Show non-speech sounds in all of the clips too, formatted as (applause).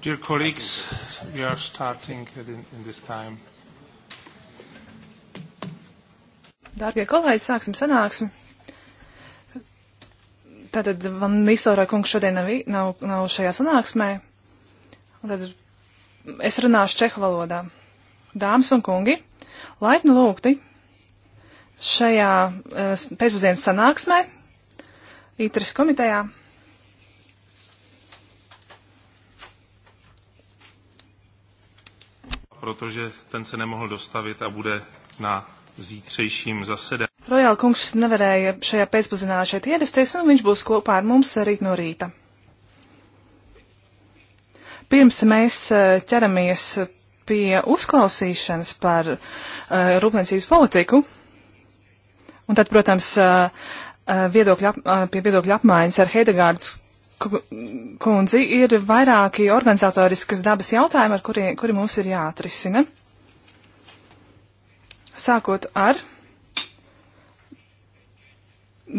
Dear colleagues, we are starting in, in this time. Dārgie kolēģi, sāksim sanāksim. Tātad man Nīstelroja kungs šodien nav, nav, nav šajā sanāksmē. Un tad es runāšu čehu valodā. Dāmas un kungi, laipni lūgti šajā uh, pēcpusdienas sanāksmē, ITRIS komitejā. protože ten se nemohl dostavit a bude na zítřejším zasedání. Rojāla kungs nevarēja šajā pēcpazienā šeit ierasties, un viņš būs kopā ar mums rīt no rīta. Pirms mēs eh, ķeramies pie uzklausīšanas par uh, rūpniecības politiku, un tad, protams, uh, viedokļa, ap, uh, pie viedokļa apmaiņas ar Heidegārdas kundzi, ir vairāki organizatoriskas dabas jautājumi, ar kuri, kuri mums ir jāatrisina. Sākot ar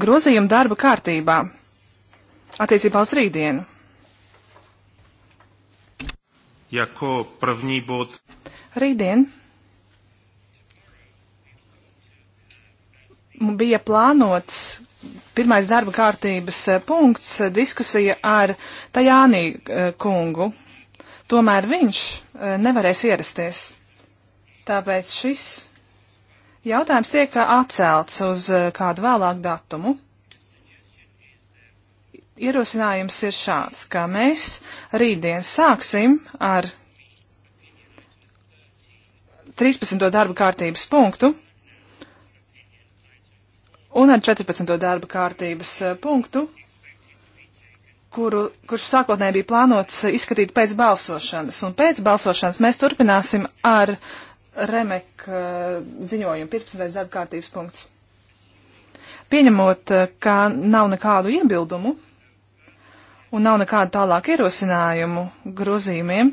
grozījumu darba kārtībā attiecībā uz rītdienu. Jako první bod. Rītdien bija plānots Pirmais darba kārtības eh, punkts eh, - diskusija ar Tajānī eh, kungu. Tomēr viņš nevarēs ierasties. Tāpēc šis jautājums tiek atcelts uz kādu vēlāku datumu. Ierosinājums ir šāds, ka mēs rītdien sāksim ar 13. darba kārtības punktu un ar 14. darba kārtības eh, punktu, kuru, kurš sākotnēji bija plānots eh, izskatīt pēc balsošanas. Un pēc balsošanas mēs turpināsim ar Remeka eh, ziņojumu 15. darba kārtības punkts. Pieņemot, ka nav nekādu iebildumu un nav nekādu tālāku ierosinājumu grozījumiem,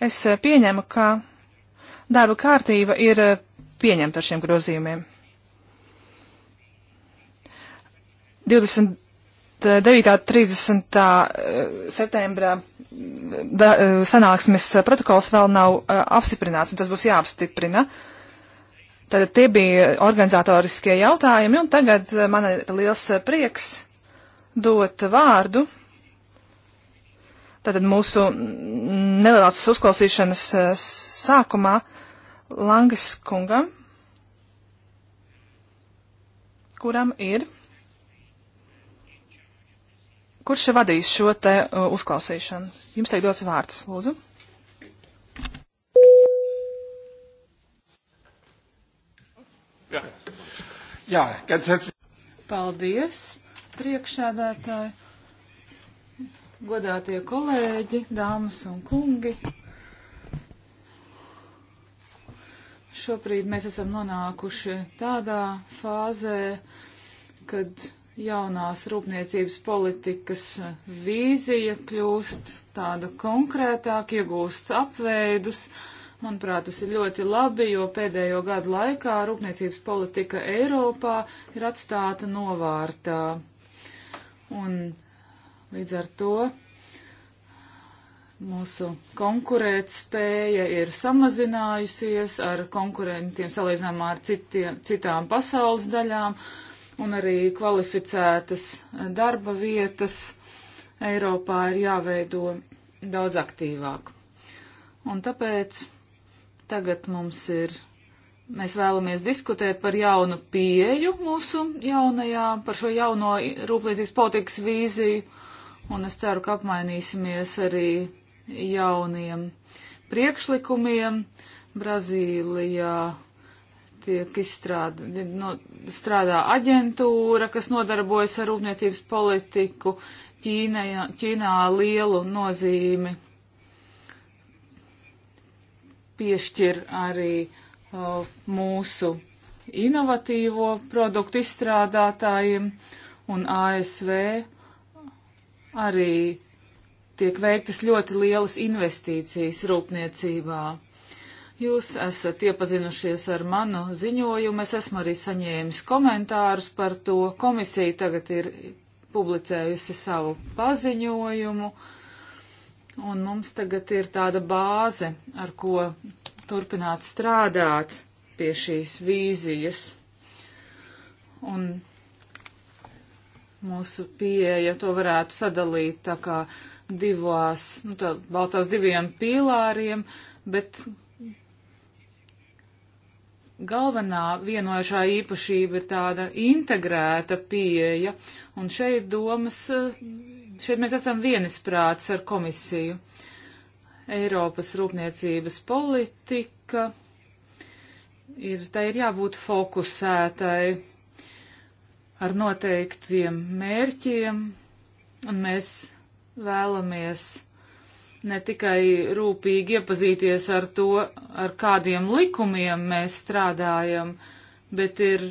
es pieņemu, ka darba kārtība ir pieņemta ar šiem grozījumiem. 29. 30. septembra da, eh, sanāksmes protokols vēl nav eh, apstiprināts, un tas būs jāapstiprina. Tad tie bija organizatoriskie jautājumi, un tagad eh, man ir liels prieks dot vārdu. Tātad mūsu nelielās uzklausīšanas sākumā Langas kungam, kuram ir, kurš ir vadījis šo te uh, uzklausīšanu. Jums tiek dots vārds, lūdzu. Jā, Jā ganz herzlich. Paldies, priekšādātāji, godātie kolēģi, dāmas un kungi. Šobrīd mēs esam nonākuši tādā fāzē, kad jaunās rūpniecības politikas vīzija kļūst tāda konkrētāk, iegūst apveidus. Manuprāt, tas ir ļoti labi, jo pēdējo gadu laikā rūpniecības politika Eiropā ir atstāta novārtā. Un līdz ar to Mūsu konkurētspēja ir samazinājusies ar konkurentiem salīdzinājumā ar citiem, citām pasaules daļām, un arī kvalificētas darba vietas Eiropā ir jāveido daudz aktīvāk. Un tāpēc tagad mums ir, mēs vēlamies diskutēt par jaunu pieeju mūsu jaunajā, par šo jauno rūpniecības politikas vīziju, un es ceru, ka apmainīsimies arī jauniem priekšlikumiem. Brazīlijā tiek izstrādā no, aģentūra, kas nodarbojas ar rūpniecības politiku, Ķīnā, Ķīnā lielu nozīmi piešķir arī uh, mūsu inovatīvo produktu izstrādātājiem un ASV arī tiek veiktas ļoti lielas investīcijas rūpniecībā. Jūs esat iepazinušies ar manu ziņojumu, es esmu arī saņēmis komentārus par to. Komisija tagad ir publicējusi savu paziņojumu, un mums tagad ir tāda bāze, ar ko turpināt strādāt pie šīs vīzijas. Un mūsu pieeja to varētu sadalīt tā kā divās, nu, tā, baltās diviem pīlāriem, bet galvenā vienojošā īpašība ir tāda integrēta pieeja, un šeit domas, šeit mēs esam vienisprāts ar komisiju. Eiropas rūpniecības politika ir, tai ir jābūt fokusētai ar noteiktiem mērķiem, un mēs vēlamies ne tikai rūpīgi iepazīties ar to, ar kādiem likumiem mēs strādājam, bet ir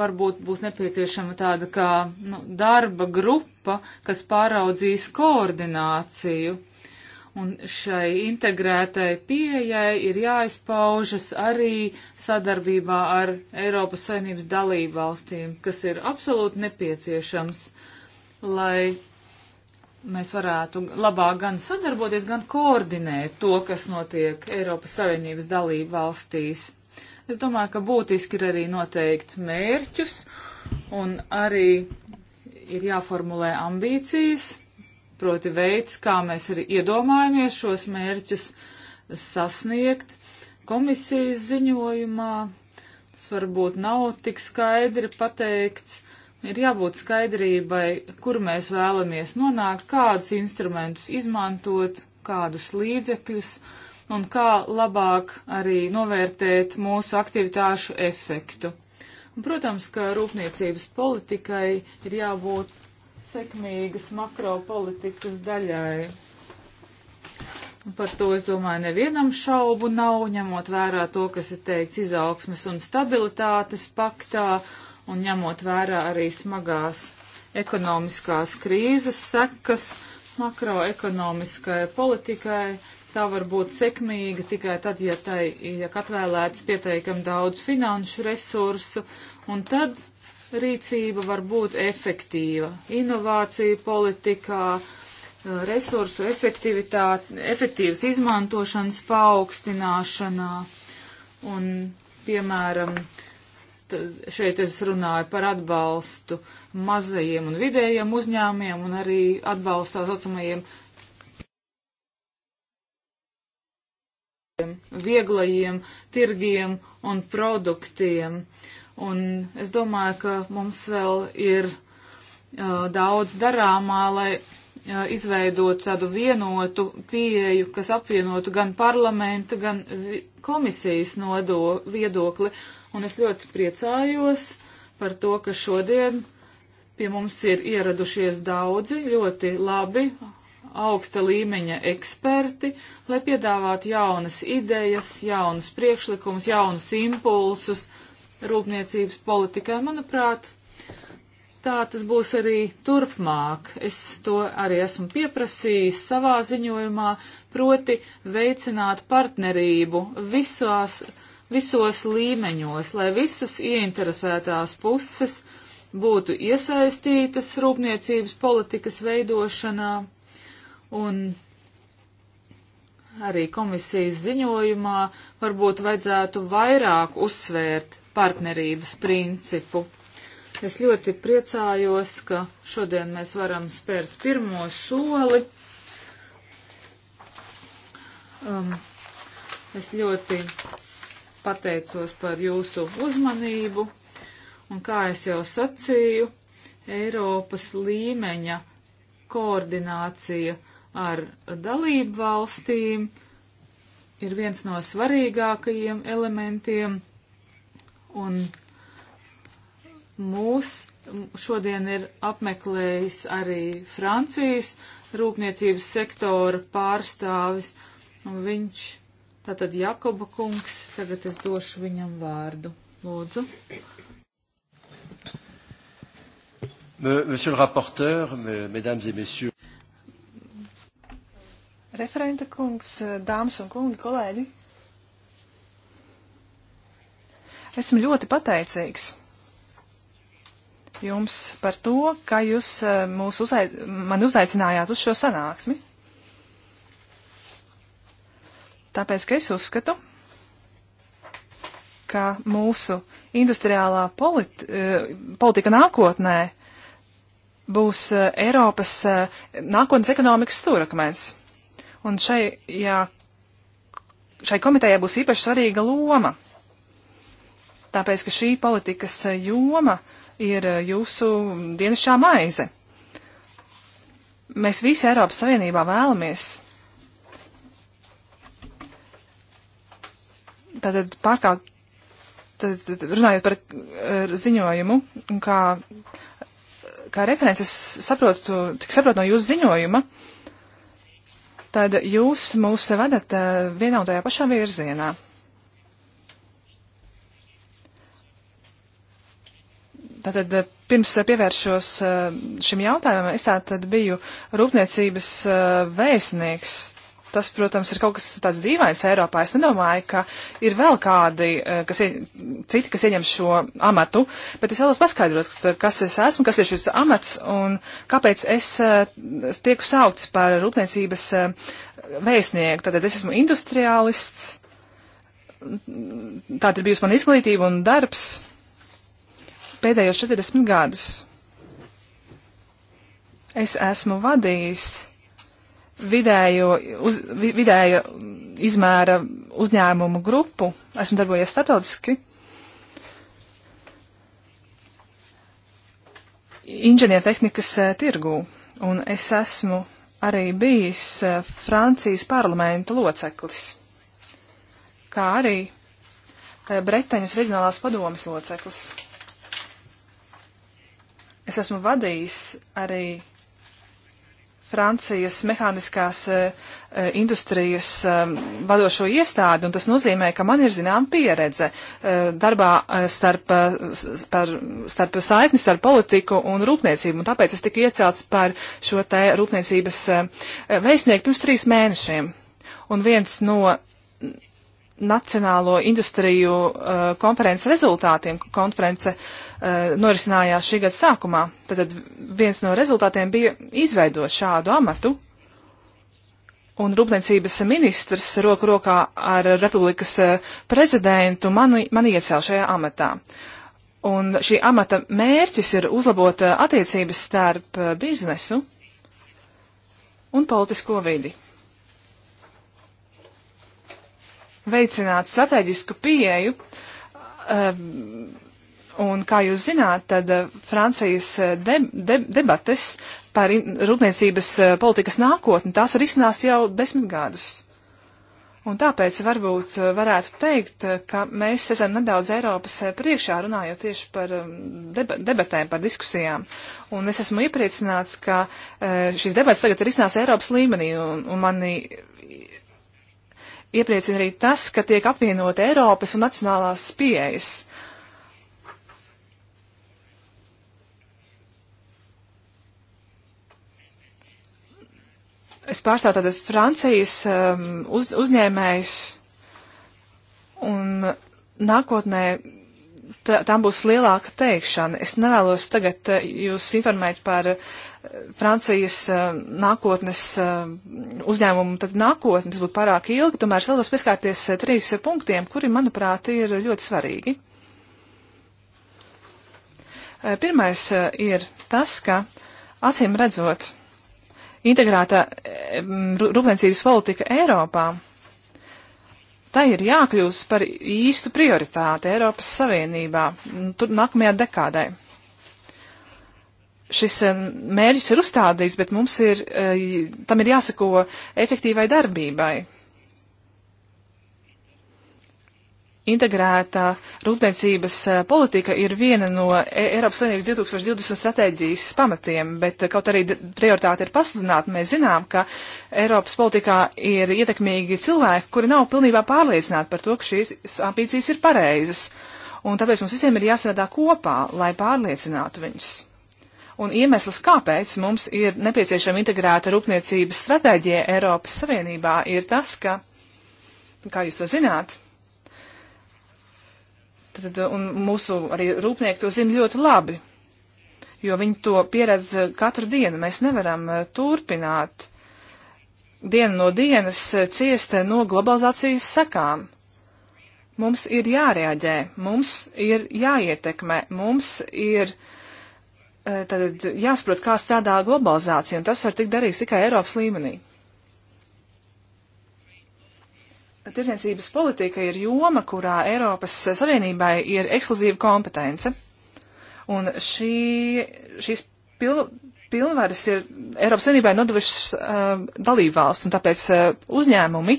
varbūt būs nepieciešama tāda kā nu, darba grupa, kas pāraudzīs koordināciju. Un šai integrētai pieejai ir jāizpaužas arī sadarbībā ar Eiropas Savienības dalību valstīm, kas ir absolūti nepieciešams, lai mēs varētu labāk gan sadarboties, gan koordinēt to, kas notiek Eiropas Savienības dalību valstīs. Es domāju, ka būtiski ir arī noteikt mērķus un arī ir jāformulē ambīcijas, proti veids, kā mēs arī iedomājamies šos mērķus sasniegt. Komisijas ziņojumā tas varbūt nav tik skaidri pateikts Ir jābūt skaidrībai, kur mēs vēlamies nonākt, kādus instrumentus izmantot, kādus līdzekļus un kā labāk arī novērtēt mūsu aktivitāšu efektu. Un, protams, ka rūpniecības politikai ir jābūt sekmīgas makropolitikas daļai. Un par to, es domāju, nevienam šaubu nav, ņemot vērā to, kas ir teikts izaugsmes un stabilitātes paktā un ņemot vērā arī smagās ekonomiskās krīzes sekas makroekonomiskai politikai, tā var būt sekmīga tikai tad, ja tai ir ja atvēlēts pieteikam daudz finanšu resursu, un tad rīcība var būt efektīva. Inovācija politikā, resursu efektīvas izmantošanas paaugstināšanā un, piemēram, uh, šeit es runāju par atbalstu mazajiem un vidējiem uzņēmiem un arī atbalstu tā saucamajiem vieglajiem tirgiem un produktiem. Un es domāju, ka mums vēl ir uh, daudz darāmā, lai uh, izveidot tādu vienotu pieeju, kas apvienotu gan parlamenta, gan komisijas nodo, viedokli un es ļoti priecājos par to, ka šodien pie mums ir ieradušies daudzi ļoti labi augsta līmeņa eksperti, lai piedāvātu jaunas idejas, jaunas priekšlikumus, jaunus impulsus rūpniecības politikai. Manuprāt, tā tas būs arī turpmāk. Es to arī esmu pieprasījis savā ziņojumā, proti veicināt partnerību visās visos līmeņos, lai visas ieinteresētās puses būtu iesaistītas rūpniecības politikas veidošanā. Un arī komisijas ziņojumā varbūt vajadzētu vairāk uzsvērt partnerības principu. Es ļoti priecājos, ka šodien mēs varam spērt pirmo soli. Um, es ļoti pateicos par jūsu uzmanību. Un kā es jau sacīju, Eiropas līmeņa koordinācija ar dalību valstīm ir viens no svarīgākajiem elementiem. Un mūs šodien ir apmeklējis arī Francijas rūpniecības sektora pārstāvis, un viņš Tātad Jakoba kungs, tagad es došu viņam vārdu. Lūdzu. Monsieur le rapporteur, mesdames et messieurs. Referenta kungs, dāmas un kungi, kolēģi. Esmu ļoti pateicīgs jums par to, ka jūs eh, mūs uzai man uzaicinājāt uz šo sanāksmi. Tāpēc, ka es uzskatu, ka mūsu industriālā politi eh, politika nākotnē būs eh, Eiropas eh, nākotnes ekonomikas stūrakmens. Un šajā, šai komitejai būs īpaši svarīga loma, tāpēc, ka šī politikas joma ir jūsu dienasčā maize. Mēs visi Eiropas Savienībā vēlamies tātad pārkāpt, tātad runājot par uh, ziņojumu, kā, kā references saprotu, cik saprotu no jūsu ziņojuma, tad jūs mūs vedat uh, eh, vienā un tajā pašā virzienā. Tātad eh, pirms pievēršos šim jautājumam, es tātad biju rūpniecības vēstnieks Tas, protams, ir kaut kas tāds dīvains Eiropā. Es nedomāju, ka ir vēl kādi, eh, kas ie, citi, kas ieņem šo amatu, bet es vēlos paskaidrot, kas es esmu, kas ir šis amats un kāpēc es, eh, es tieku saukts par rūpniecības eh, vēstnieku. Tātad es esmu industriālists, tāda ir bijusi mana izglītība un darbs pēdējos 40 gadus. Es esmu vadījis vidējo, uz, vidēja izmēra uzņēmumu grupu. Esmu darbojies starptautiski. Inženiertehnikas uh, eh, tirgū. Un es esmu arī bijis uh, Francijas parlamenta loceklis. Kā arī uh, Bretaņas reģionālās padomas loceklis. Es esmu vadījis arī Francijas mehāniskās e, e, industrijas e, vadošo iestādi, un tas nozīmē, ka man ir zinām pieredze darbā starp, par, starp saikni starp politiku un rūpniecību, un tāpēc es tiku iecelts par šo te rūpniecības vēstnieku pirms trīs mēnešiem. Un viens no Nacionālo industriju konferences rezultātiem, konference uh, Eh, norisinājās šī gada sākumā. Tad viens no rezultātiem bija izveidot šādu amatu. Un rūpniecības ministrs roku rokā ar republikas eh, prezidentu mani, mani iecēl šajā amatā. Un šī amata mērķis ir uzlabot eh, attiecības starp biznesu un politisko vidi. Veicināt strateģisku pieeju um, Un, kā jūs zināt, tad eh, Francijas eh, de, de, debates par rūpniecības eh, politikas nākotni, tās arī iznās jau desmit gadus. Un tāpēc varbūt varētu teikt, ka mēs esam nedaudz Eiropas priekšā runājot tieši par um, deba debatēm, par diskusijām. Un es esmu iepriecināts, ka šīs debatas tagad ir iznās Eiropas līmenī, un, un mani iepriecina arī tas, ka tiek apvienot Eiropas un nacionālās pieejas. Uh, Es pārstāvu tātad Francijas um, uz, uzņēmējus, un nākotnē tam būs lielāka teikšana. Es nevēlos tagad uh, jūs informēt par uh, Francijas uh, nākotnes uzņēmumu, tad nākotnes būtu pārāk ilgi, tomēr es vēlos pieskārties trīs punktiem, kuri, manuprāt, ir ļoti svarīgi. Pirmais ir tas, ka acīm redzot, integrēta rūpniecības politika Eiropā. Tā ir jākļūst par īstu prioritāti Eiropas Savienībā tur nākamajā dekādē. Šis mērķis ir uzstādīts, bet mums ir, eh, tam ir jāsako efektīvai darbībai. integrētā rūpniecības politika ir viena no e- Eiropas Savienības 2020 stratēģijas pamatiem, bet kaut arī prioritāte ir pasludināta, mēs zinām, ka Eiropas politikā ir ietekmīgi cilvēki, kuri nav pilnībā pārliecināti par to, ka šīs ambīcijas ir pareizas. Un tāpēc mums visiem ir jāstrādā kopā, lai pārliecinātu viņus. Un iemesls, kāpēc mums ir nepieciešama integrēta rūpniecības stratēģija Eiropas Savienībā, ir tas, ka, kā jūs to zināt, Tad, eh, un mūsu arī rūpnieki to zina ļoti labi, jo viņi to pieredz eh, katru dienu. Mēs nevaram eh, turpināt dienu no dienas ciest no globalizācijas sekām. Mums ir jārēģē, mums ir jāietekmē, mums ir tad jāsaprot, kā strādā globalizācija, un tas var tikt darīts tikai Eiropas līmenī. Tirzniecības politika ir joma, kurā Eiropas Savienībai ir ekskluzīva kompetence. Un šī, šīs pil, pilnvaras ir Eiropas Savienībai nodevušas uh, dalībvalsts, un tāpēc uh, uzņēmumi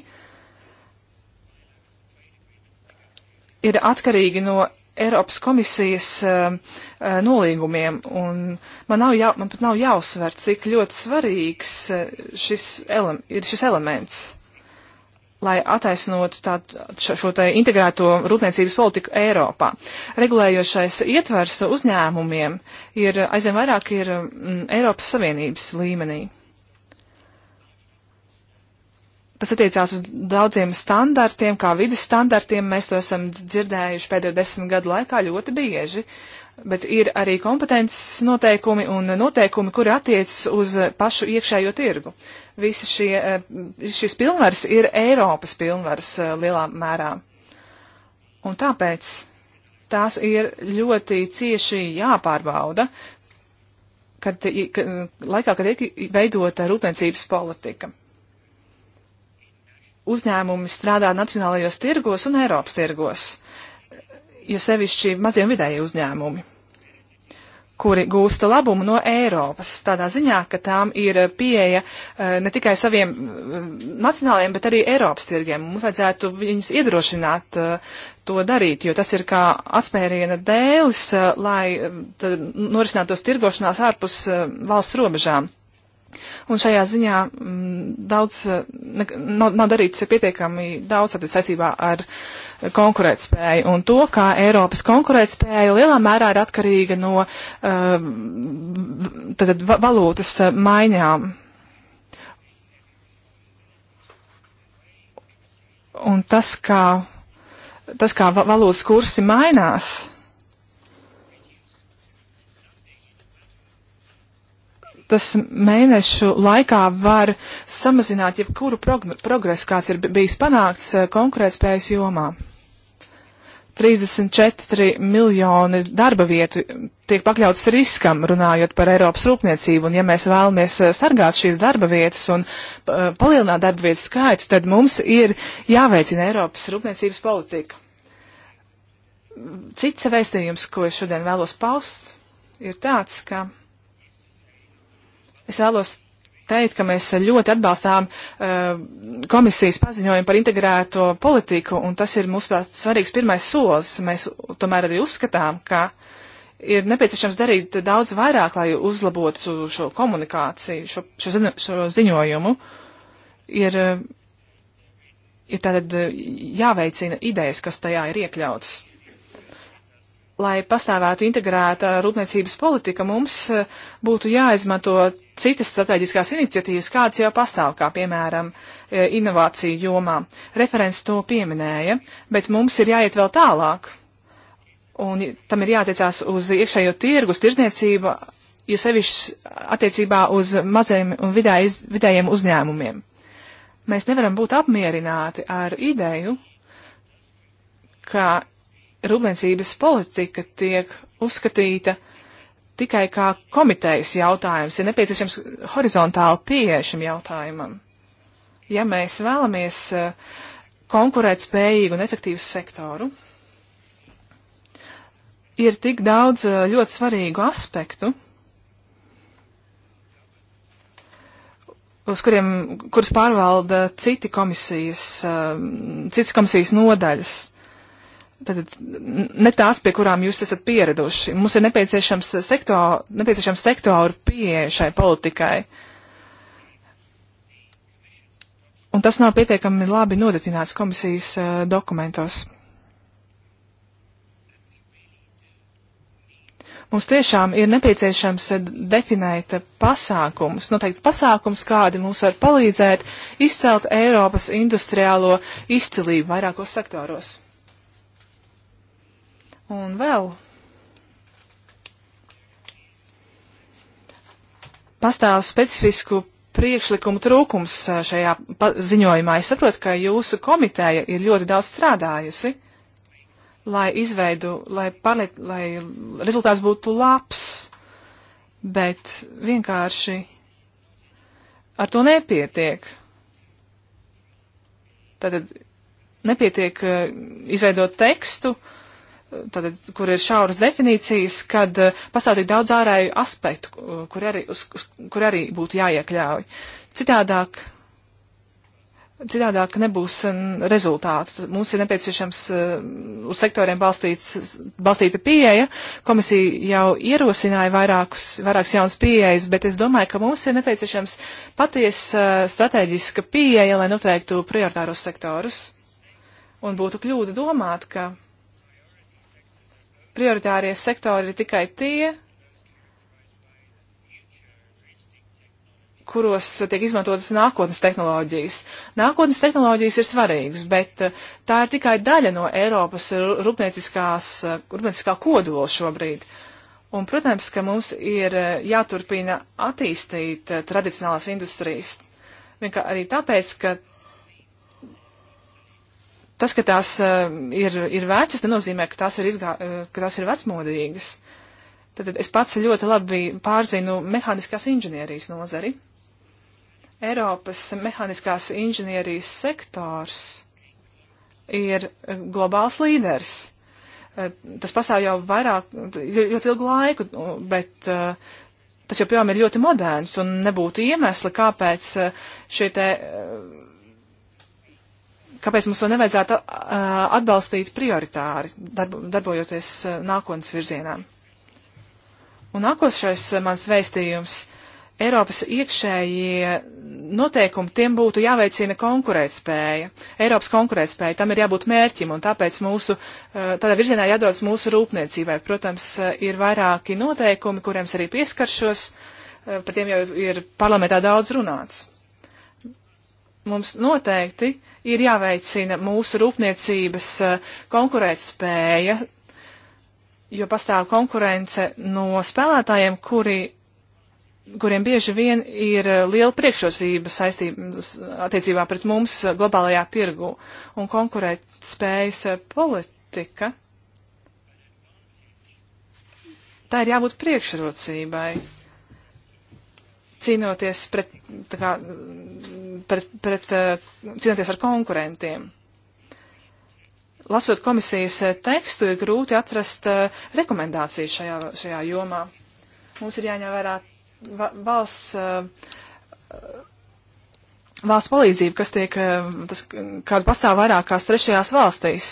ir atkarīgi no Eiropas komisijas uh, uh, nolīgumiem, un man, nav jā, man pat nav jāuzsver, cik ļoti svarīgs uh, šis ele, ir šis elements lai attaisnotu tā, šo te integrēto rūpniecības politiku Eiropā. Regulējošais ietvers uzņēmumiem ir aizvien vairāk ir mm, Eiropas Savienības līmenī. Tas attiecās uz daudziem standartiem, kā vidas standartiem. Mēs to esam dzirdējuši pēdējo desmit gadu laikā ļoti bieži. Bet ir arī kompetences noteikumi un noteikumi, kuri attiecas uz pašu iekšējo tirgu visi šie, eh, šis pilnvars ir Eiropas pilnvars eh, lielā mērā. Un tāpēc tās ir ļoti cieši jāpārbauda, kad, kad, laikā, kad tiek veidota rūpniecības politika. Uzņēmumi strādā nacionālajos tirgos un Eiropas tirgos, jo sevišķi mazie un vidēji uzņēmumi kuri gūsta labumu no Eiropas, tādā ziņā, ka tām ir pieeja eh, ne tikai saviem eh, nacionālajiem, bet arī Eiropas tirgiem. Mums vajadzētu viņus iedrošināt eh, to darīt, jo tas ir kā atspēriena dēlis, lai norisinātos tirgošanās ārpus valsts robežām. Un šajā ziņā m, mm, daudz, ne, nav, nav darīts pietiekami daudz saistībā ar uh, konkurētspēju. Un to, kā Eiropas konkurētspēja lielā mērā ir atkarīga no uh, tātad, valūtas uh, maiņām. Un tas, kā, tas, kā valūtas kursi mainās tas mēnešu laikā var samazināt jebkuru progresu, kāds ir bijis panākts eh, konkurētspējas jomā. 34 miljoni darba vietu tiek pakļauts riskam, runājot par Eiropas rūpniecību, un ja mēs vēlamies eh, sargāt šīs darba vietas un eh, palielināt darba vietu skaitu, tad mums ir jāveicina Eiropas rūpniecības politika. Cits vēstījums, ko es šodien vēlos paust, ir tāds, ka Es vēlos teikt, ka mēs ļoti atbalstām uh, komisijas paziņojumu par integrēto politiku, un tas ir mūsu svarīgs pirmais solis. Mēs tomēr arī uzskatām, ka ir nepieciešams darīt daudz vairāk, lai uzlabotu šo komunikāciju, šo, šo, zi šo ziņojumu. Ir, eh, ir tātad eh, jāveicina idejas, kas tajā ir iekļautas. Lai pastāvētu integrēta rūpniecības politika, mums būtu jāizmanto citas strateģiskās iniciatīvas, kādas jau pastāv, kā piemēram e, inovāciju jomā. Referents to pieminēja, bet mums ir jāiet vēl tālāk. Un tam ir jātiecās uz iekšējo tirgus, tirzniecību, jo sevišķi attiecībā uz maziem un vidējiz, vidējiem uzņēmumiem. Mēs nevaram būt apmierināti ar ideju, ka rūpniecības politika tiek uzskatīta tikai kā komitejas jautājums, ir nepieciešams horizontāli pieejašam jautājumam. Ja mēs vēlamies eh, konkurēt spējīgu un efektīvu sektoru, ir tik daudz eh, ļoti svarīgu aspektu, uz kuriem, kurus pārvalda citi komisijas, eh, citas komisijas nodaļas. Tātad ne tās, pie kurām jūs esat pieraduši. Mums ir nepieciešams, sektor, nepieciešams sektoru pieeja šai politikai. Un tas nav pietiekami labi nodefinēts komisijas uh, dokumentos. Mums tiešām ir nepieciešams eh, definēt pasākumus, noteikti pasākums, kādi mums var palīdzēt izcelt Eiropas industriālo izcilību vairākos sektoros. Un vēl pastāv specifisku priekšlikumu trūkums šajā ziņojumā. Es saprotu, ka jūsu komiteja ir ļoti daudz strādājusi, lai izveidu, lai, pārliet, lai rezultāts būtu labs, bet vienkārši ar to nepietiek. Tātad nepietiek izveidot tekstu, uh, tātad, kur ir šauras definīcijas, kad eh, pastāv tik daudz ārēju aspektu, kur arī, uz, kur arī būtu jāiekļauj. Citādāk, citādāk nebūs rezultātu. Mums ir nepieciešams eh, uz sektoriem balstīts, balstīta pieeja. Komisija jau ierosināja vairākus, vairākas jaunas pieejas, bet es domāju, ka mums ir nepieciešams patiesa eh, strateģiska pieeja, lai noteiktu prioritāros sektorus. Un būtu kļūda domāt, ka prioritārie sektori ir tikai tie, kuros tiek izmantotas nākotnes tehnoloģijas. Nākotnes tehnoloģijas ir svarīgas, bet eh, tā ir tikai daļa no Eiropas eh, rūpnieciskā kodola šobrīd. Un, protams, ka mums ir eh, jāturpina attīstīt tradicionālās industrijas. Vienkār arī tāpēc, ka Tas, ka tās eh, ir, ir vecas, nenozīmē, ka tās ir, izgā, eh, ka tās ir vecmodīgas. Tad es pats ļoti labi pārzinu mehāniskās inženierijas nozari. Eiropas mehāniskās inženierijas sektors ir eh, globāls līderis. Tas pastāv jau vairāk, ļoti ilgu laiku, nu, bet tas joprojām ir ļoti moderns un nebūtu iemesli, kāpēc šie te kāpēc mums to nevajadzētu atbalstīt prioritāri, darb, darbojoties nākotnes virzienā. Un nākošais mans vēstījums - Eiropas iekšējie noteikumi, tiem būtu jāveicina konkurētspēja. Eiropas konkurētspēja, tam ir jābūt mērķim, un tāpēc mūsu, tādā virzienā jādodas mūsu rūpniecībai. Protams, ir vairāki noteikumi, kuriem es arī pieskaršos, par tiem jau ir parlamentā daudz runāts. Mums noteikti ir jāveicina mūsu rūpniecības eh, konkurētspēja, jo pastāv konkurence no spēlētājiem, kuri, kuriem bieži vien ir eh, liela priekšrocība saistības attiecībā pret mums eh, globālajā tirgu un konkurētspējas politika. Tā ir jābūt priekšrocībai cīnoties pret kā, pret, pret eh, cīnāties ar konkurentiem. Lasot komisijas eh, tekstu, ir grūti atrast eh, rekomendācijas šajā, šajā jomā. Mums ir jāņem vērā valsts, valsts palīdzība, kas tiek, tas, kāda pastāv vairākās trešajās valstīs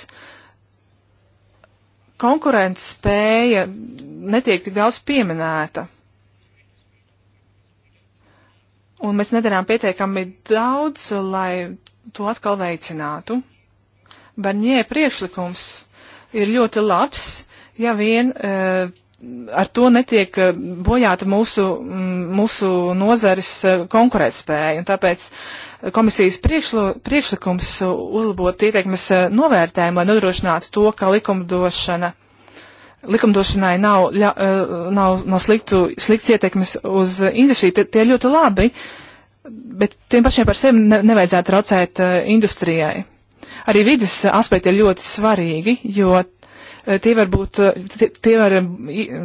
konkurence spēja netiek tik daudz pieminēta un mēs nedarām pietiekami daudz, lai to atkal veicinātu. Barņē priekšlikums ir ļoti labs, ja vien uh, ar to netiek eh, bojāta mūsu, mm, mūsu nozares eh, konkurētspēja, un tāpēc komisijas priekšlo, priekšlikums uzlabot ieteikmes novērtējumu, lai nodrošinātu to, ka likumdošana uh, likumdošanai nav, ļa, eh, nav, nav sliktu, slikts ietekmes uz industriju, tie, tie ļoti labi, bet tiem pašiem par sevi ne, nevajadzētu traucēt uh, industrijai. Arī vidas aspekti ir ļoti svarīgi, jo eh, tie var būt, tie, tie var,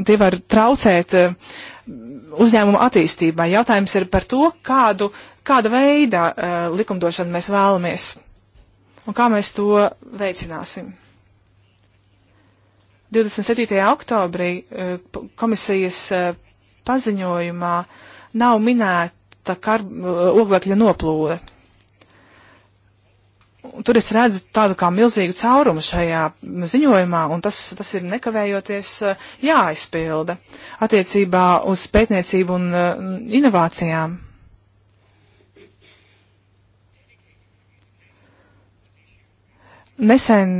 tie var traucēt uh, uzņēmumu attīstībai. Jautājums ir par to, kādu, kāda veida uh, likumdošanu mēs vēlamies un kā mēs to veicināsim. 27. oktobrī eh, komisijas eh, paziņojumā nav minēta kar, eh, oglekļa noplūde. Tur es redzu tādu kā milzīgu caurumu šajā ziņojumā, un tas, tas ir nekavējoties jāaizpilda attiecībā uz pētniecību un inovācijām. Nesen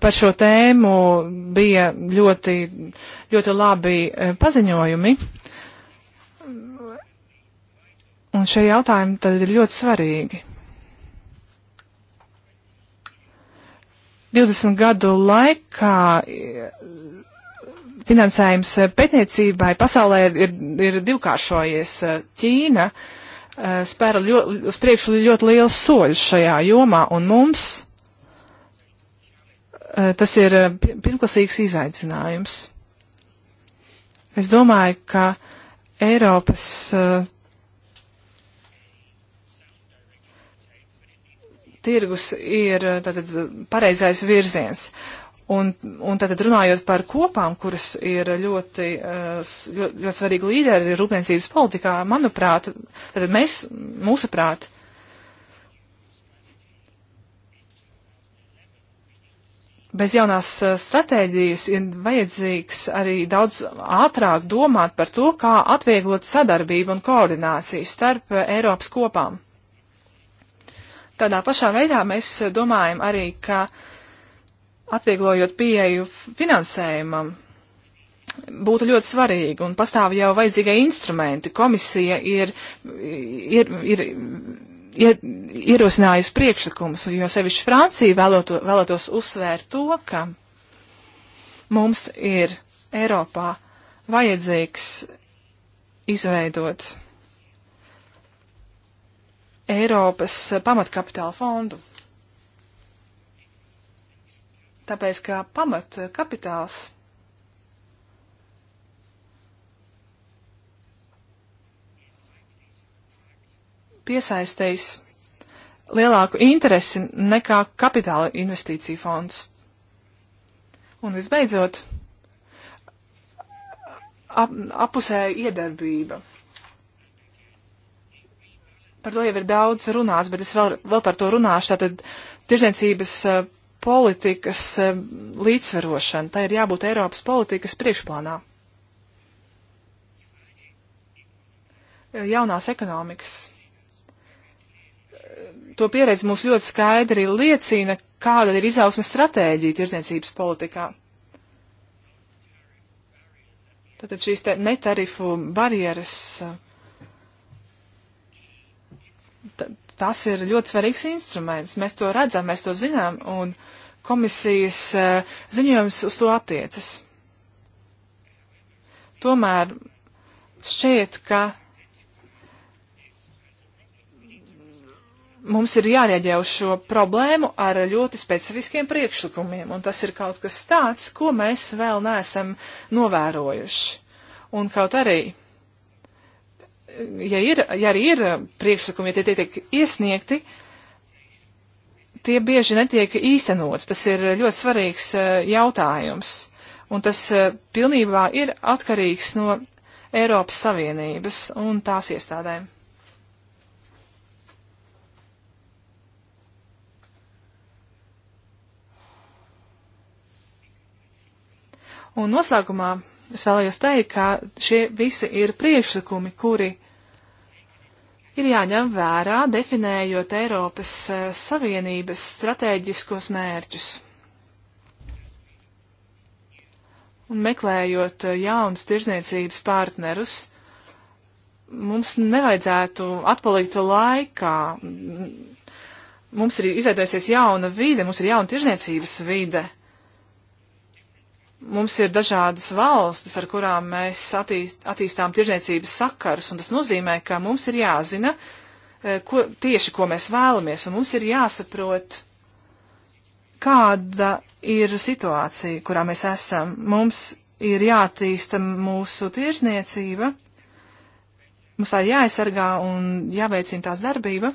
par šo tēmu bija ļoti, ļoti labi e, paziņojumi. Un šie jautājumi tad ir ļoti svarīgi. 20 gadu laikā e, finansējums e, pētniecībai pasaulē ir, ir, ir divkāršojies. Ķīna spēra ļo, uz priekšu ļoti liels soļus šajā jomā, un mums Eh, tas ir eh, pirmklasīgs izaicinājums. Es domāju, ka Eiropas eh, tirgus ir tātad, pareizais virziens. Un, un tātad runājot par kopām, kuras ir ļoti, ļoti, ļoti svarīgi līderi rūpniecības politikā, manuprāt, tātad mēs, mūsuprāt, uh, bez jaunās eh, stratēģijas ir vajadzīgs arī daudz ātrāk domāt par to, kā atvieglot sadarbību un koordināciju starp eh, Eiropas kopām. Tādā pašā veidā mēs eh, domājam arī, ka atvieglojot pieeju finansējumam, būtu ļoti svarīgi un pastāv jau vajadzīgie instrumenti. Komisija ir, ir, ir ierosinājusi priekšlikumus, jo sevišķi Francija vēloto, vēlētos uzsvērt to, ka mums ir Eiropā vajadzīgs izveidot Eiropas pamatkapitāla fondu. Tāpēc, ka pamatkapitāls piesaistījis lielāku interesi nekā kapitāla investīcija fonds. Un visbeidzot, ap, apusēja iedarbība. Par to jau ir daudz runāts, bet es vēl, vēl par to runāšu. Tātad tirzniecības eh, politikas eh, līdzsvarošana, tai ir jābūt Eiropas politikas priekšplānā. Jaunās ekonomikas to pieredze mums ļoti skaidri liecina, kāda ir izaugsmes stratēģija tirdzniecības politikā. Tātad šīs netarifu barjeras, tas ir ļoti svarīgs instruments. Mēs to redzam, mēs to zinām, un komisijas e, ziņojums uz to attiecas. Tomēr šķiet, ka mums ir jārēģē uz šo problēmu ar ļoti specifiskiem priekšlikumiem, un tas ir kaut kas tāds, ko mēs vēl neesam novērojuši. Un kaut arī, ja, ir, ja arī ir priekšlikumi, ja tie, tie tiek iesniegti, tie bieži netiek īstenot. Tas ir ļoti svarīgs eh, jautājums, un tas eh, pilnībā ir atkarīgs no Eiropas Savienības un tās iestādēm. Un noslēgumā es vēlējos teikt, ka šie visi ir priekšlikumi, kuri ir jāņem vērā, definējot Eiropas eh, Savienības stratēģiskos mērķus. Un meklējot eh, jaunus tirzniecības partnerus, mums nevajadzētu atpalikt laikā. Mums ir izveidojusies jauna vide, mums ir jauna tirzniecības vide mums ir dažādas valstis, ar kurām mēs attīst, attīstām tirdzniecības sakarus, un tas nozīmē, ka mums ir jāzina eh, ko, tieši, ko mēs vēlamies, un mums ir jāsaprot, kāda ir situācija, kurā mēs esam. Mums ir jātīsta mūsu tirdzniecība, mums tā ir jāaizsargā un jāveicina tās darbība.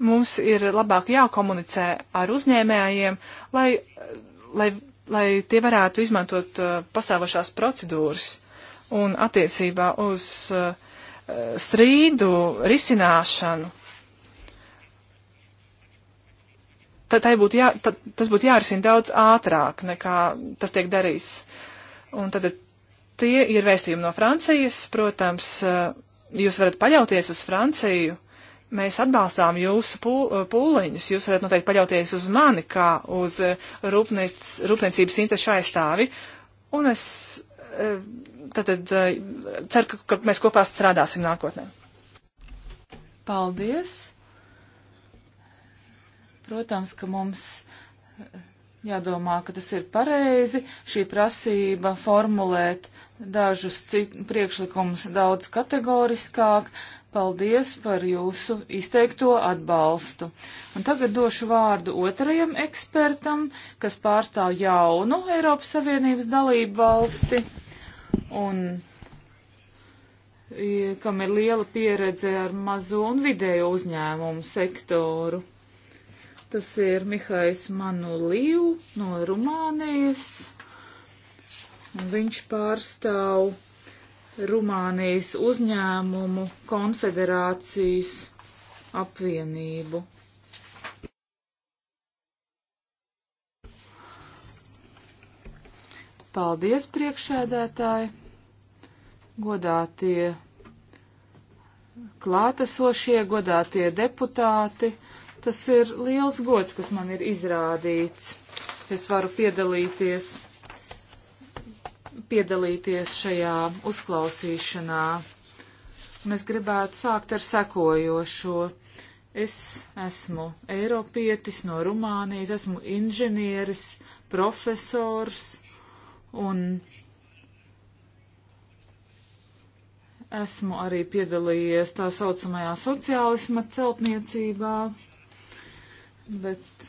Mums ir labāk jākomunicē ar uzņēmējiem, lai, lai lai tie varētu izmantot uh, pastāvošās procedūras un attiecībā uz uh, strīdu risināšanu. Tad būtu jā, tad, tas būtu jārisina daudz ātrāk nekā tas tiek darīts. Un tad tie ir vēstījumi no Francijas. Protams, uh, jūs varat paļauties uz Franciju mēs atbalstām jūsu eh, pūliņus. Jūs varat noteikti paļauties uz mani, kā uz eh, rūpniec, rūpniecības interešu aizstāvi. Un es eh, tātad ceru, ka, ka mēs kopā strādāsim nākotnē. Paldies! Protams, ka mums jādomā, ka tas ir pareizi, šī prasība formulēt dažus priekšlikumus daudz kategoriskāk, Paldies par jūsu izteikto atbalstu. Un tagad došu vārdu otrajam ekspertam, kas pārstāv jaunu Eiropas Savienības dalību valsti un kam ir liela pieredze ar mazo un vidējo uzņēmumu sektoru. Tas ir Mihais Manuliju no Rumānijas. Un viņš pārstāv Rumānijas uzņēmumu konfederācijas apvienību. Paldies, priekšēdētāji, godātie klātesošie, godātie deputāti. Tas ir liels gods, kas man ir izrādīts. Es varu piedalīties piedalīties šajā uzklausīšanā. Un es gribētu sākt ar sekojošo. Es esmu Eiropietis no Rumānijas, esmu inženieris, profesors un esmu arī piedalījies tā saucamajā sociālisma celtniecībā, bet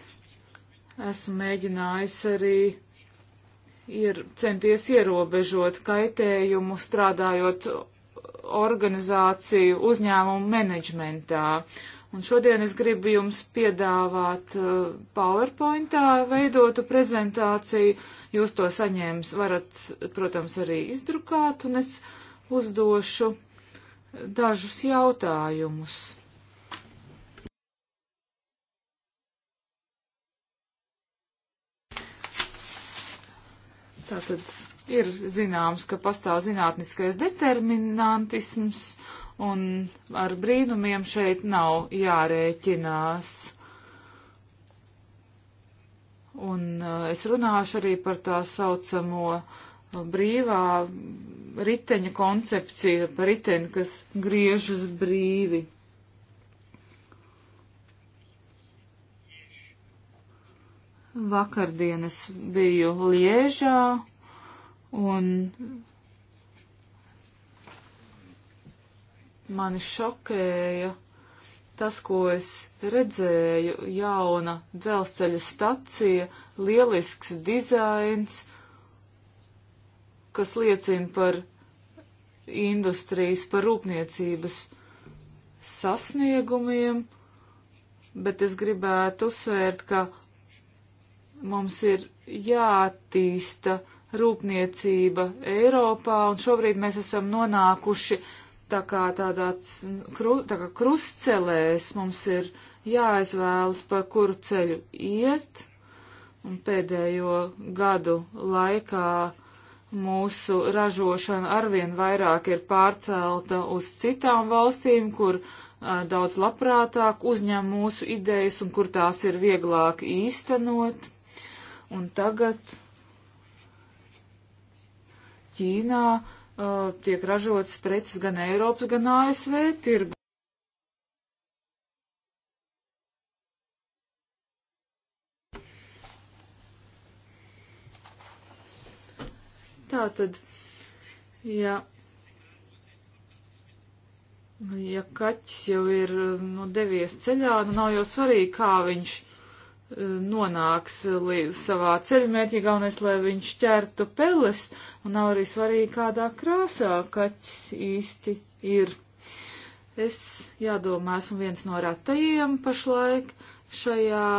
esmu mēģinājis arī ir centies ierobežot kaitējumu strādājot organizāciju uzņēmumu menedžmentā. Un šodien es gribu jums piedāvāt uh, PowerPointā veidotu prezentāciju. Jūs to saņēmis, varat, protams, arī izdrukāt, un es uzdošu dažus jautājumus. Tātad ir zināms, ka pastāv zinātniskais determinantisms, un ar brīnumiem šeit nav jārēķinās. Un uh, es runāšu arī par tā saucamo uh, brīvā riteņa koncepciju, par riteni, kas griežas brīvi. Vakardien es biju Liežā un mani šokēja tas, ko es redzēju, jauna dzelzceļa stacija, lielisks dizains, kas liecina par industrijas, par rūpniecības sasniegumiem, bet es gribētu uzsvērt, ka Mums ir jātīsta rūpniecība Eiropā, un šobrīd mēs esam nonākuši tā kā tādā kru, tā kā krustcelēs. Mums ir jāizvēlas, pa kuru ceļu iet, un pēdējo gadu laikā mūsu ražošana arvien vairāk ir pārcelta uz citām valstīm, kur a, daudz labprātāk uzņem mūsu idejas un kur tās ir vieglāk īstenot. Un tagad Ķīnā uh, tiek ražotas preces gan Eiropas, gan ASV tirgu. Tātad, ja, ja kaķis jau ir uh, nu, devies ceļā, nu nav jau svarīgi, kā viņš nonāks līdz savā ceļmērķī, galvenais, lai viņš ķertu peles, un nav arī svarīgi, kādā krāsā kaķis īsti ir. Es, jādomā, esmu viens no ratajiem pašlaik šajā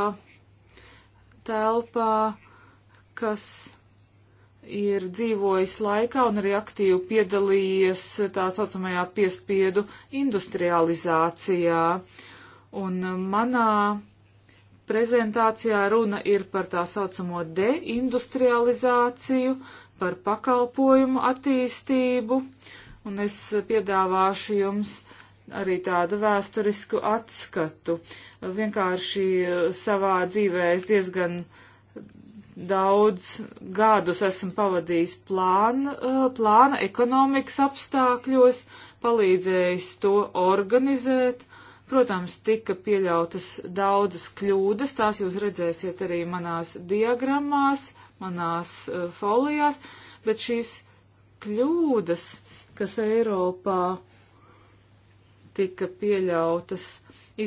telpā, kas ir dzīvojis laikā un arī aktīvi piedalījies tā saucamajā piespiedu industrializācijā. Un manā prezentācijā runa ir par tā saucamo deindustrializāciju, par pakalpojumu attīstību, un es piedāvāšu jums arī tādu vēsturisku atskatu. Vienkārši savā dzīvē es diezgan daudz gadus esmu pavadījis plāna, eh, plāna ekonomikas apstākļos, palīdzējis to organizēt Protams, tika pieļautas daudzas kļūdas, tās jūs redzēsiet arī manās diagrammās, manās uh, e, folijās, bet šīs kļūdas, kas Eiropā tika pieļautas,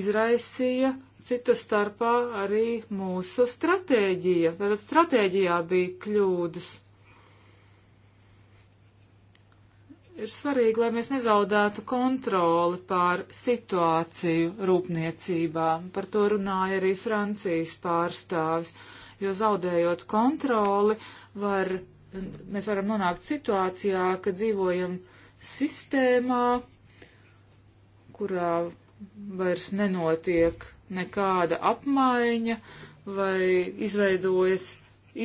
izraisīja cita starpā arī mūsu stratēģija. Tātad stratēģijā bija kļūdas. ir svarīgi, lai mēs nezaudētu kontroli pār situāciju rūpniecībā. Par to runāja arī Francijas pārstāvis, jo zaudējot kontroli, var, mēs varam nonākt situācijā, ka dzīvojam sistēmā, kurā vairs nenotiek nekāda apmaiņa vai izveidojas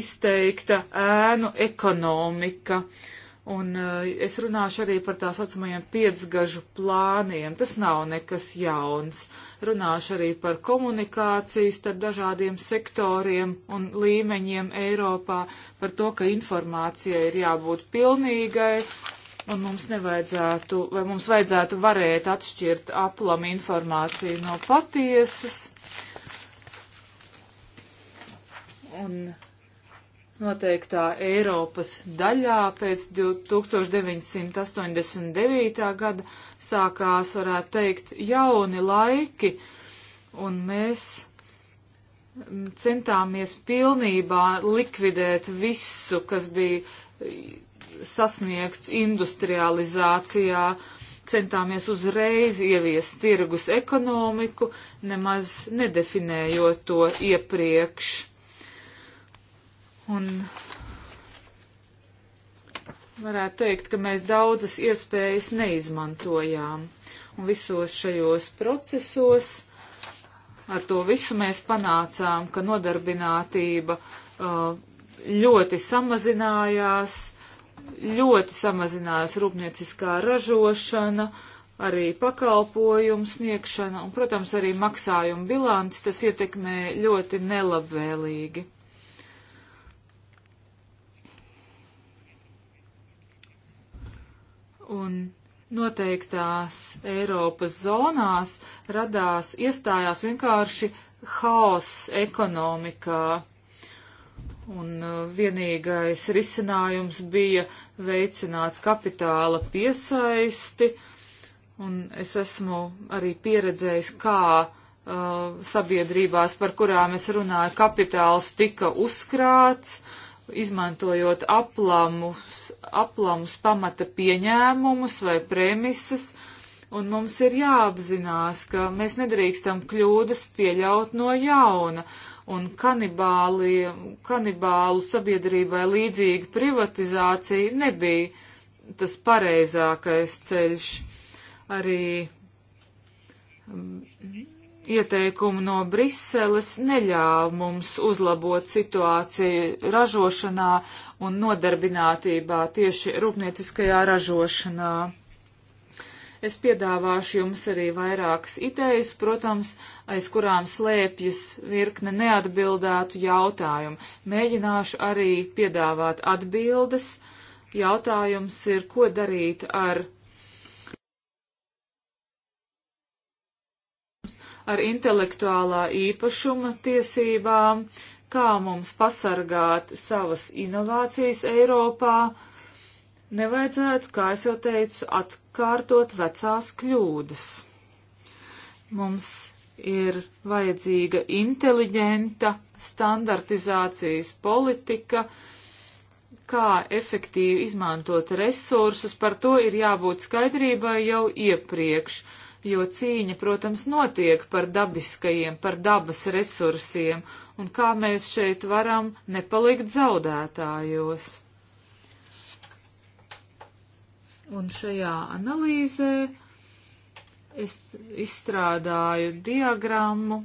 izteikta ēnu ekonomika. Uh, Un eh, es runāšu arī par tā saucamajiem piecgažu plāniem. Tas nav nekas jauns. Runāšu arī par komunikāciju starp dažādiem sektoriem un līmeņiem Eiropā, par to, ka informācija ir jābūt pilnīgai. Un mums nevajadzētu, vai mums vajadzētu varēt atšķirt aplam informāciju no patiesas. Un noteiktā Eiropas daļā pēc 1989. gada sākās, varētu teikt, jauni laiki, un mēs centāmies pilnībā likvidēt visu, kas bija sasniegts industrializācijā, centāmies uzreiz ieviest tirgus ekonomiku, nemaz nedefinējot to iepriekš Un varētu teikt, ka mēs daudzas iespējas neizmantojām. Un visos šajos procesos ar to visu mēs panācām, ka nodarbinātība uh, ļoti samazinājās, ļoti samazinājās rūpnieciskā ražošana, arī pakalpojumu sniegšana un, protams, arī maksājumu bilants, tas ietekmē ļoti nelabvēlīgi. un noteiktās Eiropas zonās radās, iestājās vienkārši haoss ekonomikā. Un uh, vienīgais risinājums bija veicināt kapitāla piesaisti, un es esmu arī pieredzējis, kā uh, sabiedrībās, par kurām es runāju, kapitāls tika uzkrāts, uh, izmantojot aplamus, aplamus pamata pieņēmumus vai premisas, un mums ir jāapzinās, ka mēs nedrīkstam kļūdas pieļaut no jauna, un kanibāli, kanibālu sabiedrībai līdzīga privatizācija nebija tas pareizākais ceļš. Arī mm, ieteikumi no Briseles neļāva mums uzlabot situāciju ražošanā un nodarbinātībā tieši rūpnieciskajā ražošanā. Es piedāvāšu jums arī vairākas idejas, protams, aiz kurām slēpjas virkne neatbildētu jautājumu. Mēģināšu arī piedāvāt atbildes. Jautājums ir, ko darīt ar ar intelektuālā īpašuma tiesībām, kā mums pasargāt savas inovācijas Eiropā. Nevajadzētu, kā es jau teicu, atkārtot vecās kļūdas. Mums ir vajadzīga inteliģenta standartizācijas politika, kā efektīvi izmantot resursus, par to ir jābūt skaidrībai jau iepriekš jo cīņa, protams, notiek par dabiskajiem, par dabas resursiem, un kā mēs šeit varam nepalikt zaudētājos. Un šajā analīzē es izstrādāju diagrammu.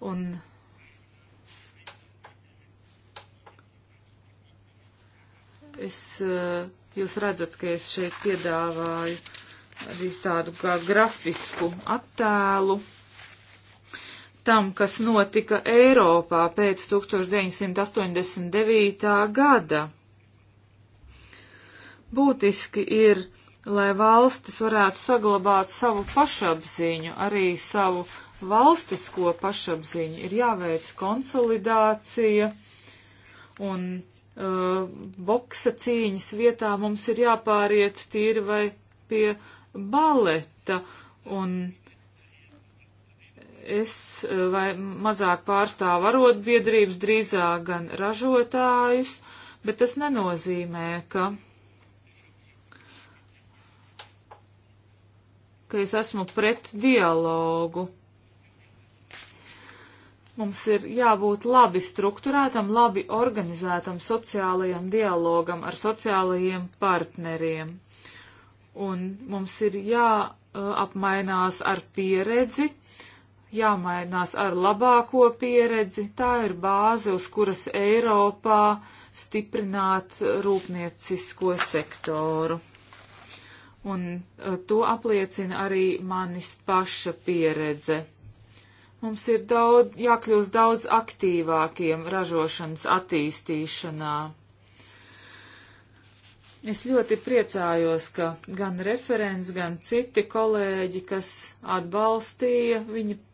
Un es uh, Jūs redzat, ka es šeit piedāvāju arī tādu kā grafisku attēlu tam, kas notika Eiropā pēc 1989. gada. Būtiski ir, lai valstis varētu saglabāt savu pašapziņu, arī savu valstisko pašapziņu, ir jāveic konsolidācija un Uh, boksa cīņas vietā mums ir jāpāriet tīri vai pie baleta. Un es uh, vai mazāk pārstāvu arotbiedrības, drīzāk gan ražotājus, bet tas nenozīmē, ka. ka es esmu pret dialogu. Mums ir jābūt labi strukturētam, labi organizētam sociālajam dialogam ar sociālajiem partneriem. Un mums ir jāapmainās ar pieredzi, jāmainās ar labāko pieredzi. Tā ir bāze, uz kuras Eiropā stiprināt rūpniecisko sektoru un eh, to apliecina arī manis paša pieredze. Mums ir daudz, jākļūst daudz aktīvākiem ražošanas attīstīšanā. Es ļoti priecājos, ka gan referents, gan citi kolēģi, kas atbalstīja viņa uh,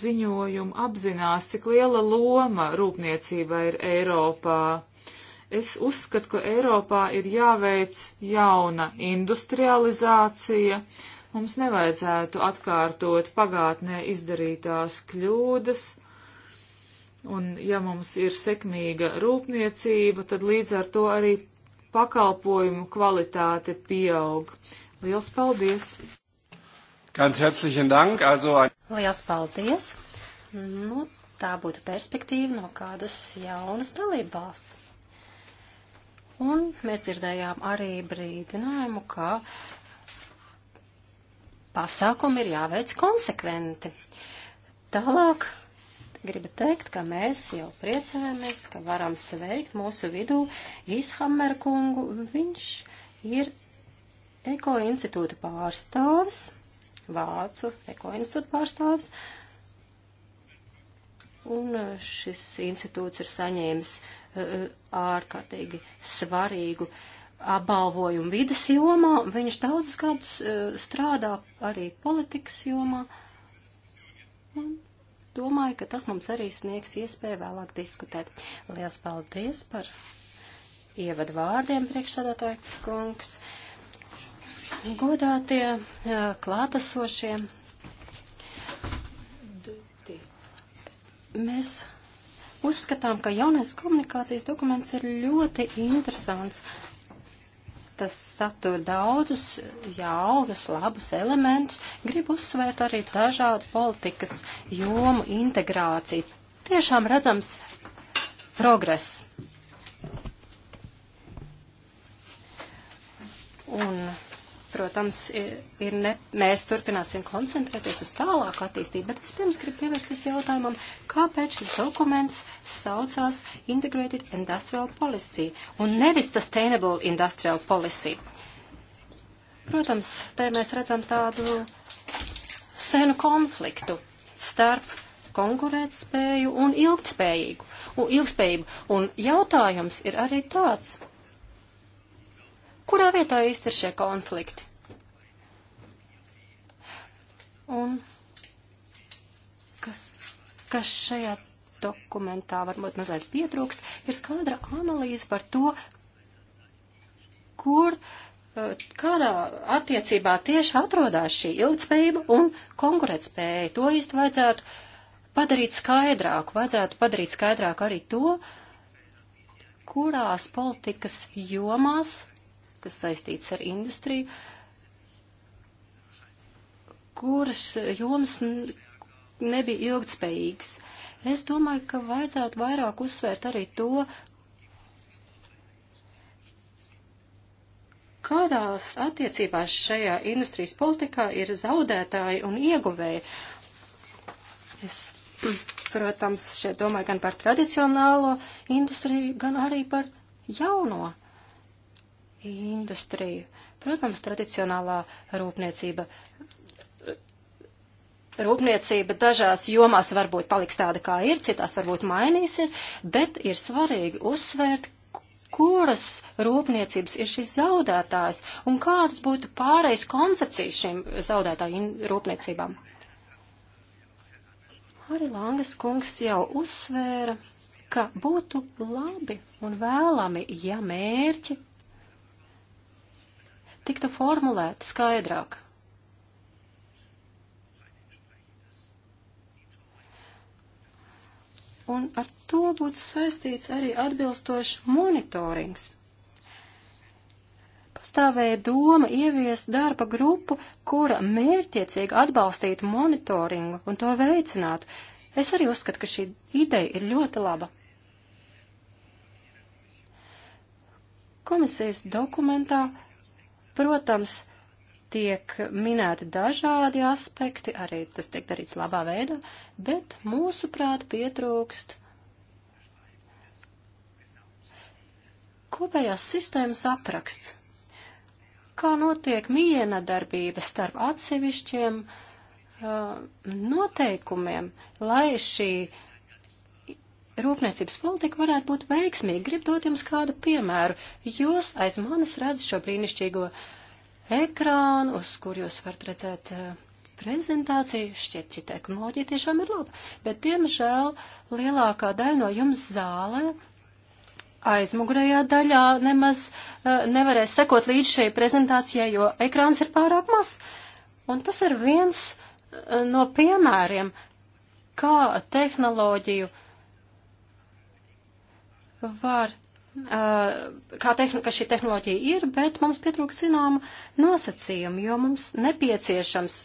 ziņojumu, apzinās, cik liela loma rūpniecība ir Eiropā. Es uzskatu, ka Eiropā ir jāveic jauna industrializācija, uh, Mums nevajadzētu atkārtot pagātnē izdarītās kļūdas. Un ja mums ir sekmīga rūpniecība, tad līdz ar to arī pakalpojumu kvalitāte pieaug. Liels paldies! Ganz herzlichen Dank! Also ein... Liels paldies! Nu, tā būtu perspektīva no kādas jaunas dalībvalsts. Un mēs dzirdējām arī brīdinājumu, ka pasākumi ir jāveic konsekventi. Tālāk gribu teikt, ka mēs jau priecājamies, ka varam sveikt mūsu vidū Gīshammer kungu. Viņš ir Eko institūta pārstāvis, Vācu Eko institūta pārstāvis. Un uh, šis institūts ir saņēmis uh, uh ārkārtīgi svarīgu uh, apbalvojumu vidas jomā, viņš daudzus gadus e, strādā arī politikas jomā. Un domāju, ka tas mums arī sniegs iespēju vēlāk diskutēt. Lielas paldies par ievadu vārdiem priekšsādātāju kungs. Godātie e, klātesošie. Mēs uzskatām, ka jaunais komunikācijas dokuments ir ļoti interesants tas satur daudzus jaunus, labus elementus. Gribu uzsvērt arī dažādu politikas jomu integrāciju. Tiešām redzams progress. Un Protams, ir ne, mēs turpināsim koncentrēties uz tālāku attīstību, bet vispirms gribu pievērsties jautājumam, kāpēc šis dokuments saucās Integrated Industrial Policy un nevis Sustainable Industrial Policy. Protams, te mēs redzam tādu senu konfliktu starp konkurētspēju un ilgtspējīgu. Un ilgspējību. Un jautājums ir arī tāds kurā vietā īsti ir šie konflikti. Un kas, kas šajā dokumentā varbūt mazliet pietrūkst, ir skaidra analīze par to, kur, eh, kādā attiecībā tieši atrodas šī ilgspējība un konkurētspēja. To īsti vajadzētu padarīt skaidrāku, vajadzētu padarīt skaidrāku arī to, kurās politikas jomās kas saistīts ar industriju, kuras jomas nebija ilgtspējīgas. Es domāju, ka vajadzētu vairāk uzsvērt arī to, kādās attiecībās šajā industrijas politikā ir zaudētāji un ieguvēji. Es, protams, šeit domāju gan par tradicionālo industriju, gan arī par jauno industriju. Protams, tradicionālā rūpniecība. Rūpniecība dažās jomās varbūt paliks tāda, kā ir, citās varbūt mainīsies, bet ir svarīgi uzsvērt, kuras rūpniecības ir šis zaudētājs un kādas būtu pārējais koncepcijas šīm zaudētāju rūpniecībām. Arī Langas kungs jau uzsvēra, ka būtu labi un vēlami, ja mērķi tiktu formulēti skaidrāk. Un ar to būtu saistīts arī atbilstošs monitorings. Pastāvēja doma ieviest darba grupu, kura mērķiecīgi atbalstītu monitoringu un to veicinātu. Es arī uzskatu, ka šī ideja ir ļoti laba. Komisijas dokumentā Protams, tiek minēti dažādi aspekti, arī tas tiek darīts labā veidā, bet mūsuprāt pietrūkst kopējās sistēmas apraksts, kā notiek mienadarbība starp atsevišķiem uh, noteikumiem, lai šī uh, rūpniecības politika varētu būt veiksmīga. Grib dot jums kādu piemēru. Jūs aiz manis redzat šo brīnišķīgo ekrānu, uz kur jūs varat redzēt eh, prezentāciju. Šķiet, šī tehnoloģija tiešām ir laba. Bet, diemžēl, lielākā daļa no jums zālē aizmugurējā daļā nemaz uh, nevarēs sekot līdz šai prezentācijai, jo ekrāns ir pārāk maz. Un tas ir viens uh, no piemēriem, kā tehnoloģiju uh, var, kā tehnika, šī tehnoloģija ir, bet mums pietrūkst zinām nosacījumi, jo mums nepieciešams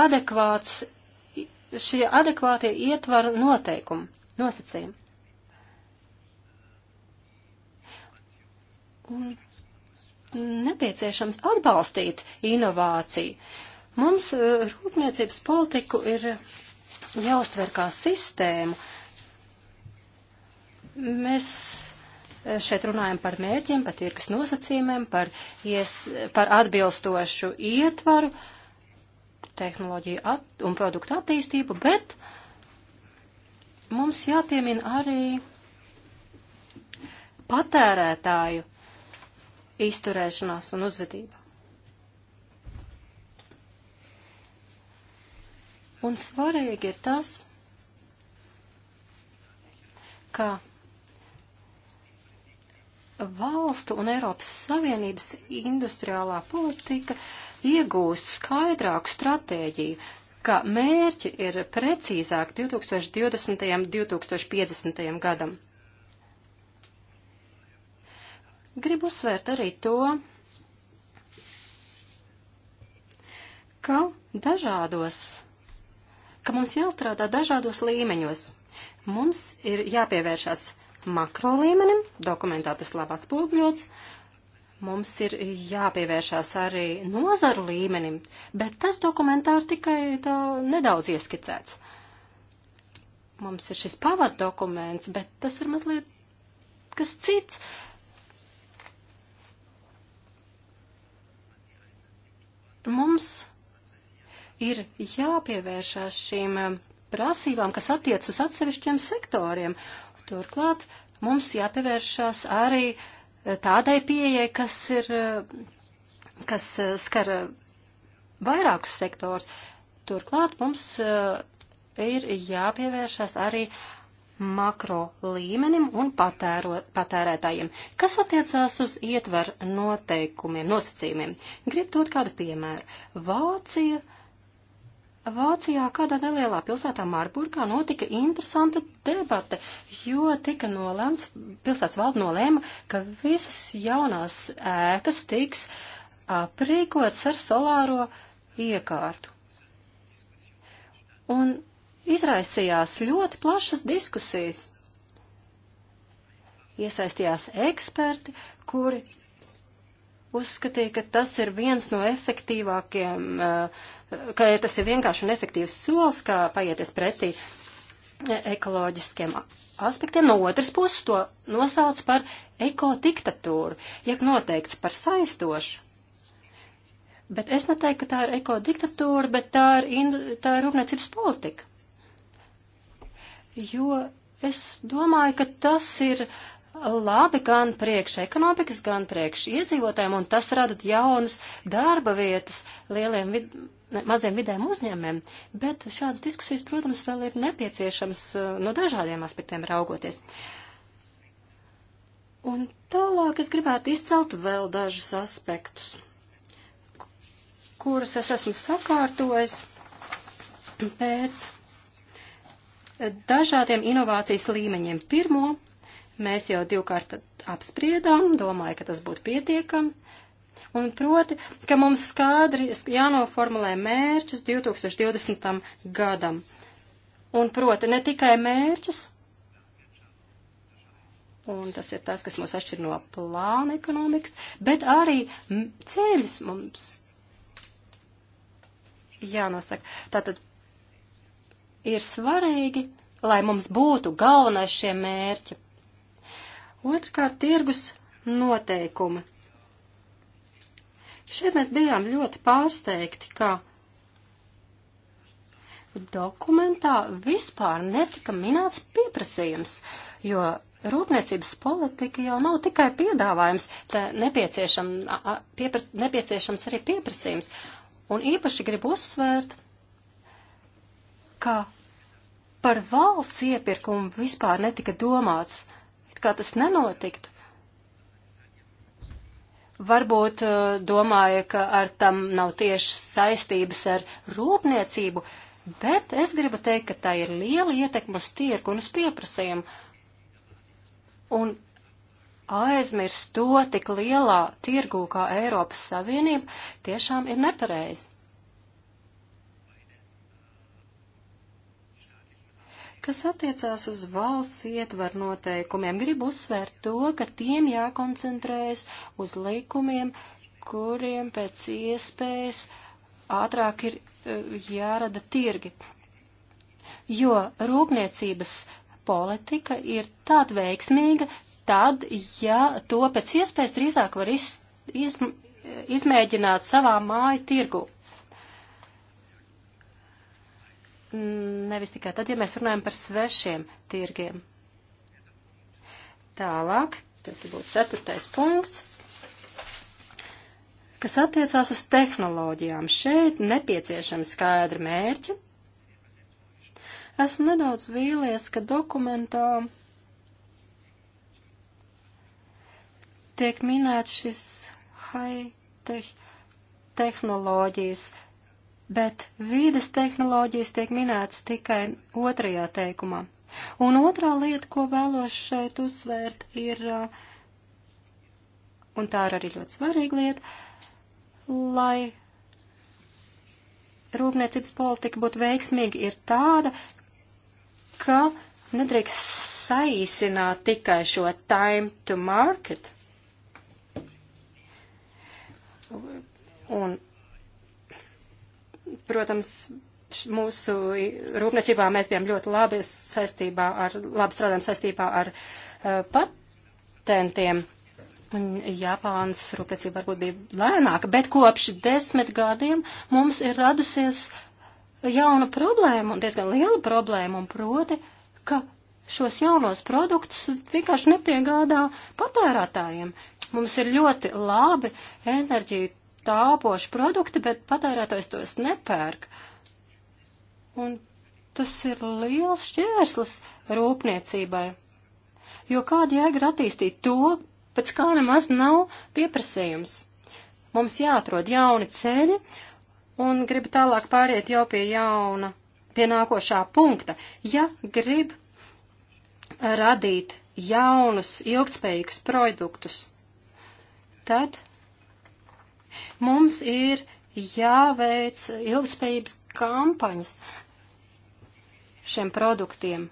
adekvāts, šie adekvātie ietvaru noteikumi, nosacījumi. Un nepieciešams atbalstīt inovāciju. Mums rūpniecības politiku ir jāuztver kā sistēmu, uh, Mēs e, šeit runājam par mērķiem, par tirkus nosacījumiem, par, ies, par atbilstošu ietvaru, tehnoloģiju at un produktu attīstību, bet mums jāpiemina arī patērētāju izturēšanās un uzvedība. Un svarīgi ir tas, ka valstu un Eiropas Savienības industriālā politika iegūst skaidrāku stratēģiju, ka mērķi ir precīzāk 2020. un 2050. gadam. Gribu uzsvērt arī to, ka dažādos, ka mums jāstrādā dažādos līmeņos. Mums ir jāpievēršas makro līmenim, dokumentā tas labāk spūgļots, mums ir jāpievēršās arī nozaru līmenim, bet tas dokumentā ir tikai tā nedaudz ieskicēts. Mums ir šis pavaddokuments, bet tas ir mazliet kas cits. Mums ir jāpievēršās šīm prasībām, kas attiec uz atsevišķiem sektoriem, Turklāt mums jāpievēršas arī eh, tādai pieejai, kas ir, eh, kas eh, skar vairākus sektors. Turklāt mums ir jāpievēršas arī makro līmenim un patēro, patērētājiem, kas attiecās uz ietver noteikumiem, nosacījumiem. Gribu dot kādu piemēru. Vācija uh, Vācijā kādā nelielā pilsētā Mārburgā notika interesanta debate, jo tika nolēmts, pilsētas valda nolēma, ka visas jaunās ēkas tiks aprīkots ar solāro iekārtu. Un izraisījās ļoti plašas diskusijas. Iesaistījās eksperti, kuri uzskatīja, ka tas ir viens no efektīvākiem uh, ka tas ir vienkārši un efektīvs solis, kā paieties pretī ekoloģiskiem aspektiem. No otras puses to nosauc par ekodiktatūru, iek noteikts par saistošu. Bet es neteiktu, ka tā ir ekodiktatūra, bet tā ir, tā ir rūpniecības politika. Jo es domāju, ka tas ir labi gan priekš ekonomikas, gan priekš iedzīvotājiem, un tas rada jaunas darba vietas lieliem vid maziem vidēm uzņēmēm, bet šādas diskusijas, protams, vēl ir nepieciešams uh, no dažādiem aspektiem raugoties. Un tālāk es gribētu izcelt vēl dažus aspektus, kurus es esmu sakārtojis pēc dažādiem inovācijas līmeņiem. Pirmo mēs jau divkārt apspriedām, domāju, ka tas būtu pietiekami. Un proti, ka mums skaidri jānoformulē mērķus 2020. gadam. Un proti, ne tikai mērķus, un tas ir tas, kas mūs atšķir no plāna ekonomikas, bet arī ceļus mums jānosaka. Tātad ir svarīgi, lai mums būtu galvenais šie mērķi. Otrkārt, tirgus noteikumi. Šeit mēs bijām ļoti pārsteigti, ka dokumentā vispār netika minēts pieprasījums, jo rūpniecības politika jau nav tikai piedāvājums, te nepieciešam, piepra, nepieciešams arī pieprasījums. Un īpaši gribu uzsvērt, ka par valsts iepirkumu vispār netika domāts, it kā tas nenotiktu varbūt uh, domāja, ka ar tam nav tieši saistības ar rūpniecību, bet es gribu teikt, ka tā ir liela ietekma uz tirku un uz pieprasījumu. Un aizmirst to tik lielā tirgū kā Eiropas Savienība tiešām ir nepareizi. Kas attiecās uz valsts ietvaru noteikumiem, gribu uzsvērt to, ka tiem jākoncentrējas uz likumiem, kuriem pēc iespējas ātrāk ir eh, jārada tirgi. Jo rūpniecības politika ir tāda veiksmīga, tad, ja to pēc iespējas drīzāk var iz, iz, izmēģināt savā māju tirgu. nevis tikai tad, ja mēs runājam par svešiem tirgiem. Tālāk, tas būtu ceturtais punkts, kas attiecās uz tehnoloģijām. Šeit nepieciešami skaidri mērķi. Esmu nedaudz vīlies, ka dokumentā tiek minēts šis high-tech tehnoloģijas, bet vīdes tehnoloģijas tiek minētas tikai otrajā teikumā. Un otrā lieta, ko vēlos šeit uzsvērt, ir, uh, un tā ir arī ļoti svarīga lieta, lai rūpniecības politika būtu veiksmīga, ir tāda, ka nedrīkst saīsināt tikai šo time to market. Un Protams, mūsu rūpniecībā mēs bijām ļoti labi saistībā ar, labi strādājam saistībā ar uh, patentiem. Un Japānas rūpniecība varbūt bija lēnāka, bet kopš desmit gadiem mums ir radusies jauna problēma, un diezgan liela problēma, un proti, ka šos jaunos produktus vienkārši nepiegādā patērētājiem. Mums ir ļoti labi enerģija tāpoši produkti, bet patērētājs tos nepērk. Un tas ir liels šķērslis rūpniecībai. Jo kāda jēga ir attīstīt to, pēc kā nemaz nav pieprasījums? Mums jāatrod jauni ceļi, un gribu tālāk pāriet jau pie jauna, pie nākošā punkta. Ja grib radīt jaunus, ilgspējīgus produktus, tad Mums ir jāveic ilgspējības kampaņas šiem produktiem.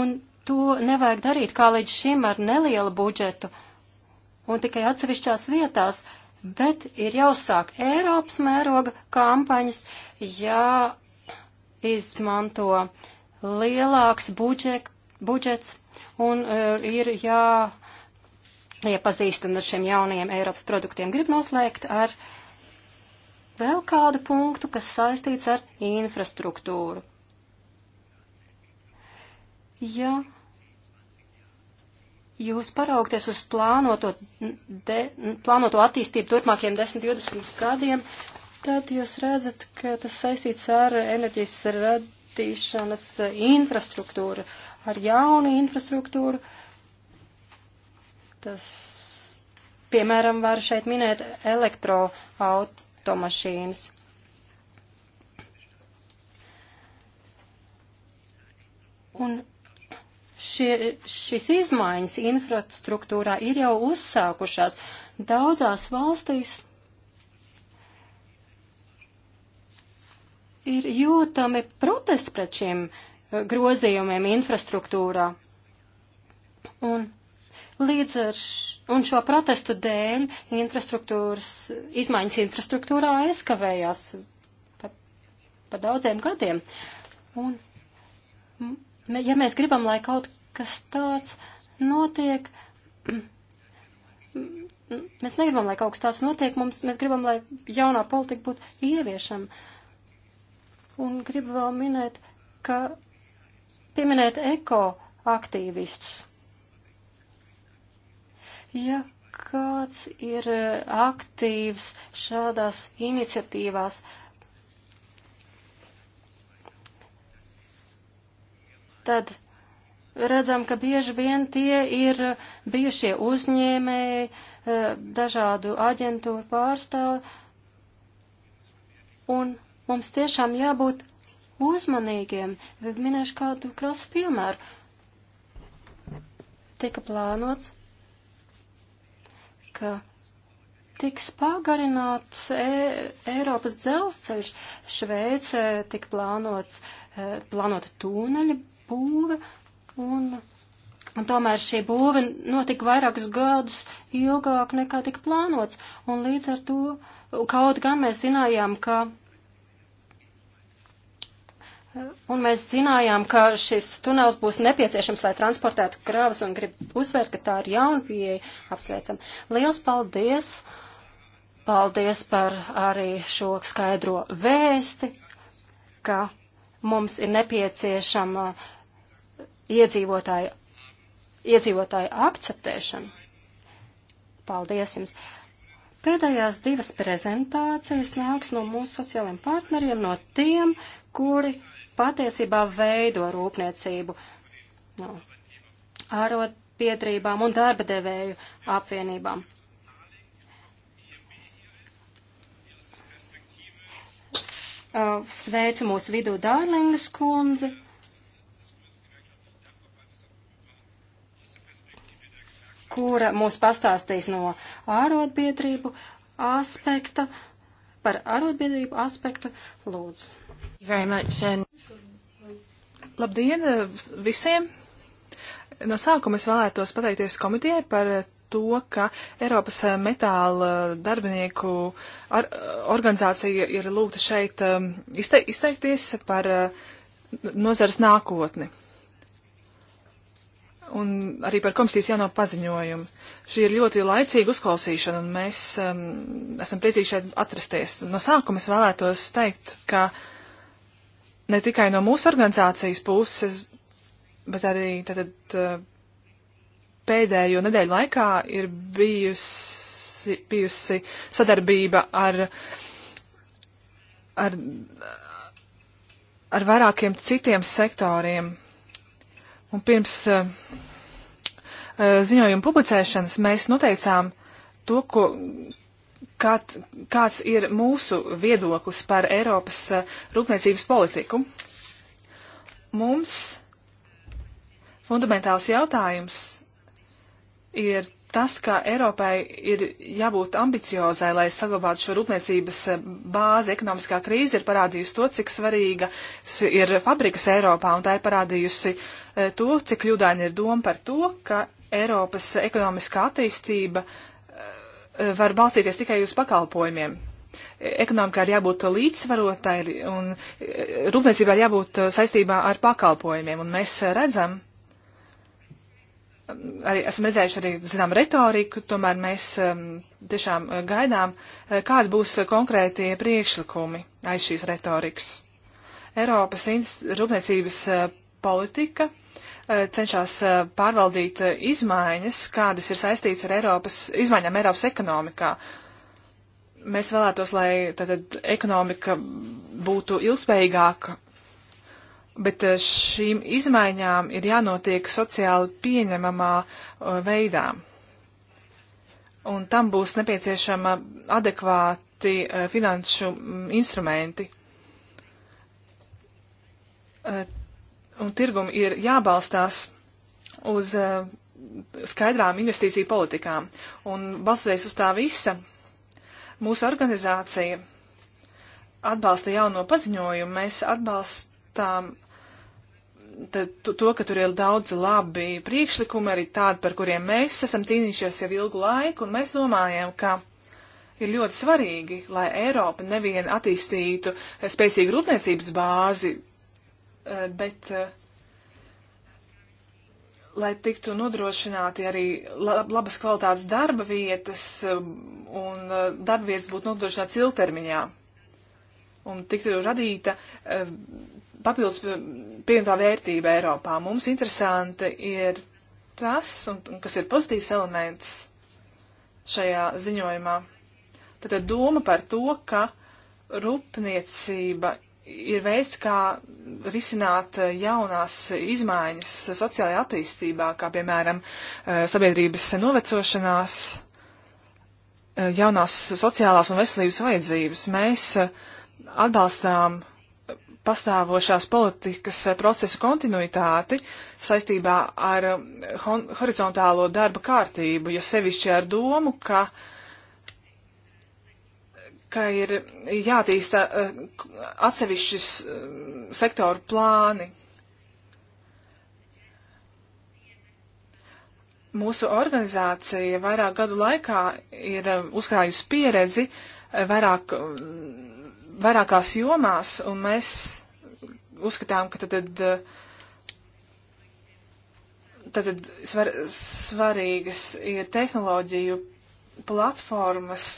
Un to nevajag darīt kā līdz šim ar nelielu budžetu un tikai atsevišķās vietās, bet ir jāuzsāk Eiropas mēroga kampaņas, jāizmanto lielāks budžet, budžets un uh, ir jā iepazīstina ja ar šiem jaunajiem Eiropas produktiem. Grib noslēgt ar vēl kādu punktu, kas saistīts ar infrastruktūru. Ja jūs paraugties uz plānoto, de, plānoto attīstību turpmākiem 10-20 gadiem, tad jūs redzat, ka tas saistīts ar enerģijas radīšanas infrastruktūru, ar jaunu infrastruktūru. Uh, Tas, piemēram, var šeit minēt elektroautomašīnas. Un šie, šis izmaiņas infrastruktūrā ir jau uzsākušās daudzās valstīs. Ir jūtami protesti pret šiem eh, grozījumiem infrastruktūrā. Un Līdz ar š, un šo protestu dēļ infrastruktūras, izmaiņas infrastruktūrā aizkavējās pa, pa daudziem gadiem. Un, ja mēs gribam, lai kaut kas tāds notiek, (clears throat) mēs negribam, lai kaut kas tāds notiek, mums, mēs gribam, lai jaunā politika būtu ieviešama. Un gribu vēl minēt, ka pieminēt eko aktīvistus. Ja kāds ir e, aktīvs šādās iniciatīvās, tad redzam, ka bieži vien tie ir bijušie uzņēmēji, e, dažādu aģentūru pārstāvi, un mums tiešām jābūt uzmanīgiem. Minēšu kādu krasu piemēru. Tika plānots ka tiks pagarināts e Eiropas dzelzceļš. Šveicē tik plānots, e, plānota tūneļa būve, un, un tomēr šī būve notika vairākus gadus ilgāk nekā tika plānots, un līdz ar to, kaut gan mēs zinājām, ka Un mēs zinājām, ka šis tunels būs nepieciešams, lai transportētu kravas, un grib uzsvērt, ka tā ir jauna pieeja. Apsveicam. Liels paldies! Paldies par arī šo skaidro vēsti, ka mums ir nepieciešama iedzīvotāja, iedzīvotāja akceptēšana. Paldies jums! Pēdējās divas prezentācijas nāks no mūsu sociālajiem partneriem, no tiem, kuri patiesībā veido rūpniecību nu, ārotbiedrībām un darba devēju apvienībām. Uh, sveicu mūsu vidū Dārlingas kundzi. kura mūs pastāstīs no ārotbiedrību aspekta, par ārotbiedrību aspektu lūdzu. And... Labdien eh, visiem! No sākuma es vēlētos pateikties komitejai par eh, to, ka Eiropas eh, metāla darbinieku ar, organizācija ir lūgta šeit izte, izteikties par nozars nākotni. Un arī par komisijas jauno paziņojumu. Šī ir ļoti laicīga uzklausīšana, un mēs um, esam priecīgi šeit atrasties. No sākuma es vēlētos teikt, ka uh, ne tikai no mūsu organizācijas puses, bet arī tātad pēdējo nedēļu laikā ir bijusi, bijusi sadarbība ar, ar, ar vairākiem citiem sektoriem. Un pirms uh, ziņojuma publicēšanas mēs noteicām to, ko, kā, kāds ir mūsu viedoklis par Eiropas eh, rūpniecības politiku. Mums fundamentāls jautājums ir tas, ka Eiropai ir jābūt ambiciozai, lai saglabātu šo rūpniecības eh, bāzi. Ekonomiskā krīze ir parādījusi to, cik svarīga ir fabrikas Eiropā, un tā ir parādījusi eh, to, cik ļudaini ir doma par to, ka Eiropas ekonomiskā attīstība uh, var balstīties tikai uz pakalpojumiem. Ekonomikā ir jābūt līdzsvarotai un e, rūpniecībā ir jābūt e, saistībā ar pakalpojumiem. Un mēs redzam, arī esam redzējuši arī, zinām, retoriku, tomēr mēs um, tiešām gaidām, kādi būs konkrētie priekšlikumi aiz šīs retorikas. Eiropas rūpniecības politika Eh, cenšas eh, pārvaldīt eh, izmaiņas, kādas ir saistītas ar Eiropas, izmaiņām Eiropas ekonomikā. Mēs vēlētos, lai tātad ekonomika būtu ilgspējīgāka, bet šīm izmaiņām ir jānotiek sociāli pieņemamā veidā. Un tam būs nepieciešama adekvāti finanšu mm, instrumenti un tirgumi ir jābalstās uz uh, skaidrām investīciju politikām. Un balstoties uz tā visa, mūsu organizācija atbalsta jauno paziņojumu, mēs atbalstām to, ka tur ir daudz labi priekšlikumi, arī tādi, par kuriem mēs esam cīnījušies jau ilgu laiku, un mēs domājam, ka ir ļoti svarīgi, lai Eiropa nevien attīstītu spēcīgu rūpniecības bāzi Eh, bet eh, lai tiktu nodrošināti arī labas kvalitātes darba vietas eh, un darba vietas būtu nodrošināts ilgtermiņā un tiktu radīta papildus pievienotā vērtība Eiropā. Mums interesanti ir tas, un, un kas ir pozitīvs elements šajā ziņojumā, tad doma par to, ka rūpniecība ir veids, kā risināt jaunās izmaiņas sociālajā attīstībā, kā piemēram eh, sabiedrības novecošanās, eh, jaunās sociālās un veselības vajadzības. Mēs eh, atbalstām pastāvošās politikas procesu kontinuitāti saistībā ar horizontālo darba kārtību, jo sevišķi ar domu, ka uh, ka ir jātīsta eh, atsevišķis eh, sektoru plāni. Mūsu organizācija vairāk gadu laikā ir eh, uzkrājusi pieredzi vairāk, mm, vairākās jomās, un mēs uzskatām, ka tad, tad tātad svar, svarīgas ir tehnoloģiju platformas,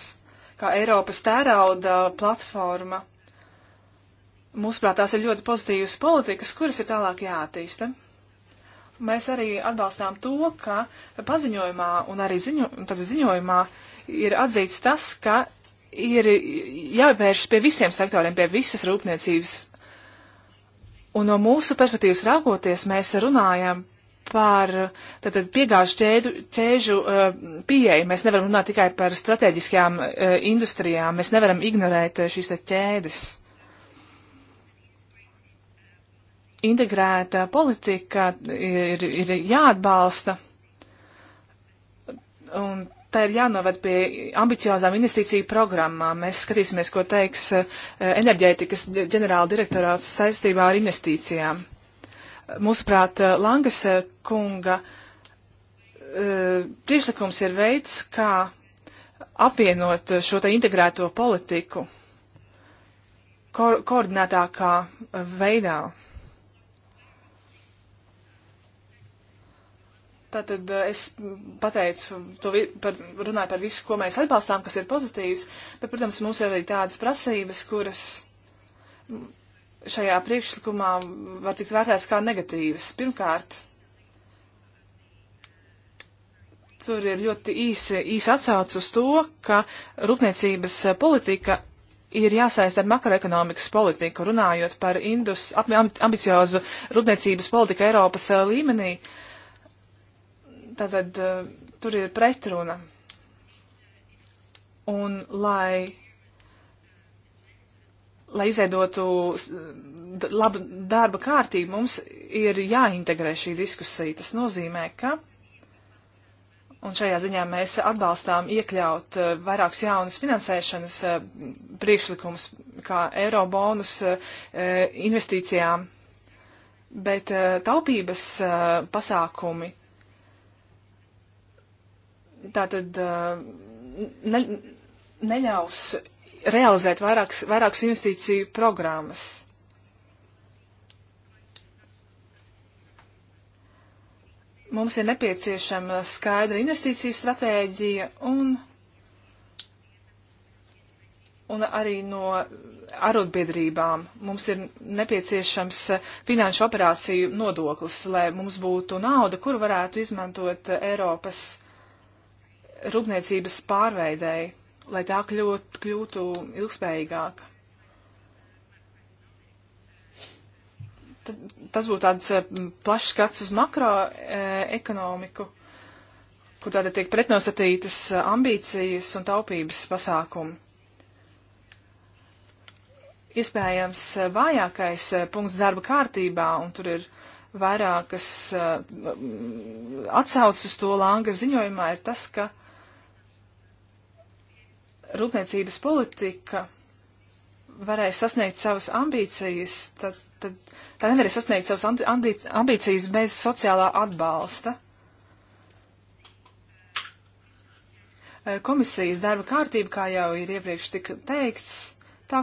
kā Eiropas tērauda platforma. Mūsuprāt, tās ir ļoti pozitīvas politikas, kuras ir tālāk jātīsta. Mēs arī atbalstām to, ka paziņojumā un arī ziņo, un ziņojumā ir atzīts tas, ka ir jāvēršas pie visiem sektoriem, pie visas rūpniecības. Un no mūsu perspektīvas raugoties, mēs runājam par tātad, piegāžu ķēdu, ķēžu eh, pieeju. Mēs nevaram runāt tikai par strateģiskajām eh, industrijām, mēs nevaram ignorēt eh, šīs te ķēdes. Integrēta politika ir, ir jāatbalsta, un tā ir jānoved pie ambiciozām investīciju programmām. Mēs skatīsimies, ko teiks enerģētikas ģenerāla direktorāts saistībā ar investīcijām Mūsuprāt, eh, Langas eh, kunga eh, priekšlikums ir veids, kā apvienot šo te integrēto politiku ko koordinētākā veidā. Tātad es pateicu, to vi, par, runāju par visu, ko mēs atbalstām, kas ir pozitīvs, bet, protams, mums ir arī tādas prasības, kuras šajā priekšlikumā var tikt vērtēts kā negatīvas. Pirmkārt, tur ir ļoti īsi, īsi atsauc uz to, ka rūpniecības politika ir jāsaist ar makroekonomikas politiku, runājot par indus, ambiciozu rūpniecības politiku Eiropas uh, līmenī. Tātad uh, tur ir pretruna. Un lai lai izveidotu labu darba kārtību, mums ir jāintegrē šī diskusija. Tas nozīmē, ka, un šajā ziņā mēs atbalstām iekļaut eh, vairākus jaunus finansēšanas eh, priekšlikumus, kā eirobonus eh, investīcijām, bet taupības pasākumi. Tātad ne, neļaus realizēt vairākas, vairākas investīciju programmas. Mums ir nepieciešama skaidra investīciju stratēģija un, un arī no arotbiedrībām. Mums ir nepieciešams finanšu operāciju nodoklis, lai mums būtu nauda, kuru varētu izmantot Eiropas rūpniecības pārveidēji lai tā kļūt, kļūtu ilgspējīgāka. Tad, tas būtu tāds eh, plašs skats uz makroekonomiku, eh, e, kur tāda tiek pretnostatītas eh, ambīcijas un taupības pasākumi. Iespējams, vājākais punkts darba kārtībā, un tur ir vairākas atsauces uz to Langa ziņojumā, ir tas, ka uh, rūpniecības politika varēja sasniegt savas ambīcijas, tad, tad tā nevarēja sasniegt savas ambīcijas bez sociālā atbalsta. Eh, komisijas darba kārtība, kā jau ir iepriekš tika teikts, tā,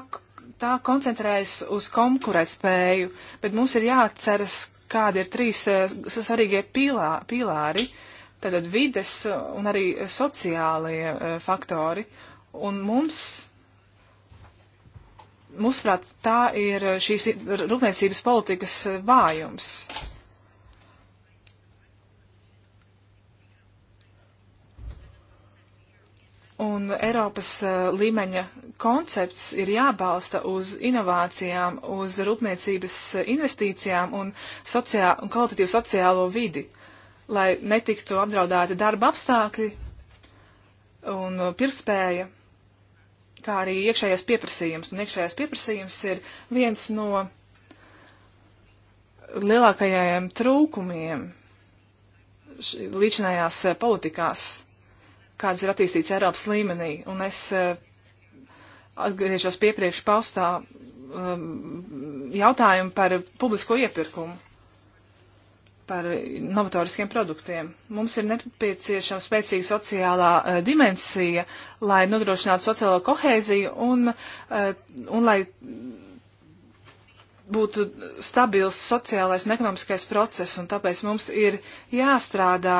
tā koncentrējas uz konkurētspēju, bet mums ir jāatceras, kādi ir trīs eh, svarīgie pīlā, pīlāri, tātad vides un arī sociālie eh, faktori. Uh, Un mums, mūsuprāt, tā ir šīs rūpniecības politikas vājums. Un Eiropas eh, līmeņa koncepts ir jābalsta uz inovācijām, uz rūpniecības eh, investīcijām un, sociā, un kvalitatīvu sociālo vidi, lai netiktu apdraudēti darba apstākļi un eh, pirktspēja kā arī iekšējais pieprasījums. Un iekšējais pieprasījums ir viens no lielākajiem trūkumiem līdzinājās eh, politikās, kādas ir attīstīts Eiropas līmenī. Un es eh, atgriežos piepriekš paustā eh, jautājumu par publisko iepirkumu par novatoriskiem produktiem. Mums ir nepieciešama spēcīga sociālā uh, dimensija, lai nodrošinātu sociālo kohēziju un, uh, un lai būtu stabils sociālais un ekonomiskais process, un tāpēc mums ir jāstrādā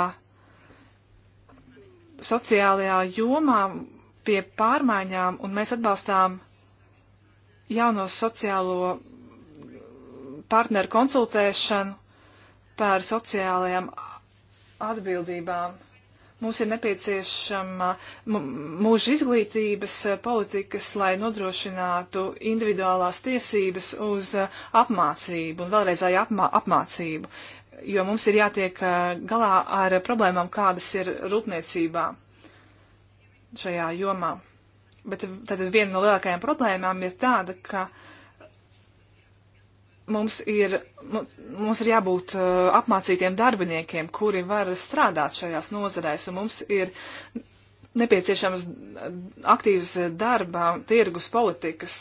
sociālajā jomā pie pārmaiņām, un mēs atbalstām jauno sociālo partneru konsultēšanu par sociālajām atbildībām. Mums ir nepieciešama mūža izglītības politikas, lai nodrošinātu individuālās tiesības uz apmācību un vēlreizēju apmā apmācību, jo mums ir jātiek galā ar problēmām, kādas ir rūpniecībā šajā jomā. Bet tad viena no lielākajām problēmām ir tāda, ka uh, mums ir, mums ir jābūt uh, apmācītiem darbiniekiem, kuri var strādāt šajās nozarēs, un mums ir nepieciešams uh, aktīvas darba tirgus politikas.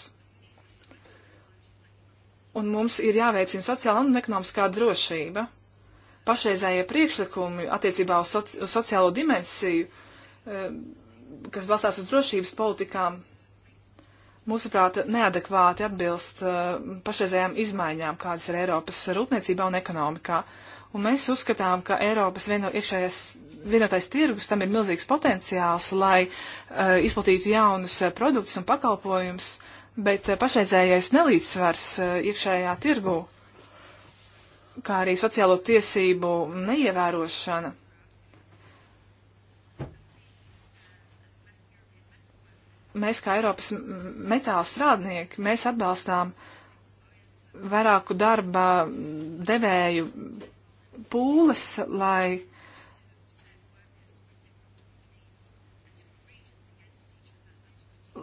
Un mums ir jāveicina sociāla un ekonomiskā drošība. Pašreizējie priekšlikumi attiecībā uz, soci, uz sociālo dimensiju, uh, kas balstās uz drošības politikām, mūsuprāt, neadekvāti atbilst eh, pašreizējām izmaiņām, kādas ir Eiropas rūpniecībā un ekonomikā. Un mēs uzskatām, ka Eiropas vieno, iekšējais vienotais tirgus, tam ir milzīgs potenciāls, lai uh, izplatītu jaunus uh, produktus un pakalpojumus, bet uh, pašreizējais nelīdzsvars uh, iekšējā tirgu, kā arī sociālo tiesību neievērošana, mēs kā Eiropas metāla strādnieki, mēs atbalstām vairāku darba devēju pūles, lai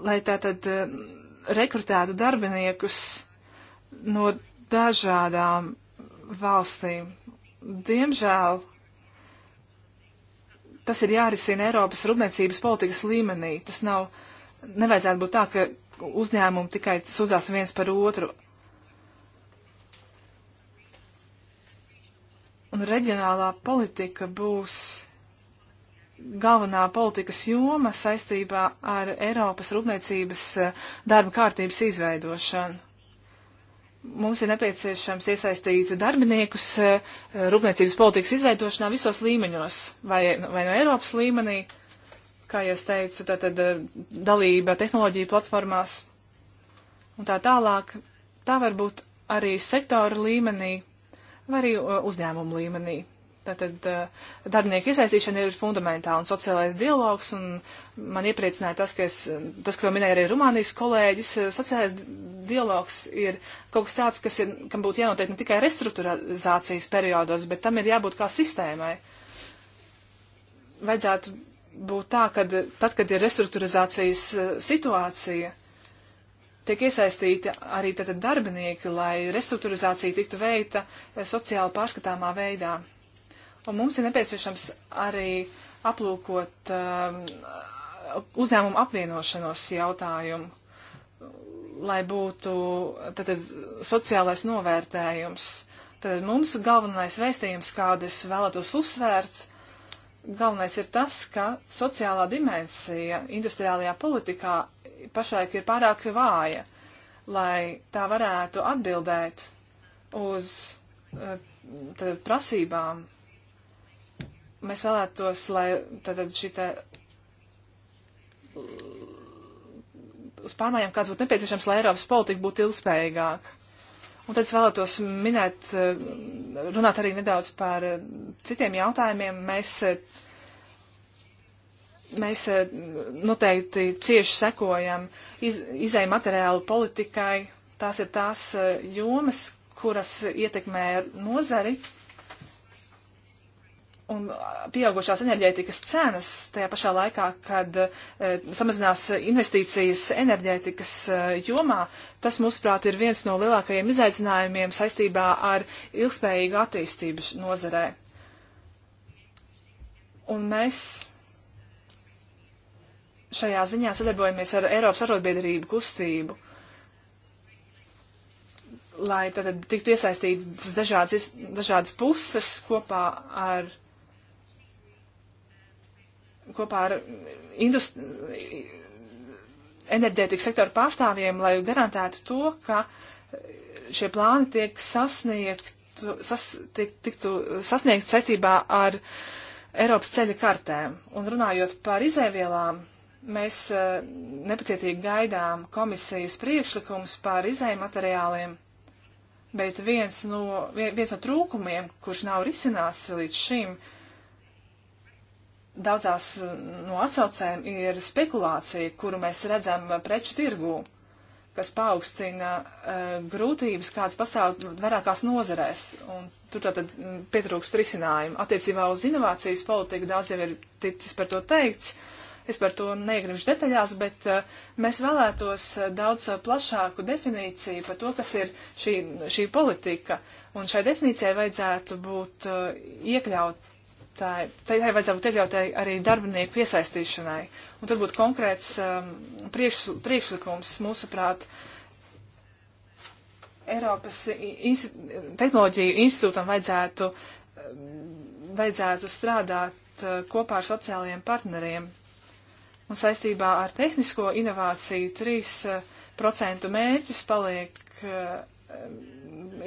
lai tātad eh, rekrutētu darbiniekus no dažādām valstīm. Diemžēl tas ir jārisina Eiropas rūpniecības politikas līmenī. Tas nav uh, nevajadzētu būt tā, ka uzņēmumi tikai sūdzās viens par otru. Un reģionālā politika būs galvenā politikas joma saistībā ar Eiropas rūpniecības eh, darba kārtības izveidošanu. Mums ir nepieciešams iesaistīt darbiniekus eh, rūpniecības politikas izveidošanā visos līmeņos, vai, vai no Eiropas līmenī, uh, kā jau es teicu, tātad eh, dalība tehnoloģija platformās un tā tālāk. Tā var būt arī sektora līmenī vai arī eh, uzņēmumu līmenī. Tātad eh, darbinieku iesaistīšana ir fundamentāla un sociālais dialogs, un man iepriecināja tas, ka es, tas, ko minēja arī Rumānijas kolēģis, sociālais dialogs ir kaut kas tāds, kas ir, kam būtu jānotiek ne tikai restruktūrizācijas periodos, bet tam ir jābūt kā sistēmai. Vajadzētu būt tā, ka tad, kad ir restruktūrizācijas e, situācija, tiek iesaistīti arī tātad darbinieki, lai restruktūrizācija tiktu veikta e, sociāli pārskatāmā veidā. Un mums ir nepieciešams arī aplūkot um, uzņēmumu apvienošanos jautājumu, lai būtu tātad sociālais novērtējums. Tad mums galvenais vēstījums, kādu es vēlētos uzsvērts, galvenais ir tas, ka sociālā dimensija industriālajā politikā pašlaik ir pārāk vāja, lai tā varētu atbildēt uz eh, tad, prasībām. Mēs vēlētos, lai tad šī te uz pārmaiņām kāds būtu nepieciešams, lai Eiropas politika būtu ilgspējīgāka. Un tad es vēlētos minēt, eh, runāt arī nedaudz par eh, citiem jautājumiem. Mēs, eh, mēs noteikti cieši sekojam iz, izēju materiālu politikai. Tās ir tās jomas, kuras ietekmē nozari un pieaugušās enerģētikas cenas tajā pašā laikā, kad e, samazinās investīcijas enerģētikas e, jomā, tas, mūsuprāt, ir viens no lielākajiem izaicinājumiem saistībā ar ilgspējīgu attīstību nozarē. Un mēs šajā ziņā sadarbojamies ar Eiropas arotbiedrību kustību lai tad tiktu iesaistītas dažādas, dažādas puses kopā ar kopā ar industri, enerģētikas sektoru pārstāvjiem, lai garantētu to, ka šie plāni tiek sasniegt, sas, tiek, tiktu sasniegt saistībā ar Eiropas ceļa kartēm. Un runājot par izēvielām, mēs uh, nepacietīgi gaidām komisijas priekšlikums par izējumateriāliem, bet viens no, viens no trūkumiem, kurš nav risināts līdz šim, uh, daudzās eh, no atsaucēm ir spekulācija, kuru mēs redzam eh, preču tirgū, kas paaugstina eh, grūtības, kādas pastāv vairākās nozerēs. Un tur tātad mm, pietrūkst risinājumu. Attiecībā uz inovācijas politiku daudz jau ir ticis par to teikts. Es par to neiegribšu detaļās, bet uh, mēs vēlētos daudz plašāku definīciju par to, kas ir šī, šī politika. Un šai definīcijai vajadzētu būt uh, iekļaut tā, tai vajadzētu būt iekļautai arī darbinieku iesaistīšanai. Un tur būtu konkrēts um, priekš, priekšlikums, mūsuprāt, Eiropas inst tehnoloģiju institūtam vajadzētu, um, vajadzētu strādāt uh, kopā ar sociālajiem partneriem. Un saistībā ar tehnisko inovāciju 3% uh, mērķis paliek, uh,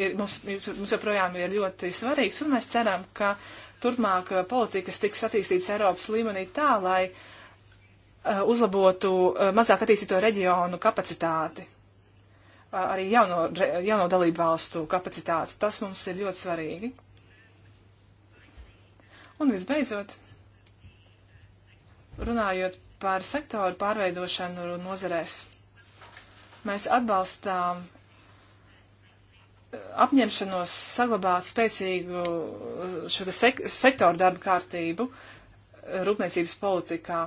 ir, mums, mums joprojām ir ļoti svarīgs, un mēs ceram, ka uh, turpmāk eh, politika, kas tiks attīstīts Eiropas līmenī tā, lai uh, uzlabotu uh, mazāk attīstīto reģionu kapacitāti, uh, arī jauno, re, jauno dalību valstu kapacitāti. Tas mums ir ļoti svarīgi. Un visbeidzot, runājot par sektoru pārveidošanu nozerēs, mēs atbalstām apņemšanos saglabāt spēcīgu uh, šo sek sektoru darba kārtību uh, rūpniecības politikā.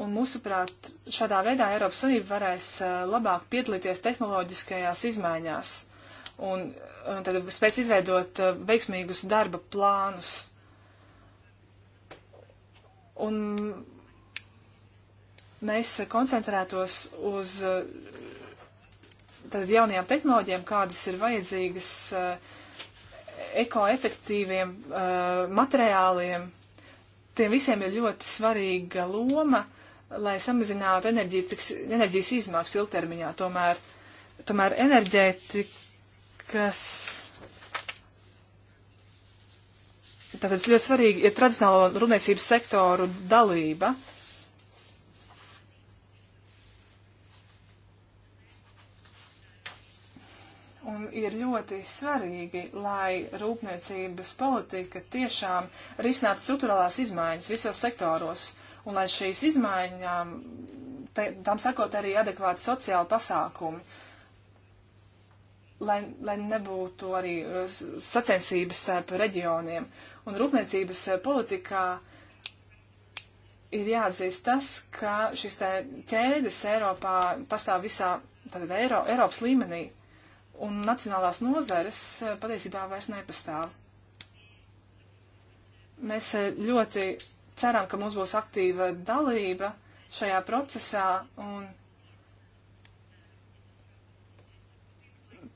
Un mūsuprāt, šādā veidā Eiropas Savienība varēs uh, labāk piedalīties tehnoloģiskajās izmaiņās un, un tad spēs izveidot veiksmīgus darba plānus. Un mēs koncentrētos uz eh, tad, jaunajām tehnoloģijām, kādas ir vajadzīgas eh, ekoefektīviem eh, materiāliem. Tiem visiem ir ļoti svarīga loma, lai samazinātu enerģijas, enerģijas izmaksas ilgtermiņā. Tomēr, tomēr enerģētikas. Tātad ļoti svarīgi ir tradicionālo rūpniecības sektoru dalība. Uh, un ir ļoti svarīgi, lai rūpniecības politika tiešām risinātu struktūrālās izmaiņas visos sektoros, un lai šīs izmaiņām, te, tam sakot, arī adekvāti sociāli pasākumi, lai, lai nebūtu arī uh, sacensības starp reģioniem. Un rūpniecības uh, politikā ir jāatzīst tas, ka šis ķēdes Eiropā pastāv visā. Tātad Eiro, Eiropas līmenī un nacionālās nozares eh, patiesībā vairs nepastāv. Mēs eh, ļoti ceram, ka mums būs aktīva dalība šajā procesā un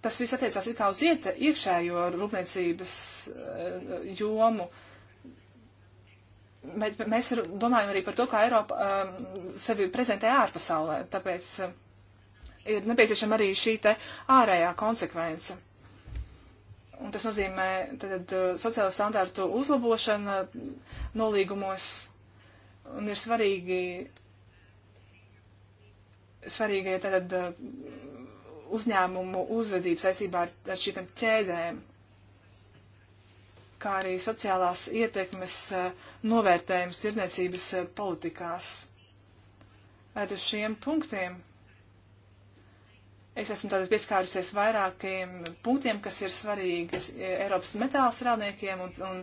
tas viss attiecās it kā uz iete, iekšējo rūpniecības eh, jomu. Mēs domājam arī par to, kā Eiropa sevi prezentē ārpasaulē, tāpēc ir nepieciešama arī šī te ārējā konsekvence. Un tas nozīmē tad, eh, sociāla standārtu uzlabošana nolīgumos un ir svarīgi, svarīgi tad, eh, uzņēmumu uzvedība saistībā ar, ar šīm ķēdēm, kā arī sociālās ietekmes eh, novērtējums tirdzniecības politikās. Ar šiem punktiem Es esmu tātad pieskārusies vairākiem punktiem, kas ir svarīgi e, Eiropas metāla strādniekiem un, un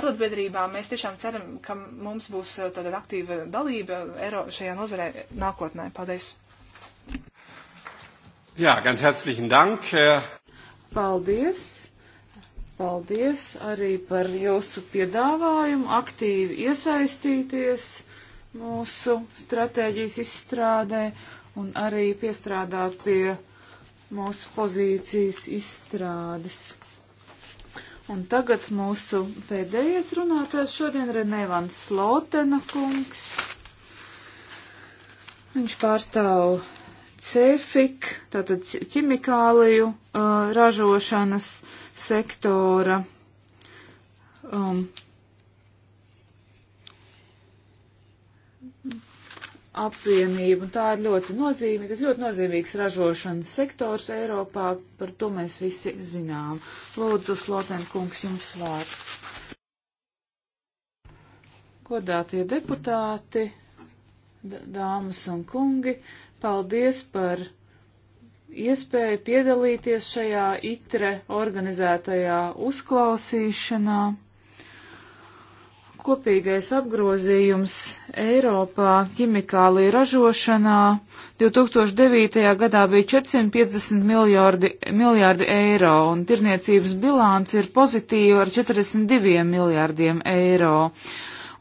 arotbiedrībām. Mēs tiešām ceram, ka mums būs e, tātad aktīva dalība Eiro šajā nozarē nākotnē. Paldies! Jā, ganz herzlichen dank! Paldies! Paldies arī par jūsu piedāvājumu aktīvi iesaistīties mūsu stratēģijas izstrādē un arī piestrādāt pie mūsu pozīcijas izstrādes. Un tagad mūsu pēdējais runātājs šodien ir Nevans Slotena kungs. Viņš pārstāv CEFIK, tātad ķimikāliju uh, ražošanas sektora um, apvienību, un tā ir ļoti nozīmīga, tas ļoti nozīmīgs ražošanas sektors Eiropā, par to mēs visi zinām. Lūdzu, Sloten kungs, jums vārds. Godātie deputāti, dāmas un kungi, paldies par iespēju piedalīties šajā itre organizētajā uzklausīšanā. Kopīgais apgrozījums Eiropā ķimikālija ražošanā 2009. gadā bija 450 miljārdi, miljārdi eiro, un tirniecības bilāns ir pozitīva ar 42 miljārdiem eiro.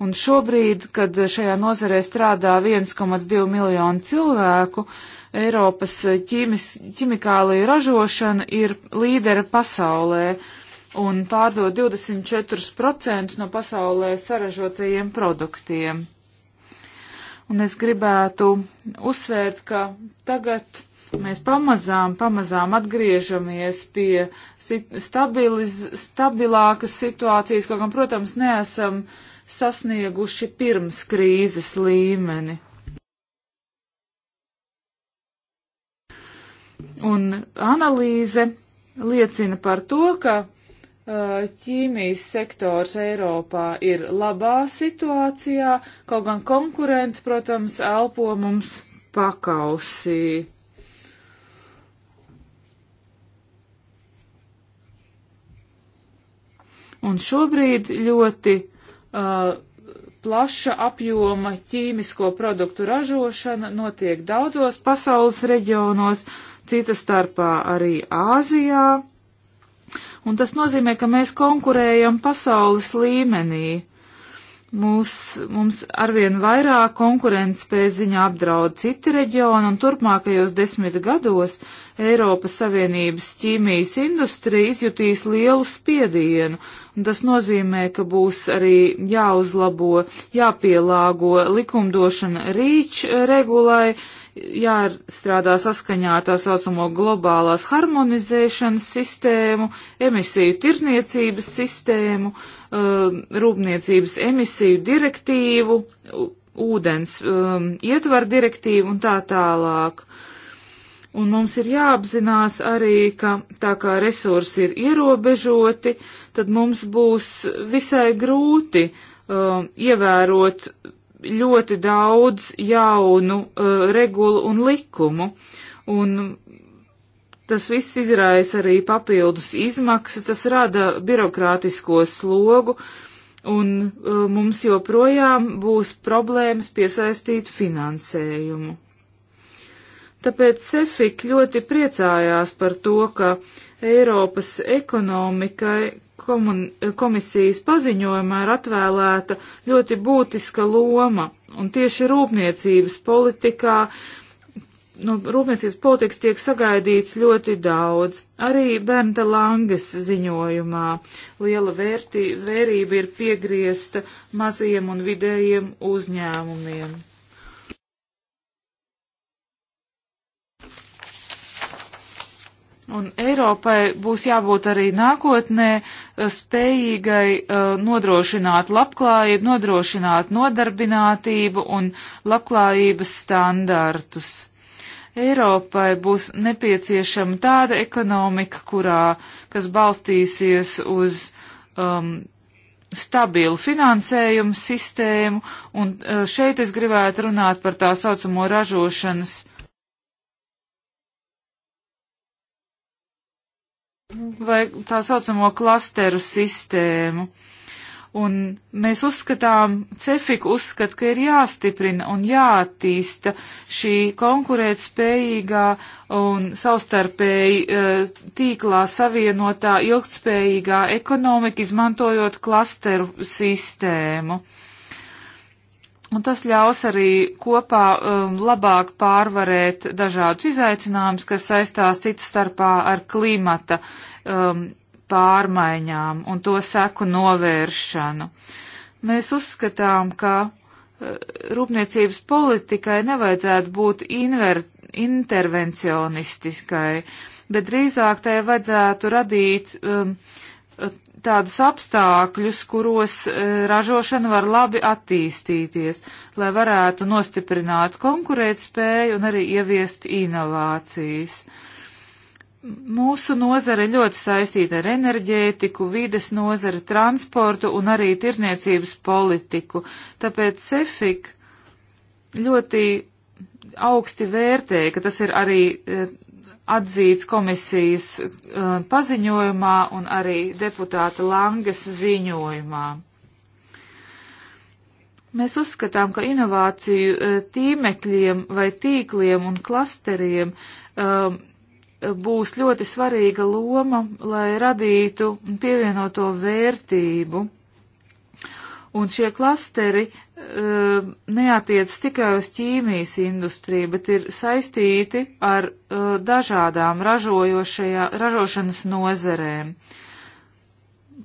Un šobrīd, kad šajā nozarē strādā 1,2 miljonu cilvēku, Eiropas ķimis, ķimikālija ražošana ir līdera pasaulē un pārdod 24% no pasaulē saražotajiem produktiem. Un es gribētu uzsvērt, ka tagad mēs pamazām, pamazām atgriežamies pie sit stabiliz, stabilākas situācijas, kaut gan, protams, neesam sasnieguši pirms krīzes līmeni. Un analīze liecina par to, ka Eh, ķīmijas sektors Eiropā ir labā situācijā, kaut gan konkurenti, protams, elpo mums pakausī. Un šobrīd ļoti uh, plaša apjoma ķīmisko produktu ražošana notiek daudzos pasaules reģionos, cita starpā arī Āzijā. Un tas nozīmē, ka mēs konkurējam pasaules līmenī. Mūs, mums arvien vairāk konkurences ziņā apdraud citi reģioni, un turpmākajos desmit gados Eiropas Savienības ķīmijas industrija izjutīs lielu spiedienu, un tas nozīmē, ka būs arī jāuzlabo, jāpielāgo likumdošana rīč regulai, uh, jāstrādā saskaņā ar tā saucamo globālās harmonizēšanas sistēmu, emisiju tirzniecības sistēmu, um, rūpniecības emisiju direktīvu, ūdens um, ietvaru direktīvu un tā tālāk. Un mums ir jāapzinās arī, ka tā kā resursi ir ierobežoti, tad mums būs visai grūti uh, ievērot ļoti daudz jaunu uh, regulu un likumu, un tas viss izraisa arī papildus izmaksas, tas rada birokrātisko slogu, un uh, mums joprojām būs problēmas piesaistīt finansējumu. Tāpēc Sefik ļoti priecājās par to, ka Eiropas ekonomikai komun, komisijas paziņojumā ir atvēlēta ļoti būtiska loma, un tieši rūpniecības politikā, no nu, rūpniecības politikas tiek sagaidīts ļoti daudz. Arī Bernta Langes ziņojumā liela vērtī, vērība ir piegriezta mazajiem un vidējiem uzņēmumiem. Un Eiropai būs jābūt arī nākotnē eh, spējīgai uh, nodrošināt labklājību, nodrošināt nodarbinātību un labklājības standartus. Eiropai būs nepieciešama tāda ekonomika, kurā, kas balstīsies uz um, stabilu finansējumu sistēmu, un eh, šeit es gribētu runāt par tā saucamo ražošanas vai tā saucamo klasteru sistēmu. Un mēs uzskatām, Cefika uzskata, ka ir jāstiprina un jāattīsta šī konkurētspējīgā un savstarpēji e, tīklā savienotā ilgtspējīgā ekonomika, izmantojot klasteru sistēmu. Uh, Un tas ļaus arī kopā um, labāk pārvarēt dažādus izaicinājumus, kas saistās citas starpā ar klimata um, pārmaiņām un to seku novēršanu. Mēs uzskatām, ka uh, rūpniecības politikai nevajadzētu būt inver, intervencionistiskai, bet drīzāk tai vajadzētu radīt um, tādus apstākļus, kuros e, ražošana var labi attīstīties, lai varētu nostiprināt konkurētspēju un arī ieviest inovācijas. Mūsu nozare ļoti saistīta ar enerģētiku, vides nozari, transportu un arī tirzniecības politiku, tāpēc Sefik ļoti augsti vērtē, ka tas ir arī e, atzīts komisijas uh, paziņojumā un arī deputāta Langes ziņojumā. Mēs uzskatām, ka inovāciju uh, tīmekļiem vai tīkliem un klasteriem uh, būs ļoti svarīga loma, lai radītu pievienoto vērtību. Un šie klasteri uh, neatiec tikai uz ķīmijas industriju, bet ir saistīti ar uh, dažādām ražošanas nozerēm.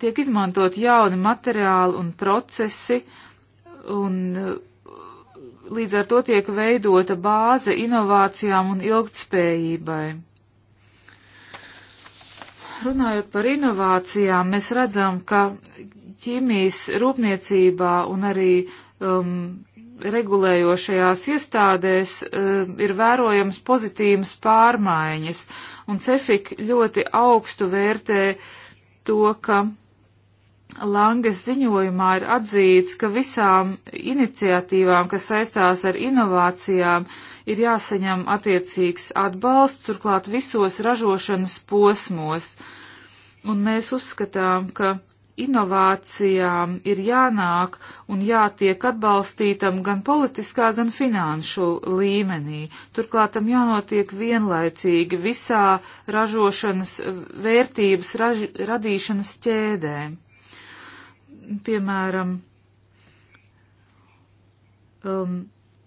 Tiek izmantot jauni materiāli un procesi, un uh, līdz ar to tiek veidota bāze inovācijām un ilgtspējībai. Runājot par inovācijām, mēs redzam, ka ķīmijas rūpniecībā un arī um, regulējošajās iestādēs um, ir vērojams pozitīvas pārmaiņas, un Cefik ļoti augstu vērtē to, ka Langes ziņojumā ir atzīts, ka visām iniciatīvām, kas saistās ar inovācijām, ir jāsaņem attiecīgs atbalsts, turklāt visos ražošanas posmos. Un mēs uzskatām, ka inovācijām ir jānāk un jātiek atbalstītam gan politiskā, gan finanšu līmenī. Turklāt tam jānotiek vienlaicīgi visā ražošanas vērtības raž, radīšanas ķēdē. Piemēram, um,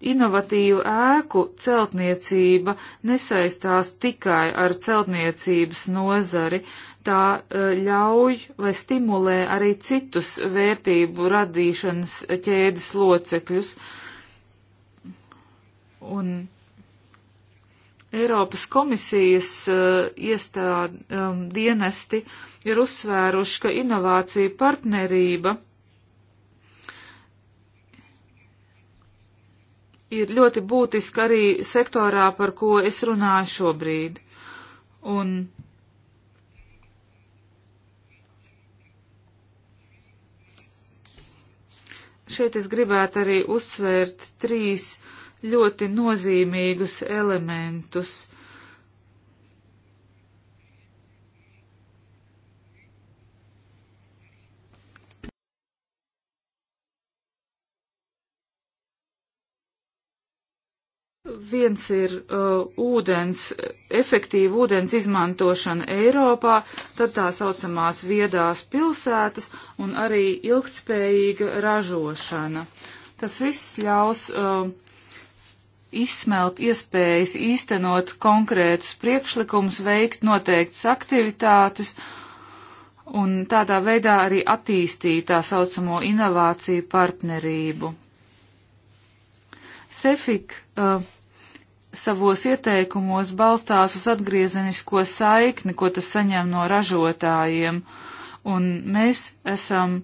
Inovatīvu ēku celtniecība nesaistās tikai ar celtniecības nozari, uh, tā e, ļauj vai stimulē arī citus vērtību radīšanas ķēdes locekļus. Un Eiropas komisijas uh, e, iestād, um, e, dienesti ir uzsvēruši, ka inovācija partnerība ir ļoti būtiska arī sektorā, par ko es runāju šobrīd. Un Šeit es gribētu arī uzsvērt trīs ļoti nozīmīgus elementus Viens ir uh, ūdens, efektīva ūdens izmantošana Eiropā, tad tā saucamās viedās pilsētas un arī ilgtspējīga ražošana. Tas viss ļaus uh, izsmelt iespējas īstenot konkrētus priekšlikumus, veikt noteiktas aktivitātes un tādā veidā arī attīstīt tā saucamo inovāciju partnerību. Sefik uh, savos ieteikumos balstās uz atgriezenisko saikni, ko tas saņem no ražotājiem, un mēs esam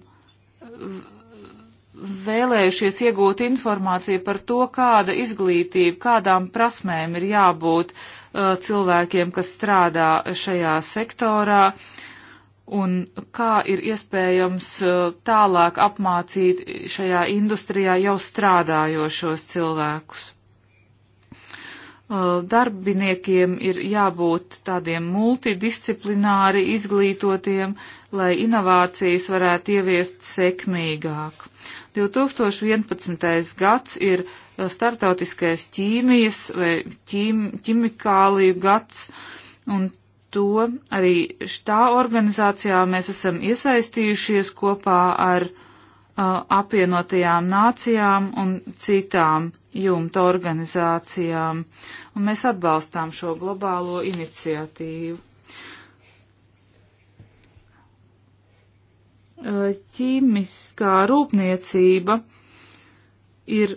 vēlējušies iegūt informāciju par to, kāda izglītība, kādām prasmēm ir jābūt uh, cilvēkiem, kas strādā šajā sektorā, un kā ir iespējams uh, tālāk apmācīt šajā industrijā jau strādājošos cilvēkus. Uh, darbiniekiem ir jābūt tādiem multidisciplināri izglītotiem, lai inovācijas varētu ieviest sekmīgāk. 2011. gads ir uh, startautiskais ķīmijas vai ķīm, ķimikāliju gads, un to arī šitā organizācijā mēs esam iesaistījušies kopā ar uh, apvienotajām nācijām un citām jumta organizācijām, un mēs atbalstām šo globālo iniciatīvu. Ķīmiskā rūpniecība ir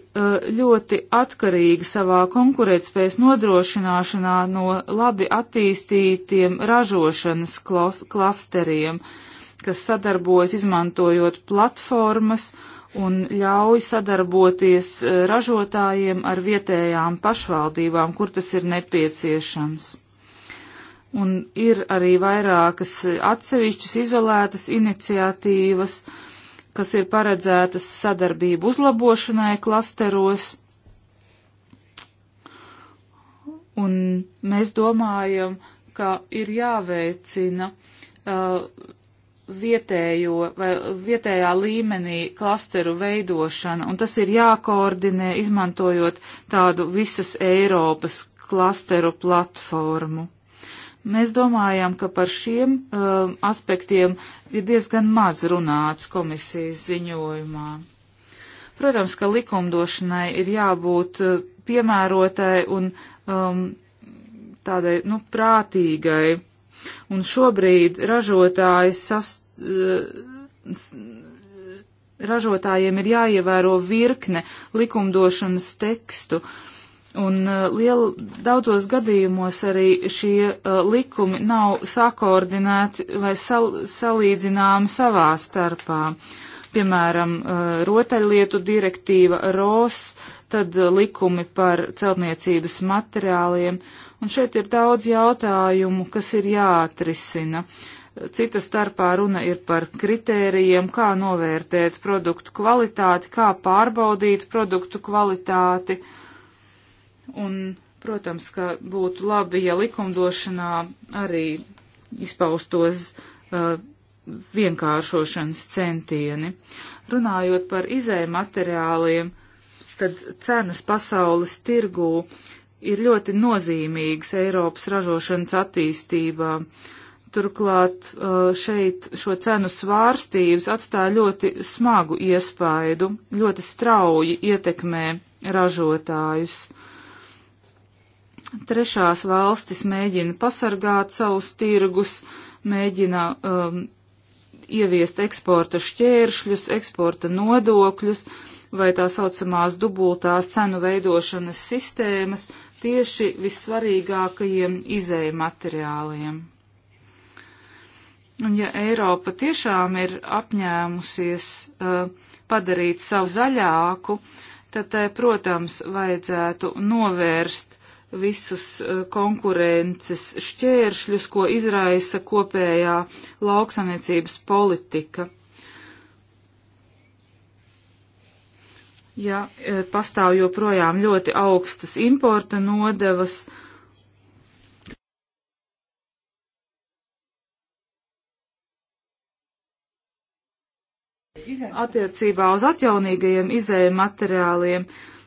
ļoti atkarīga savā konkurētspējas nodrošināšanā no labi attīstītiem ražošanas klasteriem. Klas kas sadarbojas izmantojot platformas un ļauj sadarboties eh, ražotājiem ar vietējām pašvaldībām, kur tas ir nepieciešams. Un ir arī vairākas eh, atsevišķas izolētas iniciatīvas, kas ir paredzētas sadarbību uzlabošanai klasteros. Un mēs domājam, ka ir jāveicina uh, vietējo vai vietējā līmenī klasteru veidošana, un tas ir jākoordinē, izmantojot tādu visas Eiropas klasteru platformu. Mēs domājam, ka par šiem um, aspektiem ir diezgan maz runāts komisijas ziņojumā. Protams, ka likumdošanai ir jābūt uh, piemērotai un um, tādai, nu, prātīgai Un šobrīd ražotājs sas, eh, ražotājiem ir jāievēro virkne likumdošanas tekstu. Un eh, liel, daudzos gadījumos arī šie uh, likumi nav sakoordinēti vai sal, salīdzināmi savā starpā. Piemēram, uh, rotaļlietu direktīva ROS, tad likumi par celtniecības materiāliem Un šeit ir daudz jautājumu, kas ir jāatrisina. Cita starpā runa ir par kritērijiem, kā novērtēt produktu kvalitāti, kā pārbaudīt produktu kvalitāti. Un, protams, ka būtu labi, ja likumdošanā arī izpaustos uh, vienkāršošanas centieni. Runājot par izējumateriāliem, tad cenas pasaules tirgū uh, ir ļoti nozīmīgas Eiropas ražošanas attīstībā. Turklāt uh, šeit šo cenu svārstības atstāja ļoti smagu iespaidu, ļoti strauji ietekmē ražotājus. Trešās valstis mēģina pasargāt savus tirgus, mēģina um, ieviest eksporta šķēršļus, eksporta nodokļus vai tā saucamās dubultās cenu veidošanas sistēmas, tieši vissvarīgākajiem izēja materiāliem. Un ja Eiropa tiešām ir apņēmusies uh, padarīt savu zaļāku, tad tai, protams, vajadzētu novērst visus uh, konkurences šķēršļus, ko izraisa kopējā lauksamniecības politika. ja e, pastāv joprojām ļoti augstas importa nodevas. Attiecībā uz atjaunīgajiem izējiem materiāliem,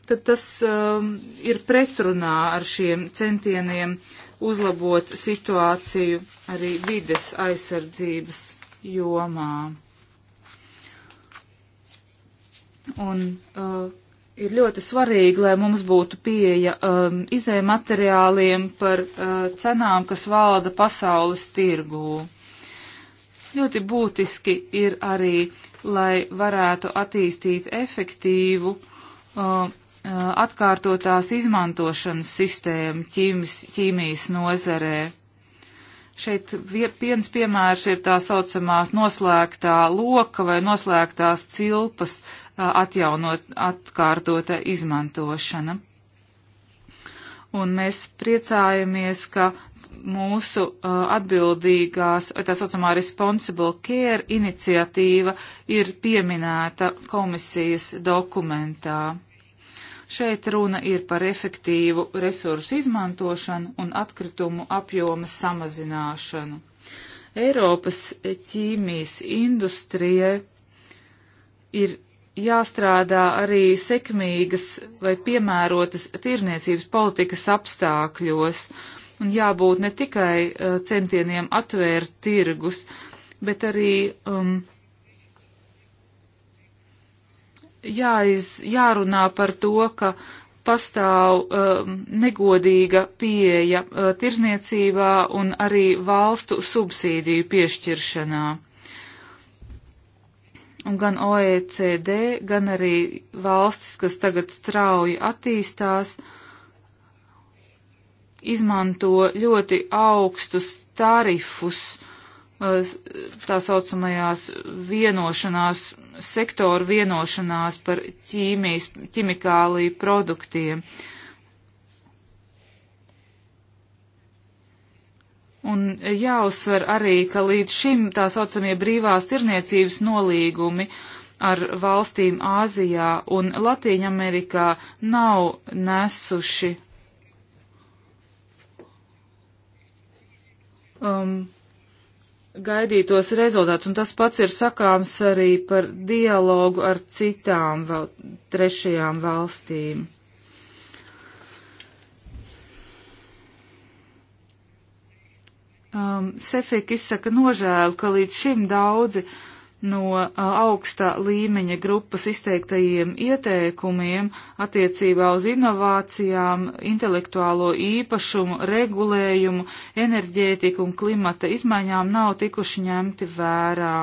tad tas um, ir pretrunā ar šiem centieniem uzlabot situāciju arī vides aizsardzības jomā. Un uh, ir ļoti svarīgi, lai mums būtu pieeja um, izēja materiāliem par uh, cenām, kas valda pasaules tirgū. Ļoti būtiski ir arī, lai varētu attīstīt efektīvu uh, uh atkārtotās izmantošanas sistēmu ķīmis, ķīmijas nozarē. Šeit viens piemērs ir tā saucamās noslēgtā loka vai noslēgtās cilpas atjaunot, atkārtota izmantošana. Un mēs priecājamies, ka mūsu atbildīgās, tā saucamā Responsible Care iniciatīva ir pieminēta komisijas dokumentā. Šeit runa ir par efektīvu resursu izmantošanu un atkritumu apjoma samazināšanu. Eiropas ķīmijas industrijai ir jāstrādā arī sekmīgas vai piemērotas tirniecības politikas apstākļos un jābūt ne tikai uh, centieniem atvērt tirgus, bet arī um, jāiz, jārunā par to, ka pastāv um, negodīga pieeja uh, tirzniecībā un arī valstu subsīdiju piešķiršanā. Un gan OECD, gan arī valstis, kas tagad strauji attīstās, izmanto ļoti augstus tarifus uh, tā saucamajās vienošanās sektoru vienošanās par ķīmijas, ķimikāliju produktiem. Un jāuzsver arī, ka līdz šim tā saucamie brīvās tirniecības nolīgumi ar valstīm Āzijā un Latīņamerikā nav nesuši um, gaidītos rezultātus, un tas pats ir sakāms arī par dialogu ar citām vēl trešajām valstīm. Um, Sefika izsaka nožēlu, ka līdz šim daudzi uh, no augsta līmeņa grupas izteiktajiem ieteikumiem attiecībā uz inovācijām, intelektuālo īpašumu, regulējumu, enerģētiku un klimata izmaiņām nav tikuši ņemti vērā.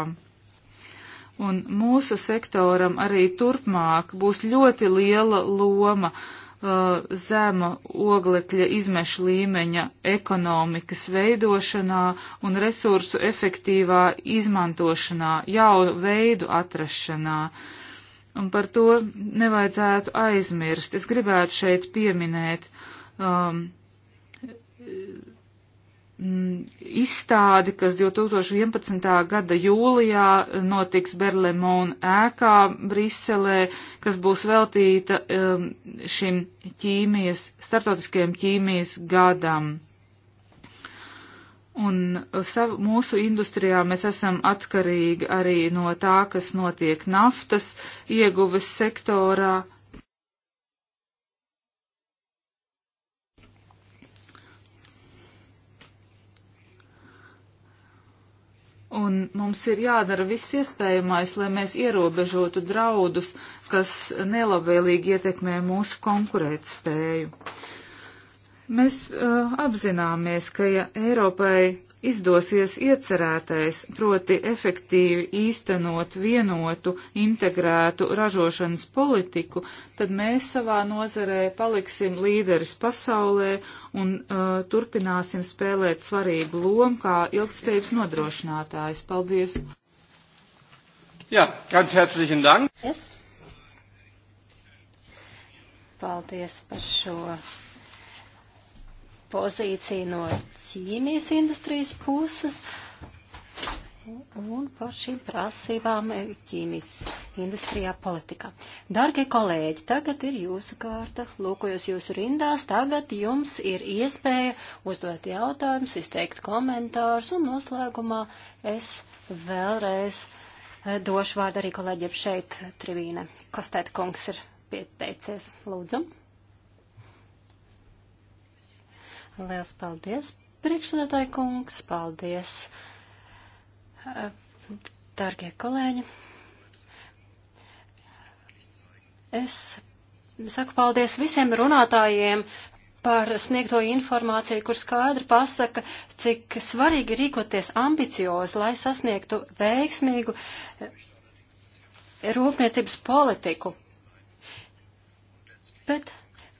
Un mūsu sektoram arī turpmāk būs ļoti liela loma Uh, zema oglekļa izmeša līmeņa ekonomikas veidošanā un resursu efektīvā izmantošanā, jaunu veidu atrašanā. Un par to nevajadzētu aizmirst. Es gribētu šeit pieminēt um, Mm, izstādi, kas 2011. gada jūlijā notiks Berlemona ēkā Briselē, kas būs veltīta um, šim ķīmijas, startautiskajam ķīmijas gadam. Un uh, sav, mūsu industrijā mēs esam atkarīgi arī no tā, kas notiek naftas ieguves sektorā Un mums ir jādara viss iespējamais, lai mēs ierobežotu draudus, kas nelabvēlīgi ietekmē mūsu konkurētspēju. Mēs uh, apzināmies, ka ja Eiropai izdosies iecerētais, proti efektīvi īstenot vienotu, integrētu ražošanas politiku, tad mēs savā nozarē paliksim līderis pasaulē un uh, turpināsim spēlēt svarīgu lomu kā ilgspējības nodrošinātājs. Paldies! Jā, ganz herzlichen Dank! Es? Paldies par šo pozīciju no ķīmijas industrijas puses un par šīm prasībām ķīmijas industrijā politikā. Dargie kolēģi, tagad ir jūsu kārta. Lūkojos jūsu rindās, tagad jums ir iespēja uzdot jautājumus, izteikt komentārus un noslēgumā es vēlreiz eh, došu vārdu arī kolēģiem šeit trivīne. Kostēt kungs ir pieteicies. Lūdzu. Liels paldies, priekšsēdētāji kungs, paldies, eh, dārgie kolēģi. Es saku paldies visiem runātājiem par sniegto informāciju, kur skaidri pasaka, cik svarīgi rīkoties ambiciozi, lai sasniegtu veiksmīgu eh, rūpniecības politiku. Bet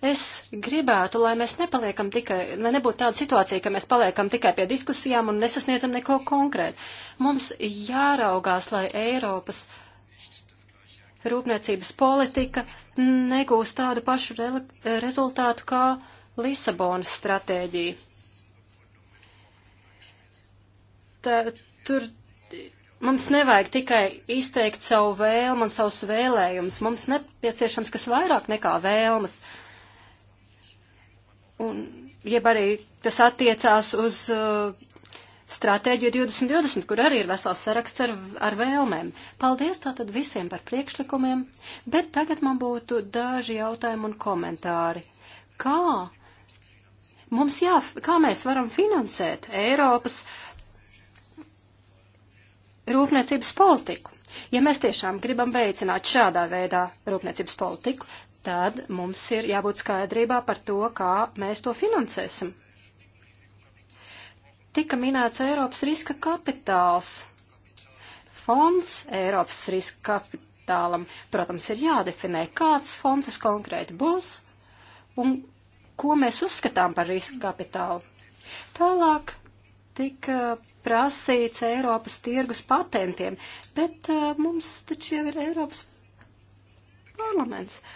Es gribētu, lai mēs nepaliekam tikai, lai nebūtu tāda situācija, ka mēs paliekam tikai pie diskusijām un nesasniedzam neko konkrētu. Mums jāraugās, lai Eiropas rūpniecības politika negūst tādu pašu re rezultātu kā Lisabonas stratēģija. Tā, tur mums nevajag tikai izteikt savu vēlmu un savus vēlējumus. Mums nepieciešams kas vairāk nekā vēlmas. Uh, un jeb arī tas attiecās uz uh, stratēģiju 2020, kur arī ir vesels saraksts ar, ar vēlmēm. Paldies tātad visiem par priekšlikumiem, bet tagad man būtu daži jautājumi un komentāri. Kā mums jā, kā mēs varam finansēt Eiropas rūpniecības politiku? Ja mēs tiešām gribam veicināt šādā veidā rūpniecības politiku, tad mums ir jābūt skaidrībā par to, kā mēs to finansēsim. Tika minēts Eiropas riska kapitāls. Fonds Eiropas riska kapitālam, protams, ir jādefinē, kāds fonds tas konkrēti būs un ko mēs uzskatām par riska kapitālu. Tālāk tika prasīts Eiropas tirgus patentiem, bet uh, mums taču jau ir Eiropas parlaments. Uh,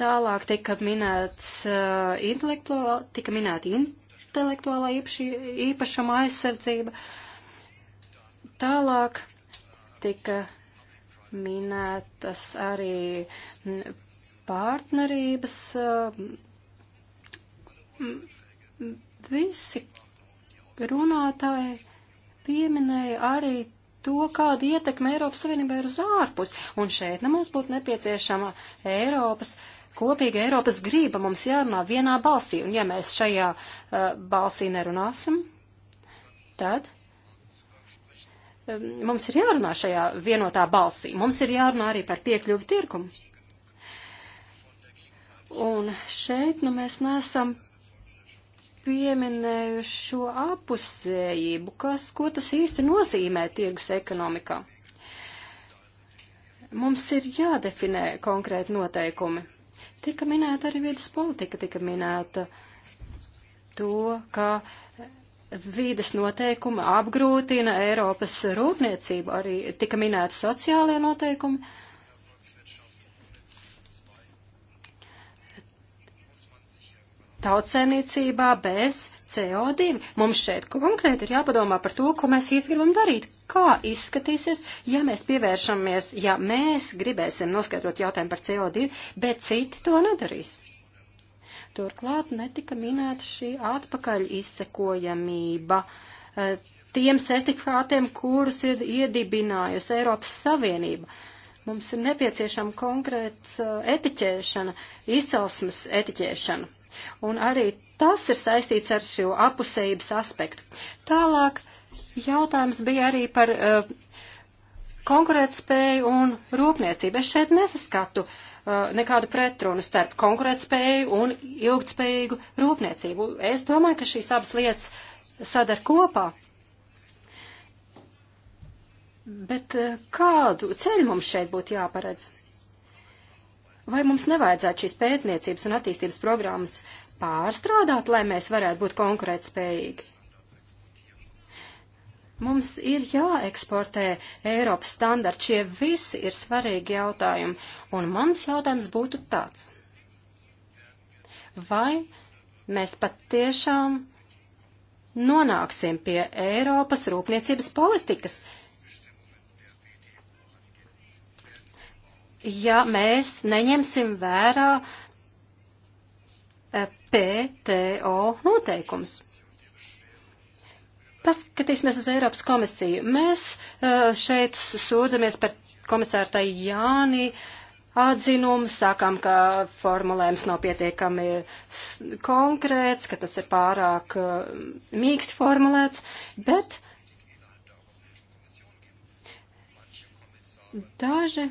Tālāk tika minēts uh, intelektuāla, tika minēta intelektuālā īpaši, īpašuma aizsardzība. Tālāk tika minētas arī partnerības. Uh, visi runātāji pieminēja arī to, kāda ietekme Eiropas Savienībā ir uz ārpus, un šeit nu, mums būtu nepieciešama Eiropas uh, kopīga Eiropas grība. Mums jārunā vienā balsī, un ja mēs šajā uh, balsī nerunāsim, tad um, mums ir jārunā šajā vienotā balsī. Mums ir jārunā arī par piekļuvu tirkumu. Un šeit nu, mēs nesam pieminējuši šo apusējību, kas, ko tas īsti nozīmē tirgus ekonomikā. Mums ir jādefinē konkrēti noteikumi. Tika minēta arī vidas politika, tika minēta to, ka vīdes noteikumi apgrūtina Eiropas rūpniecību, arī tika minēti sociālie noteikumi. Uh, tautsēmniecībā bez CO2. Mums šeit konkrēti ir jāpadomā par to, ko mēs īsti gribam darīt. Kā izskatīsies, ja mēs pievēršamies, ja mēs gribēsim noskaidrot jautājumu par CO2, bet citi to nedarīs. Turklāt netika minēta šī atpakaļ izsekojamība eh, tiem certifikātiem, kurus ir iedibinājusi Eiropas Savienība. Mums ir nepieciešama konkrēts eh, etiķēšana, izcelsmes etiķēšana Un arī tas ir saistīts ar šo apusējības aspektu. Tālāk jautājums bija arī par uh, konkurētspēju un rūpniecību. Es šeit nesaskatu uh, nekādu pretrunu starp konkurētspēju un ilgtspējīgu rūpniecību. Es domāju, ka šīs abas lietas sadar kopā. Bet eh, kādu ceļu mums šeit būtu jāparedz? Vai mums nevajadzētu šīs pētniecības un attīstības programmas pārstrādāt, lai mēs varētu būt konkurētspējīgi? Mums ir jāeksportē Eiropas standarti, šie visi ir svarīgi jautājumi, un mans jautājums būtu tāds. Vai mēs patiešām nonāksim pie Eiropas rūpniecības politikas? Uh, ja mēs neņemsim vērā eh, PTO noteikums. Paskatīsimies uz Eiropas komisiju. Mēs eh, šeit sūdzamies par komisāru Tajāni atzinumu, sākam, ka formulējums nav pietiekami konkrēts, ka tas ir pārāk eh, mīksti formulēts, bet daži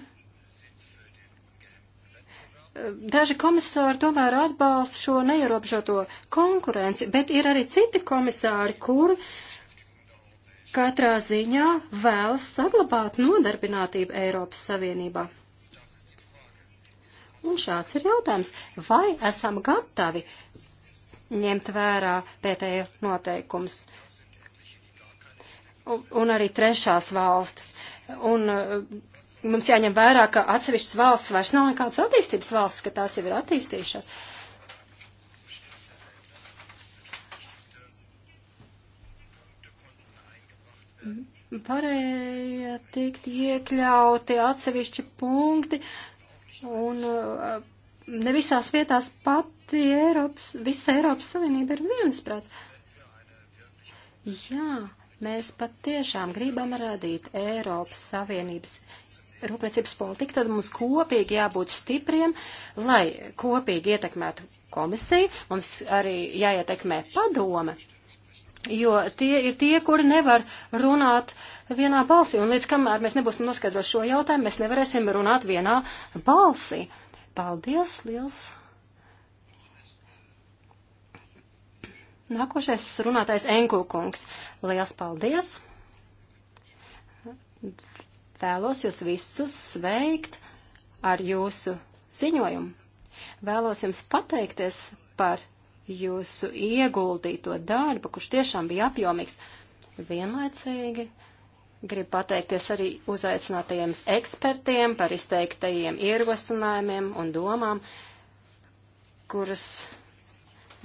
daži komisāri tomēr atbalsta šo neierobežoto konkurenci, bet ir arī citi komisāri, kuri katrā ziņā vēlas saglabāt nodarbinātību Eiropas Savienībā. Un šāds ir jautājums, vai esam gatavi ņemt vērā pētējo noteikums un, un arī trešās valstis. Un mums jāņem vērā, ka atsevišķas valsts vairs nav nekādas attīstības valsts, ka tās jau ir attīstījušās. Varēja tikt iekļauti atsevišķi punkti, un uh, ne visās vietās pati Eiropas, visa Eiropas Savienība ir viensprāts. Jā, mēs pat tiešām gribam radīt Eiropas Savienības rūpniecības politiku, tad mums kopīgi jābūt stipriem, lai kopīgi ietekmētu komisiju, mums arī jāietekmē padome, jo tie ir tie, kuri nevar runāt vienā balsī, un līdz kamēr mēs nebūsim noskaidroši šo jautājumu, mēs nevarēsim runāt vienā balsī. Paldies, liels! Nākošais runātais Enku kungs. Liels paldies! Vēlos jūs visus sveikt ar jūsu ziņojumu. Vēlos jums pateikties par jūsu ieguldīto darbu, kurš tiešām bija apjomīgs. Vienlaicīgi gribu pateikties arī uzaicinātajiem ekspertiem par izteiktajiem ierosinājumiem un domām, kuras e,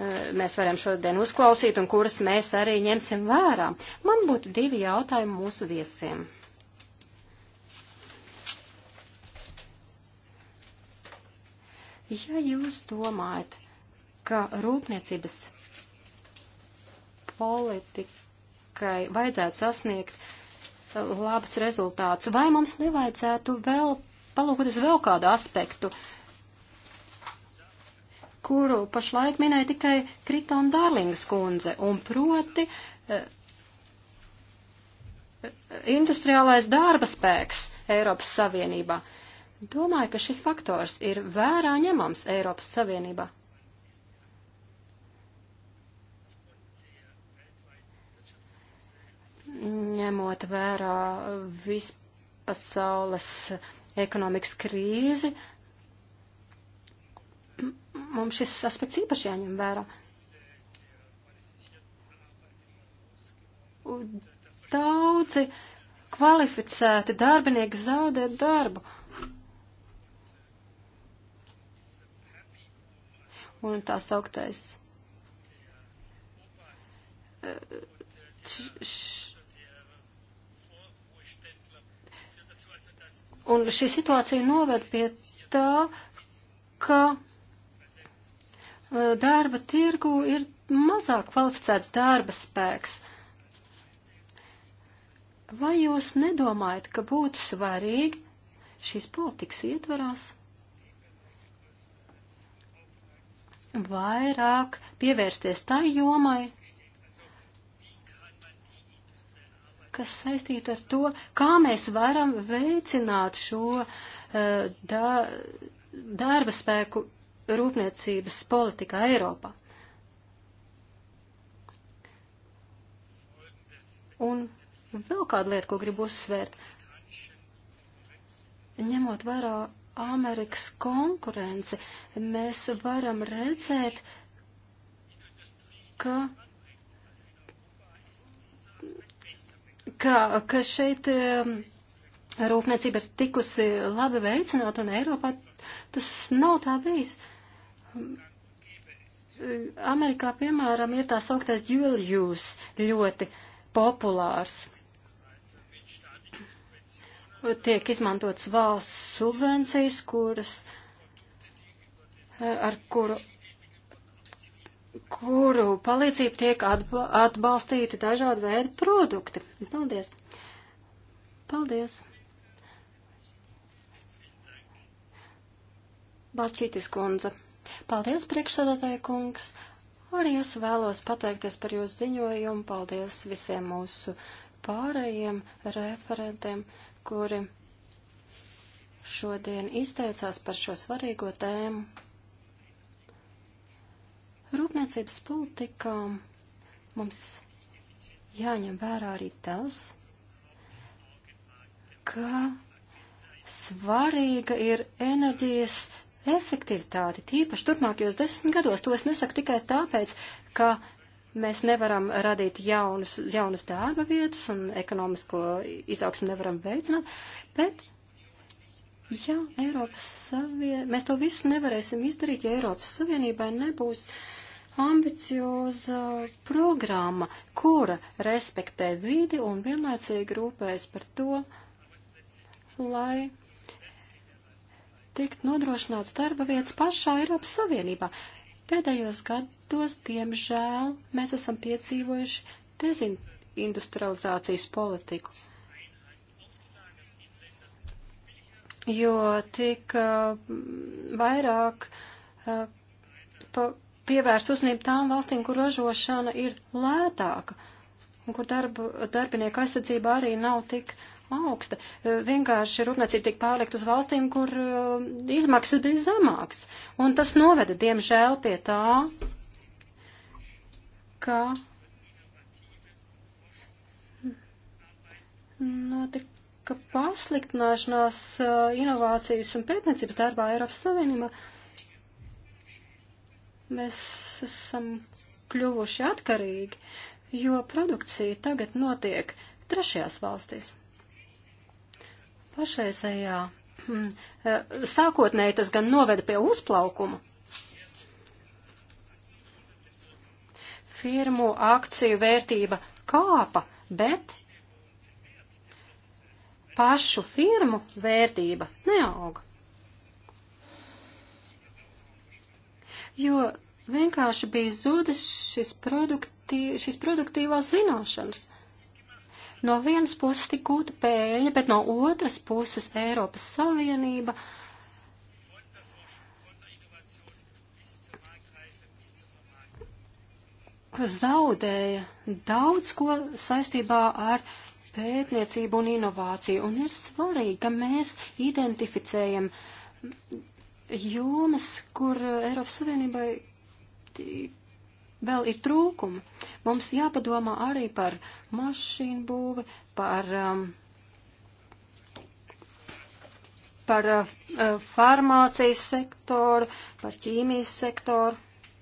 eh, mēs varam šodien uzklausīt un kuras mēs arī ņemsim vērā. Man būtu divi jautājumi mūsu viesiem. Ja jūs domājat, ka rūpniecības politikai vajadzētu sasniegt eh, labus rezultātus, vai mums nevajadzētu vēl palūkoties vēl kādu aspektu, kuru pašlaik minēja tikai Kritona Dārlingas kundze, un proti eh, eh, industriālais darba spēks Eiropas Savienībā. Domāju, ka šis faktors ir vērā ņemams Eiropas Savienībā. Ņemot vērā vispasaules ekonomikas krīzi, mums šis aspekts īpaši jāņem vērā. Daudzi kvalificēti darbinieki zaudē darbu. un tā sauktais eh, Un šī situācija noved pie tā, ka eh, darba tirgu ir mazāk kvalificēts darba spēks. Vai jūs nedomājat, ka būtu svarīgi šīs politikas ietvarās? vairāk pievērsties tai jomai, kas saistīta ar to, kā mēs varam veicināt šo uh, da, darba spēku rūpniecības politikā Eiropā. Un vēl kāda lieta, ko gribu uzsvērt, ņemot vērā Amerikas konkurenci, mēs varam redzēt, ka, ka, ka šeit um, rūpniecība ir tikusi labi veicināta un Eiropā tas nav tā bijis. Um, Amerikā, piemēram, ir tā sauktais dual use ļoti populārs tiek izmantotas valsts subvencijas, kuras, eh, ar kuru, kuru palīdzību tiek atba, atbalstīti dažādi veidi produkti. Paldies! Paldies! Balčītis kundze. Paldies, priekšsēdētāja kungs! Arī es vēlos pateikties par jūsu ziņojumu. Paldies visiem mūsu pārējiem referentiem. Uh, kuri šodien izteicās par šo svarīgo tēmu. Rūpniecības politikā mums jāņem vērā arī tas, ka svarīga ir enerģijas efektivitāte, tīpaši turpmākajos desmit gados. To es nesaku tikai tāpēc, ka Mēs nevaram radīt jaunus, jaunas darba vietas un ekonomisko izaugsmu nevaram veicināt, bet ja Eiropas Savienība, mēs to visu nevarēsim izdarīt, ja Eiropas Savienībai nebūs ambicioza programma, kura respektē vidi un vienlaicīgi rūpējas par to, lai tikt nodrošināts darba vietas pašā Eiropas Savienībā. Pēdējos gados, diemžēl, mēs esam piedzīvojuši dezindustrializācijas politiku, jo tik uh, vairāk uh, pievērst uzmanību tām valstīm, kur ražošana ir lētāka un kur darbu, darbinieku aizsardzība arī nav tik uh, augsta. E, vienkārši rūpniecība tika pārlikt uz valstīm, kur e, izmaksas bija zemāks. Un tas noveda, diemžēl, pie tā, ka notika pasliktināšanās e, inovācijas un pētniecības darbā Eiropas Savienībā. Mēs esam kļuvuši atkarīgi, jo produkcija tagad notiek trešajās valstīs. Pašreizējā hmm, eh, sākotnēji tas gan noveda pie uzplaukuma. Firmu akciju vērtība kāpa, bet pašu firmu vērtība neauga. Jo vienkārši bija zudis šis, produkti, šis produktīvās zināšanas. No vienas puses tik gūta pēļņa, bet no otras puses Eiropas Savienība zaudēja daudz ko saistībā ar pētniecību un inovāciju. Un ir svarīgi, ka mēs identificējam jomas, kur Eiropas Savienībai vēl ir trūkumi. Mums jāpadomā arī par mašīnu būvi, par, um, par uh, uh, farmācijas sektoru, par ķīmijas sektoru.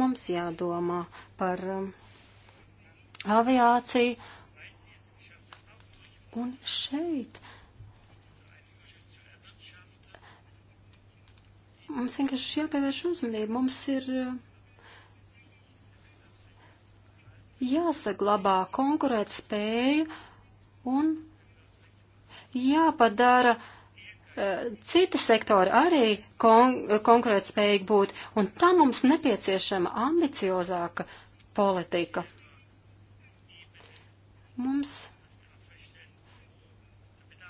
Mums jādomā par um, aviāciju. Un šeit mums vienkārši jāpievērš uzmanība. Mums ir. Uh, jāsaglabā konkurēt spēju un jāpadara eh, citi sektori arī kon konkurēt spējīgi būt, un tam mums nepieciešama ambiciozāka politika. Mums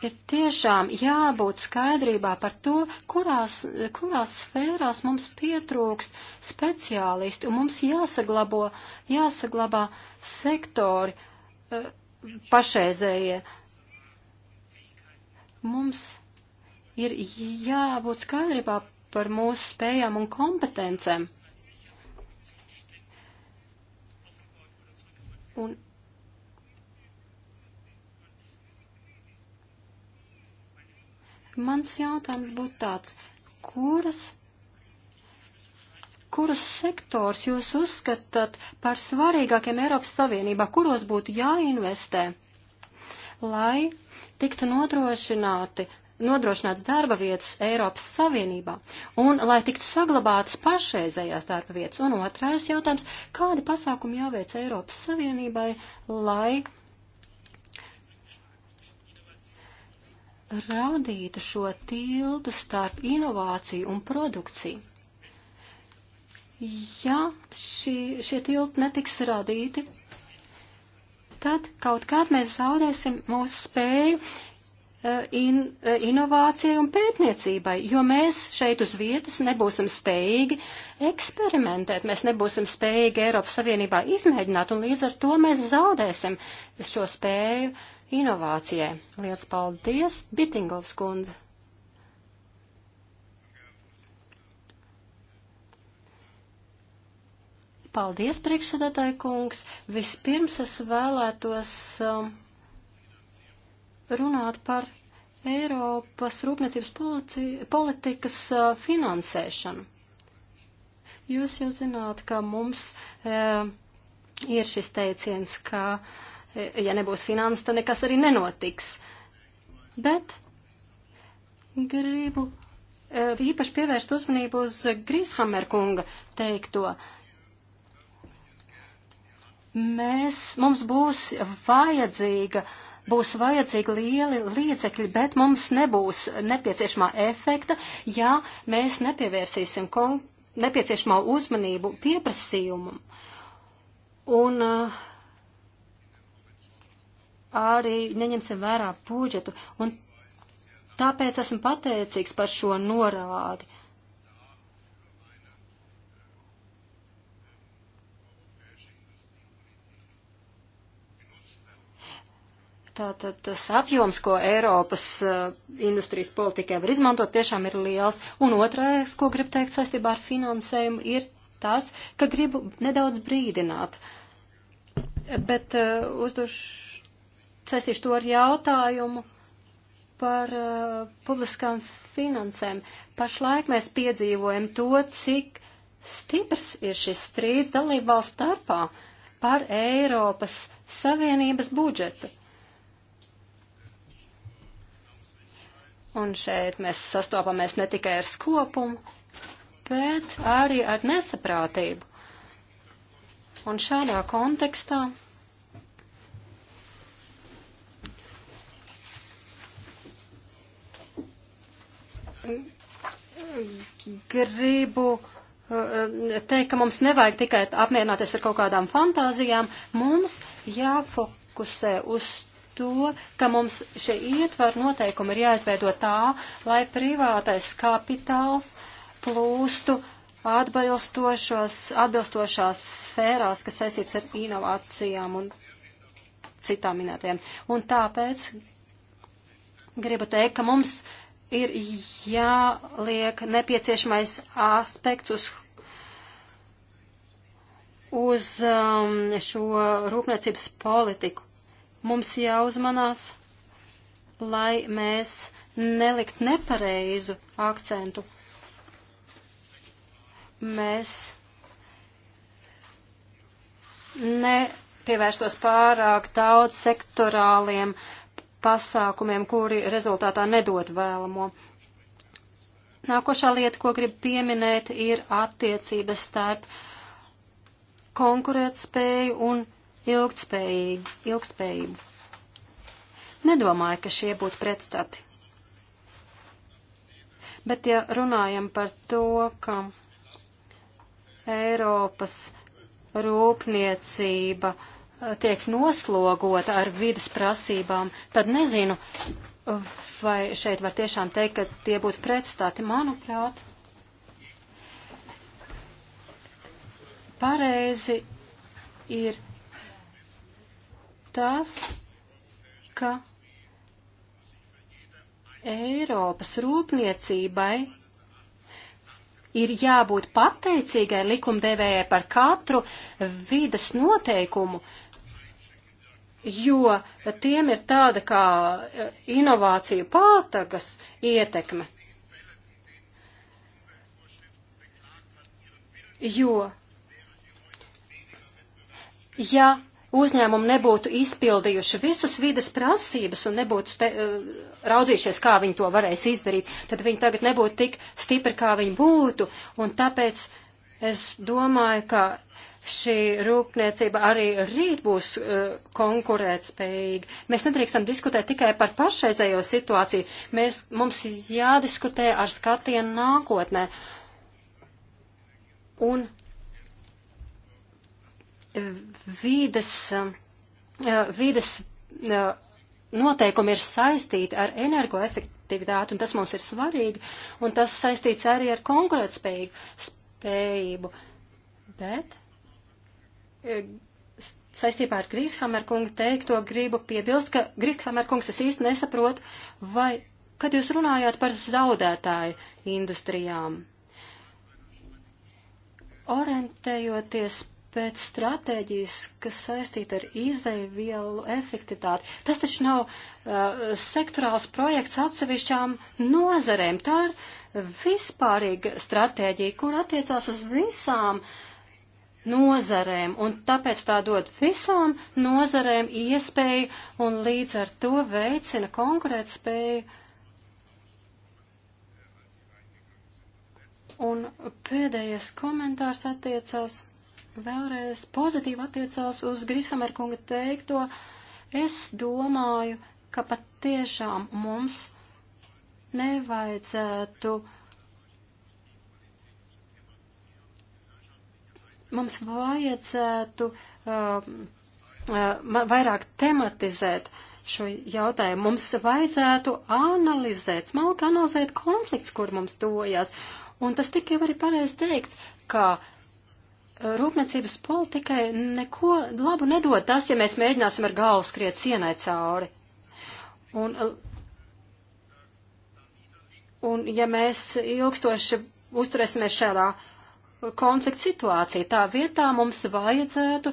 ir tiešām jābūt skaidrībā par to, kurās, kurās sfērās mums pietrūkst speciālisti, un mums jāsaglabo, jāsaglabā sektori eh, pašreizējie. Mums ir jābūt skaidrībā par mūsu spējām un kompetencēm. Un Mans jautājums būtu tāds, kuras, kurus sektors jūs uzskatāt par svarīgākiem Eiropas Savienībā, kuros būtu jāinvestē, lai tiktu nodrošināti nodrošināts darba vietas Eiropas Savienībā un lai tiktu saglabātas pašreizējās darba vietas. Un otrais jautājums, kādi pasākumi jāveic Eiropas Savienībai, lai rādītu šo tildu starp inovāciju un produkciju. Ja šī, šie tilti netiks radīti, tad kaut kād mēs zaudēsim mūsu spēju e, in, e, inovācijai un pētniecībai, jo mēs šeit uz vietas nebūsim spējīgi eksperimentēt, mēs nebūsim spējīgi Eiropas Savienībā izmēģināt, un līdz ar to mēs zaudēsim šo spēju uh, inovācijai. Liels paldies, Bitingovs kundze! Paldies, priekšsēdētāji kungs! Vispirms es vēlētos um, runāt par Eiropas rūpniecības politikas uh, finansēšanu. Jūs jau zināt, ka mums e, ir šis teiciens, ka e, ja nebūs finanses, tad nekas arī nenotiks. Bet gribu e, īpaši pievērst uzmanību uz Grīshammer kunga teikto. Mēs, mums būs vajadzīga uh, būs vajadzīgi lieli līdzekļi, bet mums nebūs nepieciešamā efekta, ja mēs nepievērsīsim nepieciešamā uzmanību pieprasījumam. Un uh, arī neņemsim vērā budžetu. Un tāpēc esmu pateicīgs par šo norādi. Tātad tas apjoms, ko Eiropas uh, industrijas politikai var izmantot, tiešām ir liels. Un otrais, ko gribu teikt saistībā ar finansējumu, ir tas, ka gribu nedaudz brīdināt. Bet uh, uzdošu saistīšu to ar jautājumu par uh, publiskām finansēm. Pašlaik mēs piedzīvojam to, cik stiprs ir šis strīds dalību valsts starpā par Eiropas Savienības budžetu. Un šeit mēs sastopamies ne tikai ar skopumu, bet arī ar nesaprātību. Un šādā kontekstā gribu eh, teikt, ka mums nevajag tikai apmierināties ar kaut kādām fantāzijām, mums jāfokusē uz to, ka mums šie ietvaru noteikumi ir jāizveido tā, lai privātais kapitāls plūstu atbilstošos, atbilstošās sfērās, kas saistīts ar inovācijām un citām minētajām. Un tāpēc gribu teikt, ka mums uh, ir jāliek nepieciešamais aspekts uz, uz um, šo rūpniecības politiku. Mums jāuzmanās, lai mēs nelikt nepareizu akcentu. Mēs nepievērstos pārāk daudz sektorāliem uh, pasākumiem, kuri rezultātā nedod vēlamo. Nākošā lieta, ko gribu pieminēt, ir attiecības starp konkurētspēju un ilgspējību. Nedomāju, ka šie būtu pretstati. Bet ja runājam par to, ka Eiropas rūpniecība uh, tiek noslogota ar vidas prasībām, tad nezinu, vai šeit var tiešām teikt, ka tie būtu pretstāti. Manuprāt, pareizi ir tas, ka Eiropas rūpniecībai ir jābūt pateicīgai likumdevējai par katru vidas noteikumu, uh, jo tiem ir tāda kā e, inovāciju pātagas ietekme. Jo, ja uzņēmumi nebūtu izpildījuši visus vides prasības un nebūtu spe, e, raudzījušies, kā viņi to varēs izdarīt, tad viņi tagad nebūtu tik stipri, kā viņi būtu. Un tāpēc es domāju, ka šī rūpniecība arī rīt būs uh, konkurētspējīga. Mēs nedrīkstam diskutēt tikai par pašreizējo situāciju. Mēs, mums jādiskutē ar skatienu nākotnē. Un eh, vīdes, uh, vīdes uh, noteikumi ir saistīti ar energoefektivitāti, un tas mums ir svarīgi, un tas saistīts arī ar konkurētspējību. Spējību. Bet saistībā ar Grīshammer kungu teikto gribu piebilst, ka Grīshammer kungs es īsti nesaprotu, vai, kad jūs runājāt par zaudētāju industrijām, orientējoties pēc stratēģijas, kas saistīta ar izaivielu efektivitāti. Tas taču nav uh, sektorāls projekts atsevišķām nozarēm. Tā ir vispārīga stratēģija, kur attiecās uz visām uh, nozarēm, un tāpēc tā dod visām nozarēm iespēju un līdz ar to veicina konkurētspēju. Un pēdējais komentārs attiecās, vēlreiz pozitīvi attiecās uz Grisamerkunga teikto. Es domāju, ka pat tiešām mums nevajadzētu uh, Mums vajadzētu uh, uh, vairāk tematizēt šo jautājumu. Mums vajadzētu analizēt, smalki analizēt konflikts, kur mums tojas. Un tas tikai var arī pareizi teikts, ka rūpniecības politikai neko labu nedod tas, ja mēs mēģināsim ar galvu skriet sienai cauri. Un, un ja mēs ilgstoši uzturēsimies šādā konflikta situāciju. Tā vietā mums vajadzētu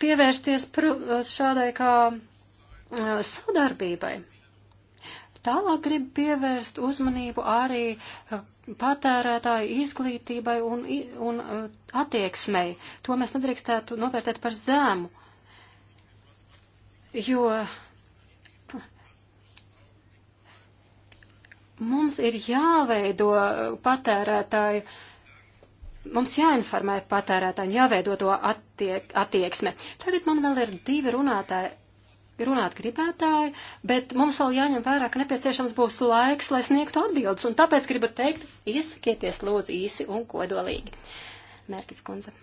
pievērsties šādai kā e, sadarbībai. Tālāk grib pievērst uzmanību arī e, patērētāju izglītībai un, un e, attieksmei. To mēs nedrīkstētu novērtēt par zēmu, jo Mums ir jāveido uh, patērētāju, mums jāinformē patērētāju un jāveido to attiek, attieksme. Tagad man vēl ir divi runātāji runāt gribētāji, bet mums vēl jāņem vērā, ka nepieciešams būs laiks, lai sniegtu atbildes, un tāpēc gribu teikt, izsakieties lūdzu īsi un kodolīgi. Mērķis kundze.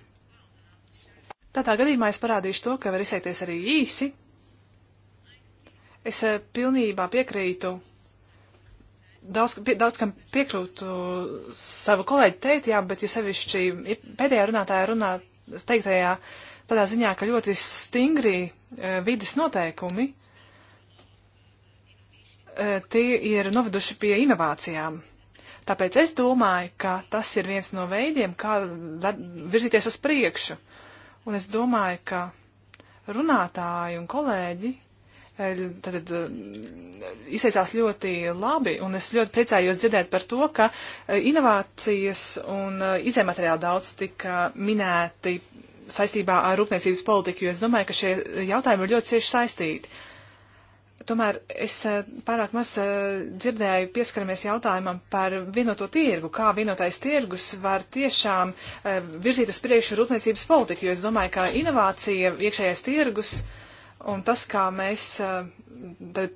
Tādā gadījumā es parādīšu to, ka var izteikties arī īsi. Es eh, pilnībā piekrītu daudz, daudz kam piekrūtu savu kolēģi teiktajā, bet jūs sevišķi pēdējā runātājā runā teiktajā tādā ziņā, ka ļoti stingri uh, eh, vidas noteikumi uh, tie ir noveduši pie inovācijām. Tāpēc es domāju, ka tas ir viens no veidiem, kā virzīties uz priekšu. Un es domāju, ka runātāji un kolēģi Tātad eh, izteicās ļoti labi, un es ļoti priecājos dzirdēt par to, ka eh, inovācijas un eh, izēmateriāli daudz tika minēti saistībā ar rūpniecības politiku, jo es domāju, ka šie jautājumi ir ļoti cieši saistīti. Tomēr es pārāk maz dzirdēju pieskaramies jautājumam par vienoto tirgu, kā vienotais tirgus var tiešām virzīt uz priekšu rūpniecības politiku, jo es domāju, ka inovācija, iekšējais tirgus, uh, Un tas, kā mēs eh,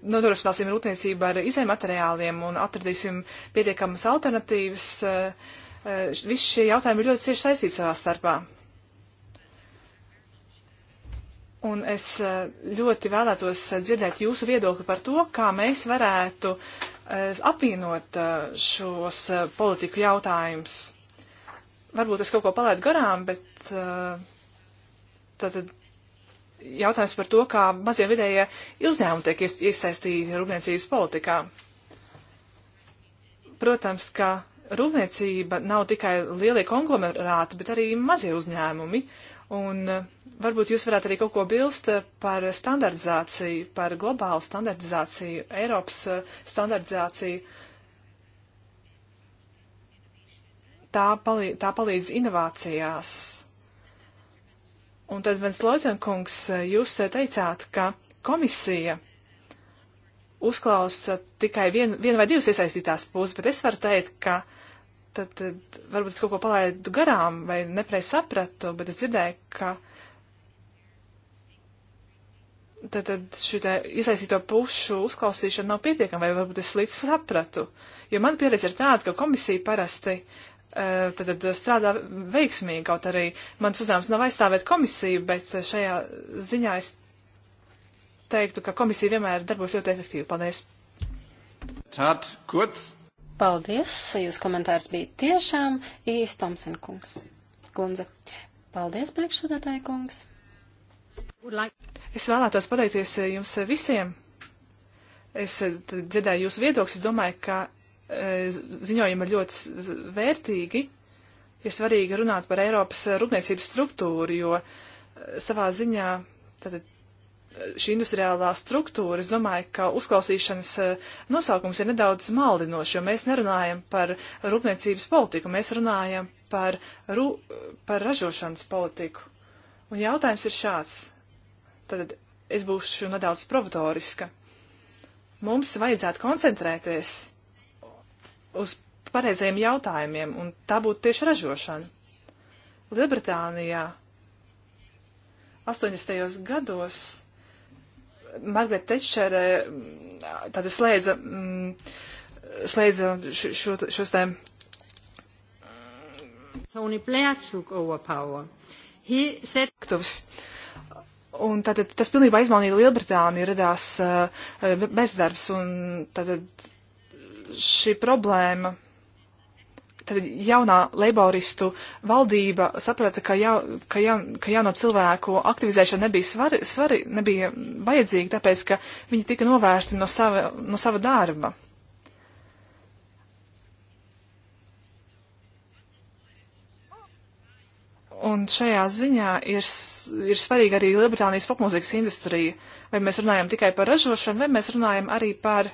nodrošināsim rūpniecību ar izējumateriāliem un atradīsim pietiekamas alternatīvas, eh, eh, visi šie jautājumi ir ļoti cieši saistīti savā starpā. Un es ļoti vēlētos dzirdēt jūsu viedokli par to, kā mēs varētu apvienot šos politiku jautājumus. Varbūt es kaut ko palaidu garām, bet tātad jautājums par to, kā mazie vidējie uzņēmumi tiek iesaistīti rūpniecības politikā. Protams, ka rūpniecība nav tikai lielie konglomerāti, bet arī mazie uzņēmumi. Un eh, varbūt jūs varētu arī kaut ko bilst eh, par standartizāciju, par globālu standartizāciju, Eiropas eh, standartizāciju. Tā, palī tā palīdz inovācijās Un tad, Vens Loitenkungs, eh, jūs eh, teicāt, ka komisija uzklausa tikai vienu vien vai divas iesaistītās puses, bet es varu teikt, ka tad, tad varbūt es kaut ko palaidu garām vai nepreiz sapratu, bet es dzirdēju, ka tad, tad šī iesaistīto pušu uzklausīšana nav pietiekama, vai varbūt es līdz sapratu. Jo man pieredze ir tāda, ka komisija parasti Eh, tad, tad strādā veiksmīgi, kaut arī mans uzdevums nav aizstāvēt komisiju, bet šajā ziņā es teiktu, ka komisija vienmēr darbos ļoti efektīvi. Paldies! Tāt, kurz! Paldies! Jūsu komentārs bija tiešām īsts Tomsen kungs. Kundze. Paldies, priekšsēdētāji kungs! Es vēlētos pateikties jums visiem. Es eh, dzirdēju jūsu viedokļus, domāju, ka ziņojumi ir ļoti vērtīgi. Ir svarīgi runāt par Eiropas rūpniecības struktūru, jo eh, savā ziņā tad, eh, šī industriālā struktūra, es domāju, ka uzklausīšanas eh, nosaukums ir nedaudz maldinošs, jo mēs nerunājam par rūpniecības politiku, mēs runājam par, rū, par ražošanas politiku. Un jautājums ir šāds. Tad es būšu nedaudz provotoriska. Mums vajadzētu koncentrēties uz pareizajiem jautājumiem, un tā būtu tieši ražošana. Lielbritānijā 80. gados Margaret Thatcher eh, tāda slēdza, mm, slēdza šo, šos tēm. Tony Blair took over power. He said... Un tātad tas pilnībā izmainīja Lielbritāniju, radās uh, bezdarbs, un tātad šī problēma. Tad jaunā leiboristu valdība saprata, ka, jau, ka, ja, ka jauno cilvēku aktivizēšana nebija, svari, svari, nebija vajadzīga, tāpēc, ka viņi tika novērsti no sava, no sava darba. Un šajā ziņā ir, ir svarīga arī Lielbritānijas popmūzikas industrija. Vai mēs runājam tikai par ražošanu, vai mēs runājam arī par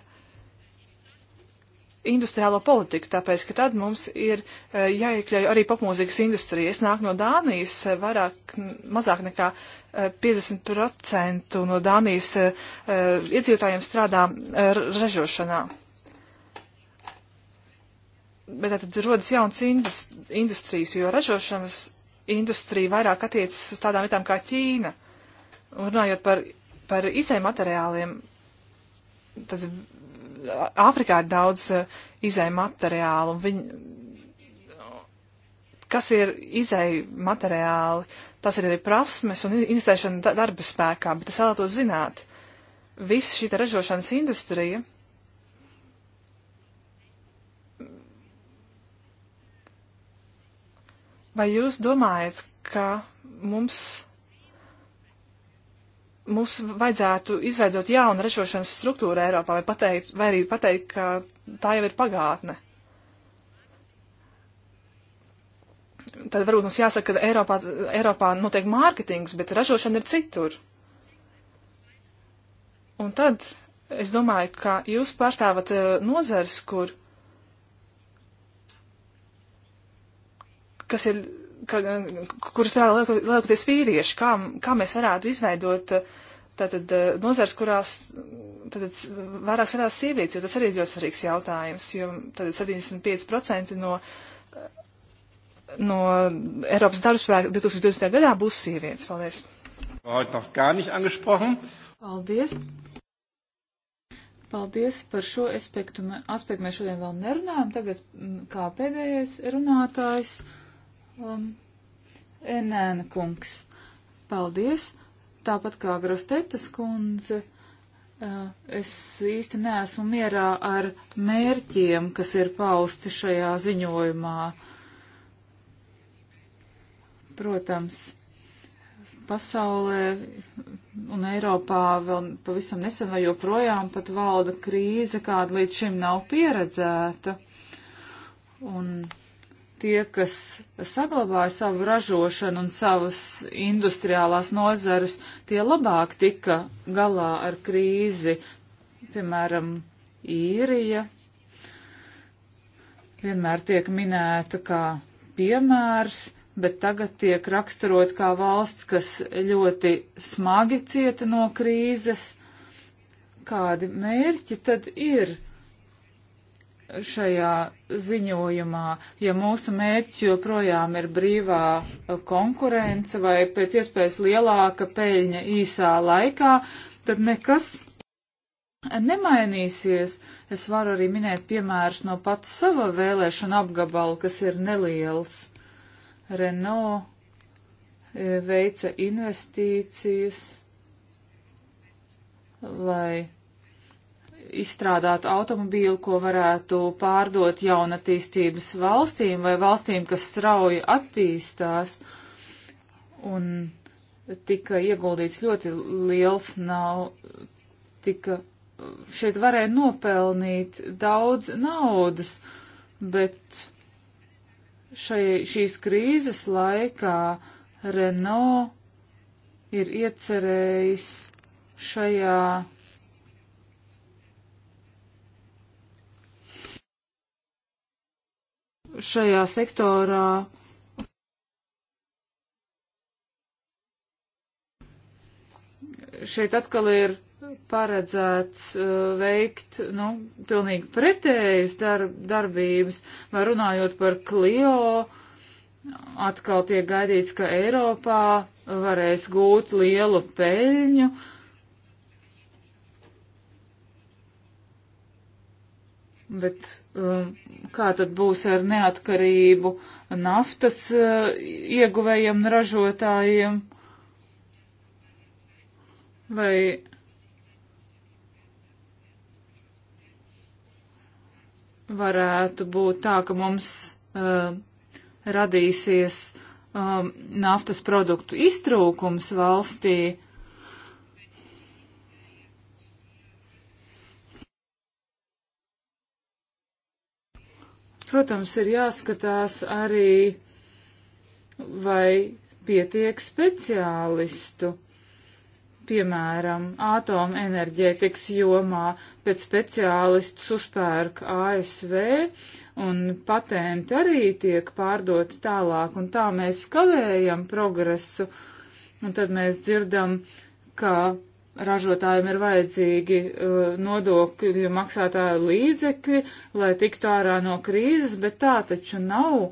industriālo politiku, tāpēc, ka tad mums ir eh, jāiekļauj arī popmūzikas industrija. Es nāku no Dānijas, eh, vairāk, mazāk nekā 50% eh, no Dānijas iedzīvotājiem strādā ražošanā. Bet tad rodas jauns industrijas, jo ražošanas industrija vairāk attiecas uz tādām vietām kā Ķīna. Un runājot par, par izējumateriāliem, tad Āfrikā ir daudz eh, izēju materiālu, un viņi, kas ir izēju materiāli, tas ir arī prasmes un investēšana darba spēkā, bet es vēlētos zināt, visa šī ražošanas industrija, vai jūs domājat, ka mums mums vajadzētu izveidot jaunu ražošanas struktūru Eiropā vai, pateikt, vai arī pateikt, ka tā jau ir pagātne. Tad varbūt mums jāsaka, ka Eiropā, Eiropā notiek mārketings, bet ražošana ir citur. Un tad es domāju, ka jūs pārstāvat eh, nozars, kur kas ir ka, kuras strādā lielākoties vīrieši, kā, kā mēs varētu izveidot eh, tātad eh, nozars, kurās tātad vairāk strādā sievietes, jo tas arī ir ļoti svarīgs jautājums, jo tātad 75% no, eh, no Eiropas darbspēka 2020. gadā būs sievietes. Paldies! Heute noch gar nicht angesprochen. Paldies! Paldies par šo aspektu. aspektu mēs šodien vēl nerunājam. Tagad mm, kā pēdējais runātājs. Um, Enēna kungs, paldies! Tāpat kā Grostetas kundze, uh, es īsti neesmu mierā ar mērķiem, kas ir pausti šajā ziņojumā. Protams, pasaulē un Eiropā vēl pavisam nesen vai joprojām pat valda krīze, kāda līdz šim nav pieredzēta. Un tie, kas saglabāja savu ražošanu un savas industriālās nozares, tie labāk tika galā ar krīzi, piemēram, īrija. Vienmēr tiek minēta kā piemērs, bet tagad tiek raksturot kā valsts, kas ļoti smagi cieta no krīzes. Kādi mērķi tad ir? šajā ziņojumā, ja mūsu mērķi joprojām ir brīvā konkurence vai pēc iespējas lielāka peļņa īsā laikā, tad nekas nemainīsies. Es varu arī minēt piemērus no pats sava vēlēšana apgabala, kas ir neliels. Renault e, veica investīcijas, lai izstrādātu automobīlu, ko varētu pārdot jaunatīstības valstīm vai valstīm, kas strauji attīstās. Un tika ieguldīts ļoti liels nav, tika, šeit varēja nopelnīt daudz naudas, bet šai, šīs krīzes laikā Renault ir iecerējis šajā šajā sektorā šeit atkal ir paredzēts uh, veikt, nu, pilnīgi pretējas darb, darbības, vai runājot par Klio, atkal tiek gaidīts, ka Eiropā varēs gūt lielu peļņu, Bet um, kā tad būs ar neatkarību naftas uh, ieguvējiem un ražotājiem? Vai varētu būt tā, ka mums uh, radīsies um, naftas produktu iztrūkums valstī? protams, ir jāskatās arī, vai pietiek speciālistu. Piemēram, atomenerģētikas jomā pēc speciālistus uzpērk ASV, un patenti arī tiek pārdoti tālāk, un tā mēs kavējam progresu. Un tad mēs dzirdam, ka ražotājiem ir vajadzīgi uh, nodokļu maksātāju līdzekļi, lai tiktu ārā no krīzes, bet tā taču nav.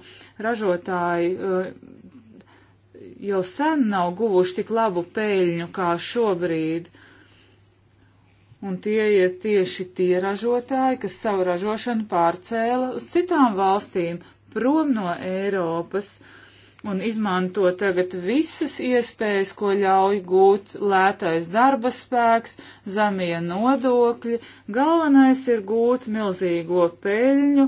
Ražotāji uh, jau sen nav guvuši tik labu peļņu kā šobrīd. Un tie ir tieši tie ražotāji, kas savu ražošanu pārcēla uz citām valstīm, prom no Eiropas. Uh, un izmanto tagad visas iespējas, ko ļauj gūt lētais darba spēks, zemie nodokļi. Galvenais ir gūt milzīgo peļņu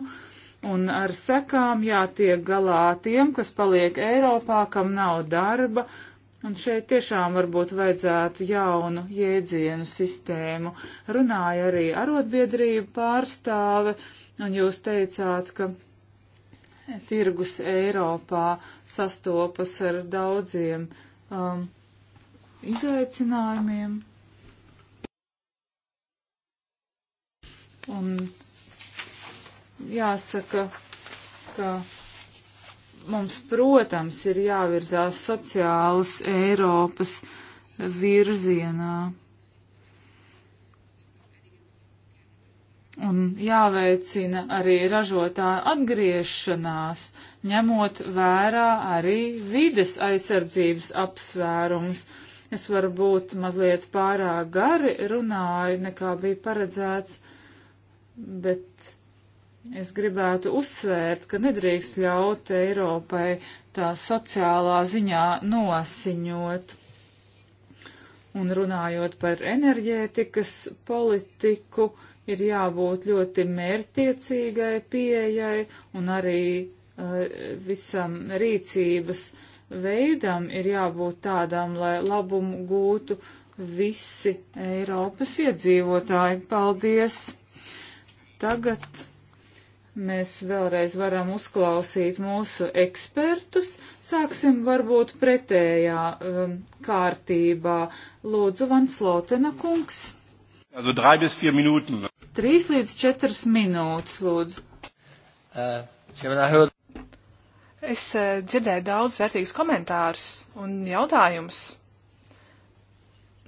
un ar sekām jātiek galā tiem, kas paliek Eiropā, kam nav darba. Un šeit tiešām varbūt vajadzētu jaunu jēdzienu sistēmu. Runāja arī arotbiedrību pārstāve, un jūs teicāt, ka tirgus Eiropā sastopas ar daudziem um, izaicinājumiem. Un jāsaka, ka mums, protams, ir jāvirzās sociālas Eiropas virzienā. un jāveicina arī ražotā atgriešanās, ņemot vērā arī vides aizsardzības apsvērums. Es varbūt mazliet pārāk gari runāju, nekā bija paredzēts, bet es gribētu uzsvērt, ka nedrīkst ļaut Eiropai tā sociālā ziņā nosiņot. Un runājot par enerģētikas politiku, uh, ir jābūt ļoti mērtiecīgai pieejai un arī uh, visam rīcības veidam ir jābūt tādam, lai labumu gūtu visi Eiropas iedzīvotāji. Paldies! Tagad mēs vēlreiz varam uzklausīt mūsu ekspertus. Sāksim varbūt pretējā um, kārtībā. Lūdzu, Van Slotena kungs. Also drei bis vier Minuten. Trīs līdz četras minūtes, lūdzu. Uh, es uh, dzirdēju daudz vērtīgus komentārus un jautājumus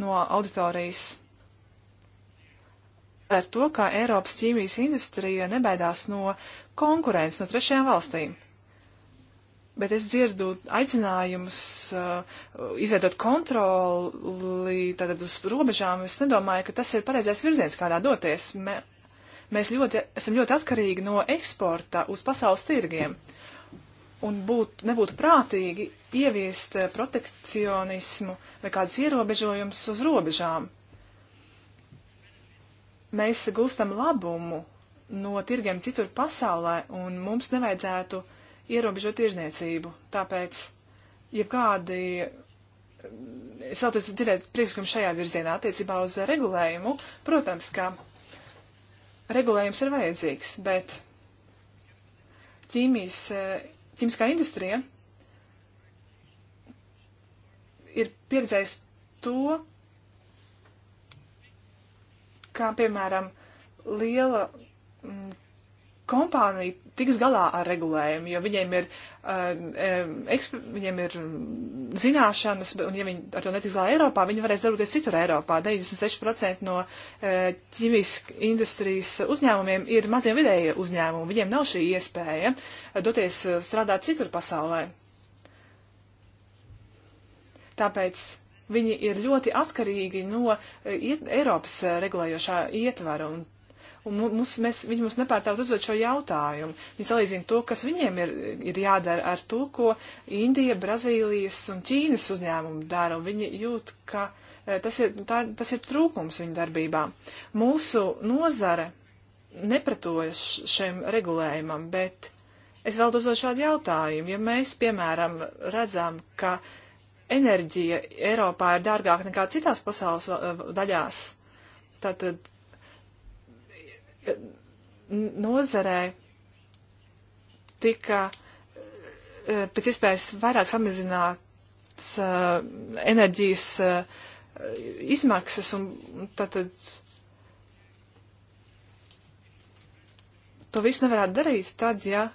no auditorijas ar to, ka Eiropas ķīmijas industrija nebaidās no konkurences no trešajām valstīm bet es dzirdu aicinājumus uh, izveidot kontroli tātad uz robežām. Es nedomāju, ka tas ir pareizais virziens, kādā doties. Me, mēs ļoti, esam ļoti atkarīgi no eksporta uz pasaules tirgiem. Un būt, nebūtu prātīgi ieviest uh, protekcionismu vai kādus ierobežojumus uz robežām. Mēs gūstam labumu no tirgiem citur pasaulē, un mums nevajadzētu uh, ierobežo tirzniecību. Tāpēc, ja kādi, es vēlos dzirdēt priekšlikumu šajā virzienā attiecībā uz regulējumu, protams, ka regulējums ir vajadzīgs, bet ķīmijas, ķīmiskā industrija ir pieredzējusi to, kā piemēram liela mm, kompānija tiks galā ar regulējumu, jo viņiem ir, uh, viņiem ir zināšanas, un ja viņi ar to netiks galā Eiropā, viņi varēs darboties citur Eiropā. 96% no uh, eh, ķīmijas industrijas uzņēmumiem ir mazie vidējie uzņēmumi. Viņiem nav šī iespēja doties strādāt citur pasaulē. Tāpēc viņi ir ļoti atkarīgi no uh, iet, Eiropas regulējošā ietvara, un un mums, mēs, viņi mums nepārtraukt uzdot šo jautājumu. Viņi salīdzina to, kas viņiem ir, ir jādara ar to, ko Indija, Brazīlijas un Ķīnas uzņēmumi dara, un viņi jūt, ka eh, tas ir, tā, tas ir trūkums viņu darbībā. Mūsu nozare nepratojas šiem regulējumam, bet es vēl uzdot šādu jautājumu. Ja mēs, piemēram, redzam, ka enerģija Eiropā ir dārgāka nekā citās pasaules eh, daļās, tad nozarē tika e, pēc iespējas vairāk samazināts uh, enerģijas uh, izmaksas un tātad to visu nevarētu darīt tad, ja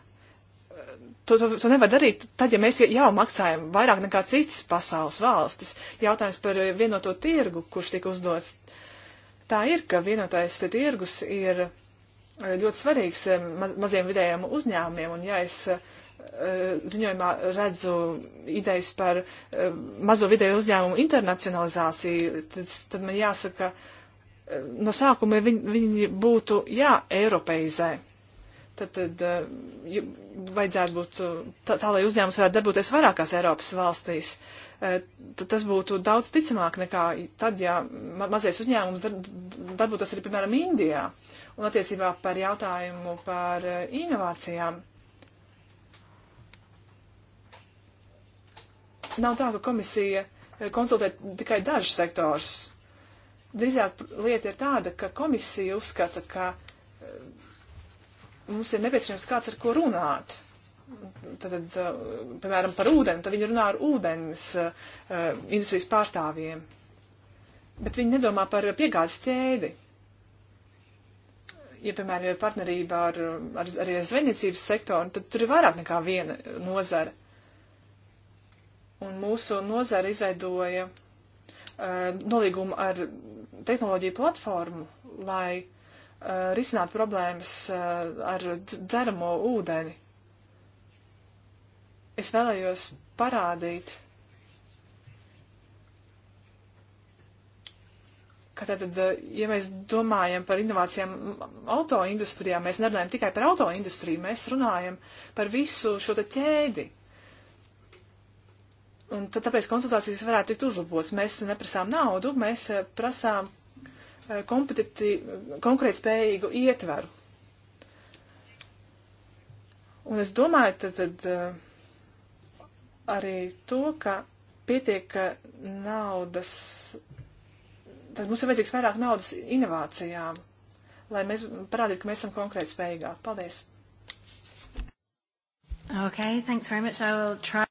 to, to, to nevar darīt tad, ja mēs jau maksājam vairāk nekā citas pasaules valstis. Jautājums par vienoto tirgu, kurš tika uzdots, Tā ir, ka vienotais tirgus ir eh, ļoti svarīgs eh, maz, maziem vidējiem uzņēmumiem, un ja es eh, ziņojumā redzu idejas par mazo vidēju uzņēmumu internacionalizāciju, tad, tad man jāsaka, no sākuma viņi, viņi būtu jāeiropeizē. Tad, tad ja vajadzētu būt tā, tā lai uzņēmums varētu darboties vairākās Eiropas valstīs. Uh, Eh, tad tas būtu daudz ticamāk nekā tad, ja ma mazais uzņēmums darbotos arī, piemēram, Indijā. Un attiecībā par jautājumu par eh, inovācijām. Nav tā, ka komisija eh, konsultē tikai dažus sektors. Drīzāk lieta ir tāda, ka komisija uzskata, ka mums ir nepieciešams kāds ar ko runāt tad, eh, piemēram, par ūdeni, tad viņi runā ar ūdens eh, industrijas pārstāvjiem. Bet viņi nedomā par piegādes ķēdi. Ja, piemēram, ir partnerība ar, ar, arī ar zvejniecības sektoru, tad tur ir vairāk nekā viena nozara. Un mūsu nozara izveidoja eh, nolīgumu ar tehnoloģiju platformu, lai uh, risinātu problēmas uh, ar dzeramo ūdeni es vēlējos parādīt, ka tātad, ja mēs domājam par inovācijām autoindustrijā, mēs nerunājam tikai par autoindustriju, mēs runājam par visu šo te ķēdi. Un tad, tāpēc konsultācijas varētu tikt uzlabotas. Mēs neprasām naudu, mēs eh, prasām eh, konkurētspējīgu ietvaru. Un es domāju, tad, tad eh, arī to, ka pietiek naudas, tad mums ir vajadzīgs vairāk naudas inovācijām, lai mēs parādītu, ka mēs esam konkrēti spējīgāki. Paldies! Okay, thanks very much. I will try.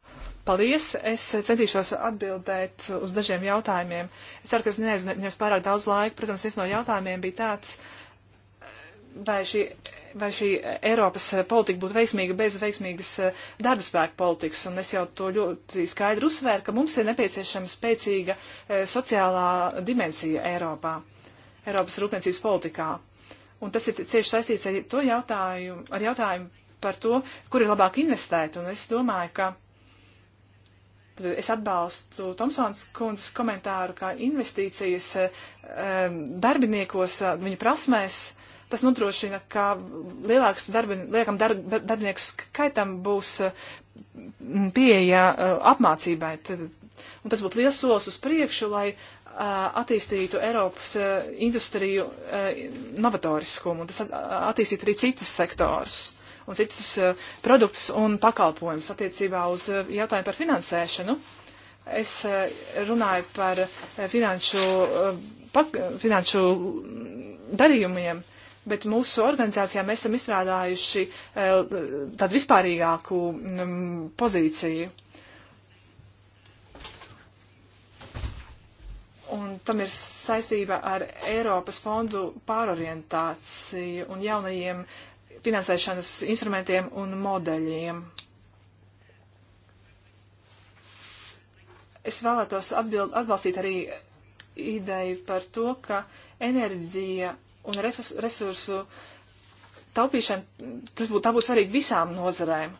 Paldies! Es centīšos atbildēt uz dažiem jautājumiem. Es ceru, ka es neaizņems pārāk daudz laika. Protams, viens no jautājumiem bija tāds, vai šī vai šī Eiropas eh, politika būtu veiksmīga bez veiksmīgas eh, darbspēka politikas. Un es jau to ļoti skaidri uzsvēru, ka mums ir nepieciešama spēcīga eh, sociālā dimensija Eiropā, Eiropas rūpniecības politikā. Un tas ir cieši saistīts ar to jautājumu, ar jautājumu par to, kur ir labāk investēt. Un es domāju, ka es atbalstu Tomsons kundzes komentāru, ka investīcijas darbiniekos, viņu prasmēs, Tas nodrošina, ka lielāks darbin, liekam darb, darbinieku skaitam būs mm, pieeja eh, apmācībai. Tad, un tas būtu liels solis uz priekšu, lai eh, attīstītu Eiropas eh, industriju novatoriskumu, un tas attīstītu arī citus sektorus un citus produktus un pakalpojumus attiecībā uz jautājumu par finansēšanu. Es runāju par finanšu, pak, finanšu darījumiem bet mūsu organizācijā mēs esam izstrādājuši eh, tādu vispārīgāku mm, pozīciju. Un tam ir saistība ar Eiropas fondu pārorientāciju un jaunajiem finansēšanas instrumentiem un modeļiem. Es vēlētos atbild, atbalstīt arī ideju par to, ka enerģija un resursu taupīšana, tas būtu, tā būtu svarīgi visām nozarēm.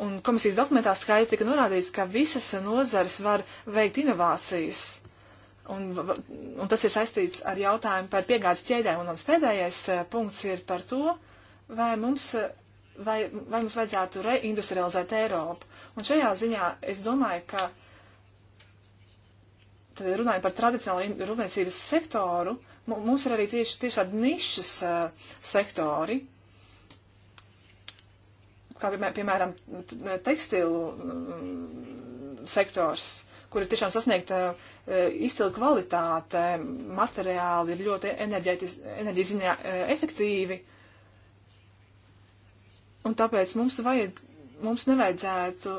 Un komisijas dokumentā skaidri tika norādīts, ka visas nozares var veikt inovācijas. Un, un tas ir saistīts ar jautājumu par piegādes ķēdēm. Un mans pēdējais eh, punkts ir par to, vai mums, eh, vai, vai mums vajadzētu reindustrializēt Eiropu. Un šajā ziņā es domāju, ka runājot par tradicionālo rūpniecības sektoru, uh, Mums ir arī tieši, tieši tādi nišas uh, sektori, kā piemēram tekstilu um, sektors, kur ir tiešām sasniegta uh, izcila kvalitāte, materiāli ir ļoti enerģijas ziņā uh, efektīvi. Un tāpēc mums, vajad, mums nevajadzētu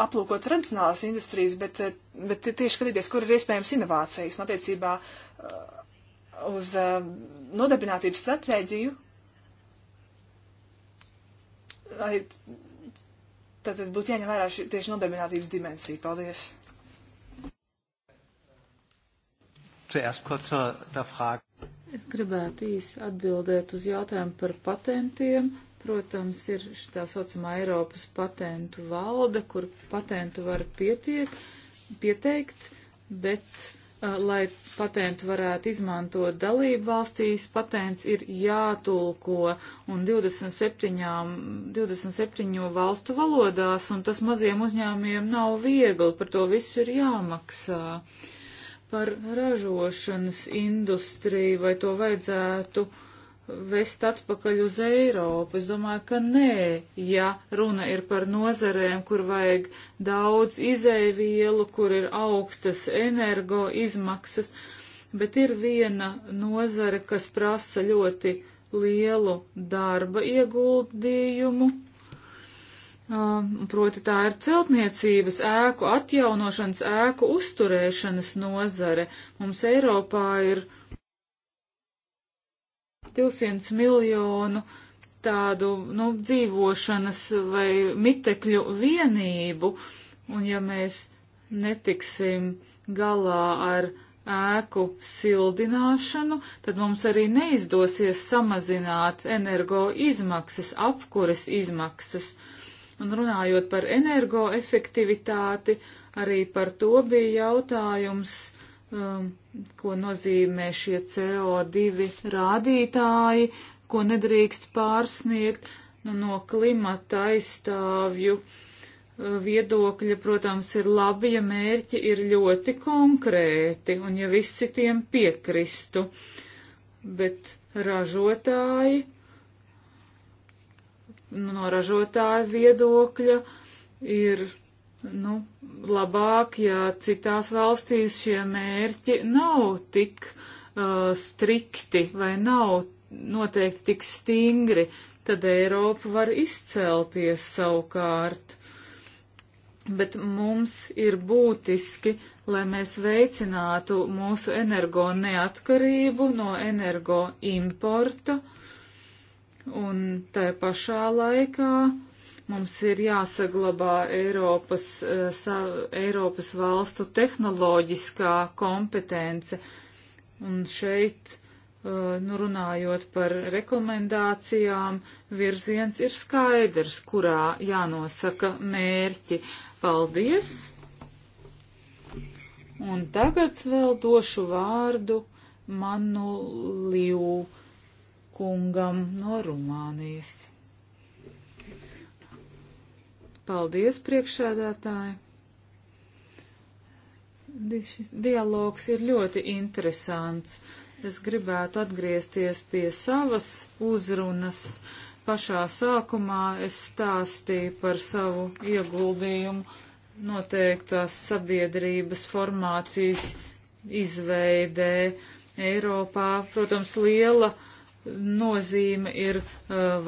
aplūkot tradicionālās industrijas, bet, eh, bet tieši skatīties, kur ir iespējams inovācijas un attiecībā eh, uz eh, nodarbinātības stratēģiju. Tad būtu jāņem vērā šī tieši nodarbinātības dimensija. Paldies! Es gribētu īsi atbildēt uz jautājumu par patentiem Protams, ir tā saucamā Eiropas patentu valde, kur patentu var pietiek, pieteikt, bet, uh, lai patentu varētu izmantot dalību valstīs, patents ir jātulko un 27, 27 valstu valodās, un tas maziem uzņēmiem nav viegli, par to visu ir jāmaksā. Par ražošanas industriju vai to vajadzētu vest atpakaļ uz Eiropu. Es domāju, ka nē, ja runa ir par nozarēm, kur vajag daudz izēvielu, kur ir augstas energo izmaksas, bet ir viena nozare, kas prasa ļoti lielu darba ieguldījumu. Um, proti tā ir celtniecības ēku atjaunošanas, ēku uzturēšanas nozare. Mums Eiropā ir 200 miljonu tādu nu, dzīvošanas vai mitekļu vienību, un ja mēs netiksim galā ar ēku sildināšanu, tad mums arī neizdosies samazināt energo izmaksas, apkuras izmaksas. Un runājot par energoefektivitāti, arī par to bija jautājums um, ko nozīmē šie CO2 rādītāji, ko nedrīkst pārsniegt nu, no klimata aizstāvju uh, viedokļa, protams, ir labi, ja mērķi ir ļoti konkrēti un ja visi tiem piekristu, bet ražotāji, nu, no ražotāja viedokļa ir nu, labāk, ja citās valstīs šie mērķi nav tik uh, strikti vai nav noteikti tik stingri, tad Eiropa var izcelties savukārt. Bet mums ir būtiski, lai mēs veicinātu mūsu energo neatkarību no energo importa un tai pašā laikā uh, Mums ir jāsaglabā Eiropas, eh, sa, Eiropas valstu tehnoloģiskā kompetence. Un šeit, eh, nu runājot par rekomendācijām, virziens ir skaidrs, kurā jānosaka mērķi. Paldies! Un tagad vēl došu vārdu Manu Liu kungam no Rumānijas. Paldies, priekšsēdētāji! Šis dialogs ir ļoti interesants. Es gribētu atgriezties pie savas uzrunas. Pašā sākumā es stāstīju par savu ieguldījumu noteiktās sabiedrības formācijas izveidē Eiropā. Protams, liela nozīme ir uh,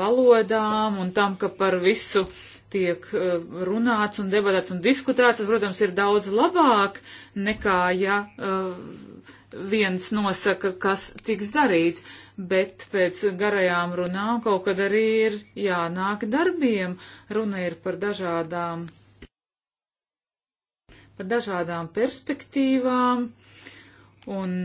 valodām un tam, ka par visu tiek eh, runāts un debatēts un diskutēts, tas, protams, ir daudz labāk nekā, ja eh, viens nosaka, kas tiks darīts, bet pēc garajām runām kaut kad arī ir jānāk darbiem. Runa ir par dažādām, par dažādām perspektīvām un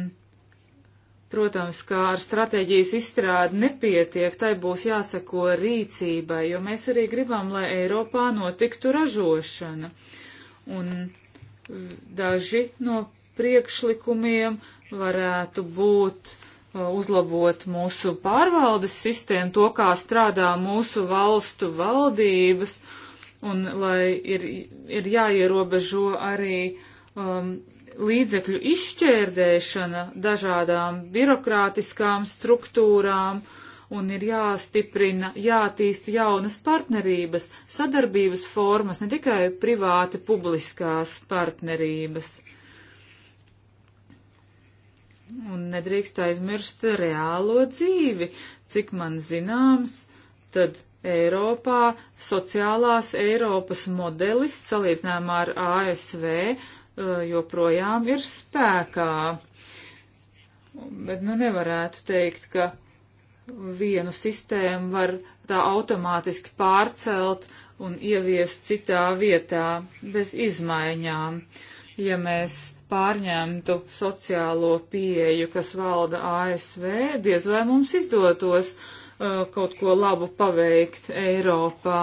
Protams, kā ar stratēģijas izstrādi nepietiek, tai būs jāsako rīcībai, jo mēs arī gribam, lai Eiropā notiktu ražošana. Un e, daži no priekšlikumiem varētu būt e, uzlabot mūsu pārvaldes sistēmu, to, kā strādā mūsu valstu valdības, un lai ir, ir jāierobežo arī um, līdzekļu izšķērdēšana dažādām birokrātiskām struktūrām un ir jāstiprina, jātīst jaunas partnerības, sadarbības formas, ne tikai privāti publiskās partnerības. Un nedrīkst aizmirst reālo dzīvi, cik man zināms, tad Eiropā sociālās Eiropas modelis salīdzinājumā ar ASV Eh, joprojām ir spēkā. Bet nu nevarētu teikt, ka vienu sistēmu var tā automātiski pārcelt un ieviest citā vietā bez izmaiņām. Ja mēs pārņemtu sociālo pieeju, kas valda ASV, diez vai mums izdotos uh, kaut ko labu paveikt Eiropā.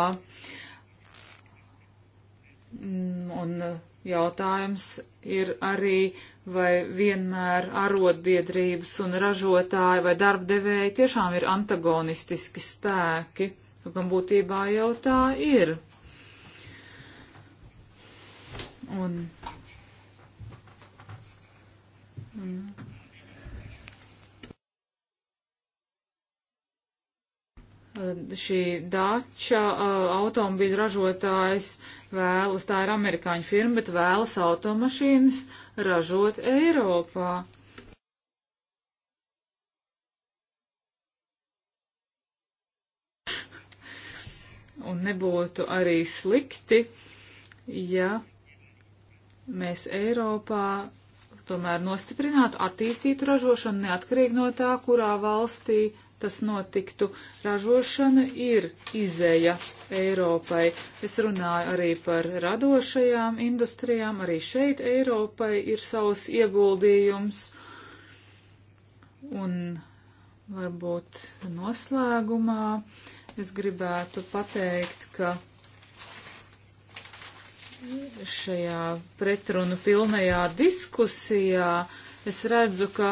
Un, un eh, Jautājums ir arī, vai vienmēr arotbiedrības un ražotāji vai darbdevēji tiešām ir antagonistiski spēki, nu, gan būtībā jau tā ir. Un, un šī Dača uh, automobīļu ražotājs vēlas, tā ir amerikāņu firma, bet vēlas automašīnas ražot Eiropā. Un nebūtu arī slikti, ja mēs Eiropā tomēr nostiprinātu, attīstītu ražošanu neatkarīgi no tā, kurā valstī uh, tas notiktu. Ražošana ir izēja Eiropai. Es runāju arī par radošajām industrijām. Arī šeit Eiropai ir savs ieguldījums. Un varbūt noslēgumā es gribētu pateikt, ka šajā pretrunu pilnajā diskusijā es redzu, ka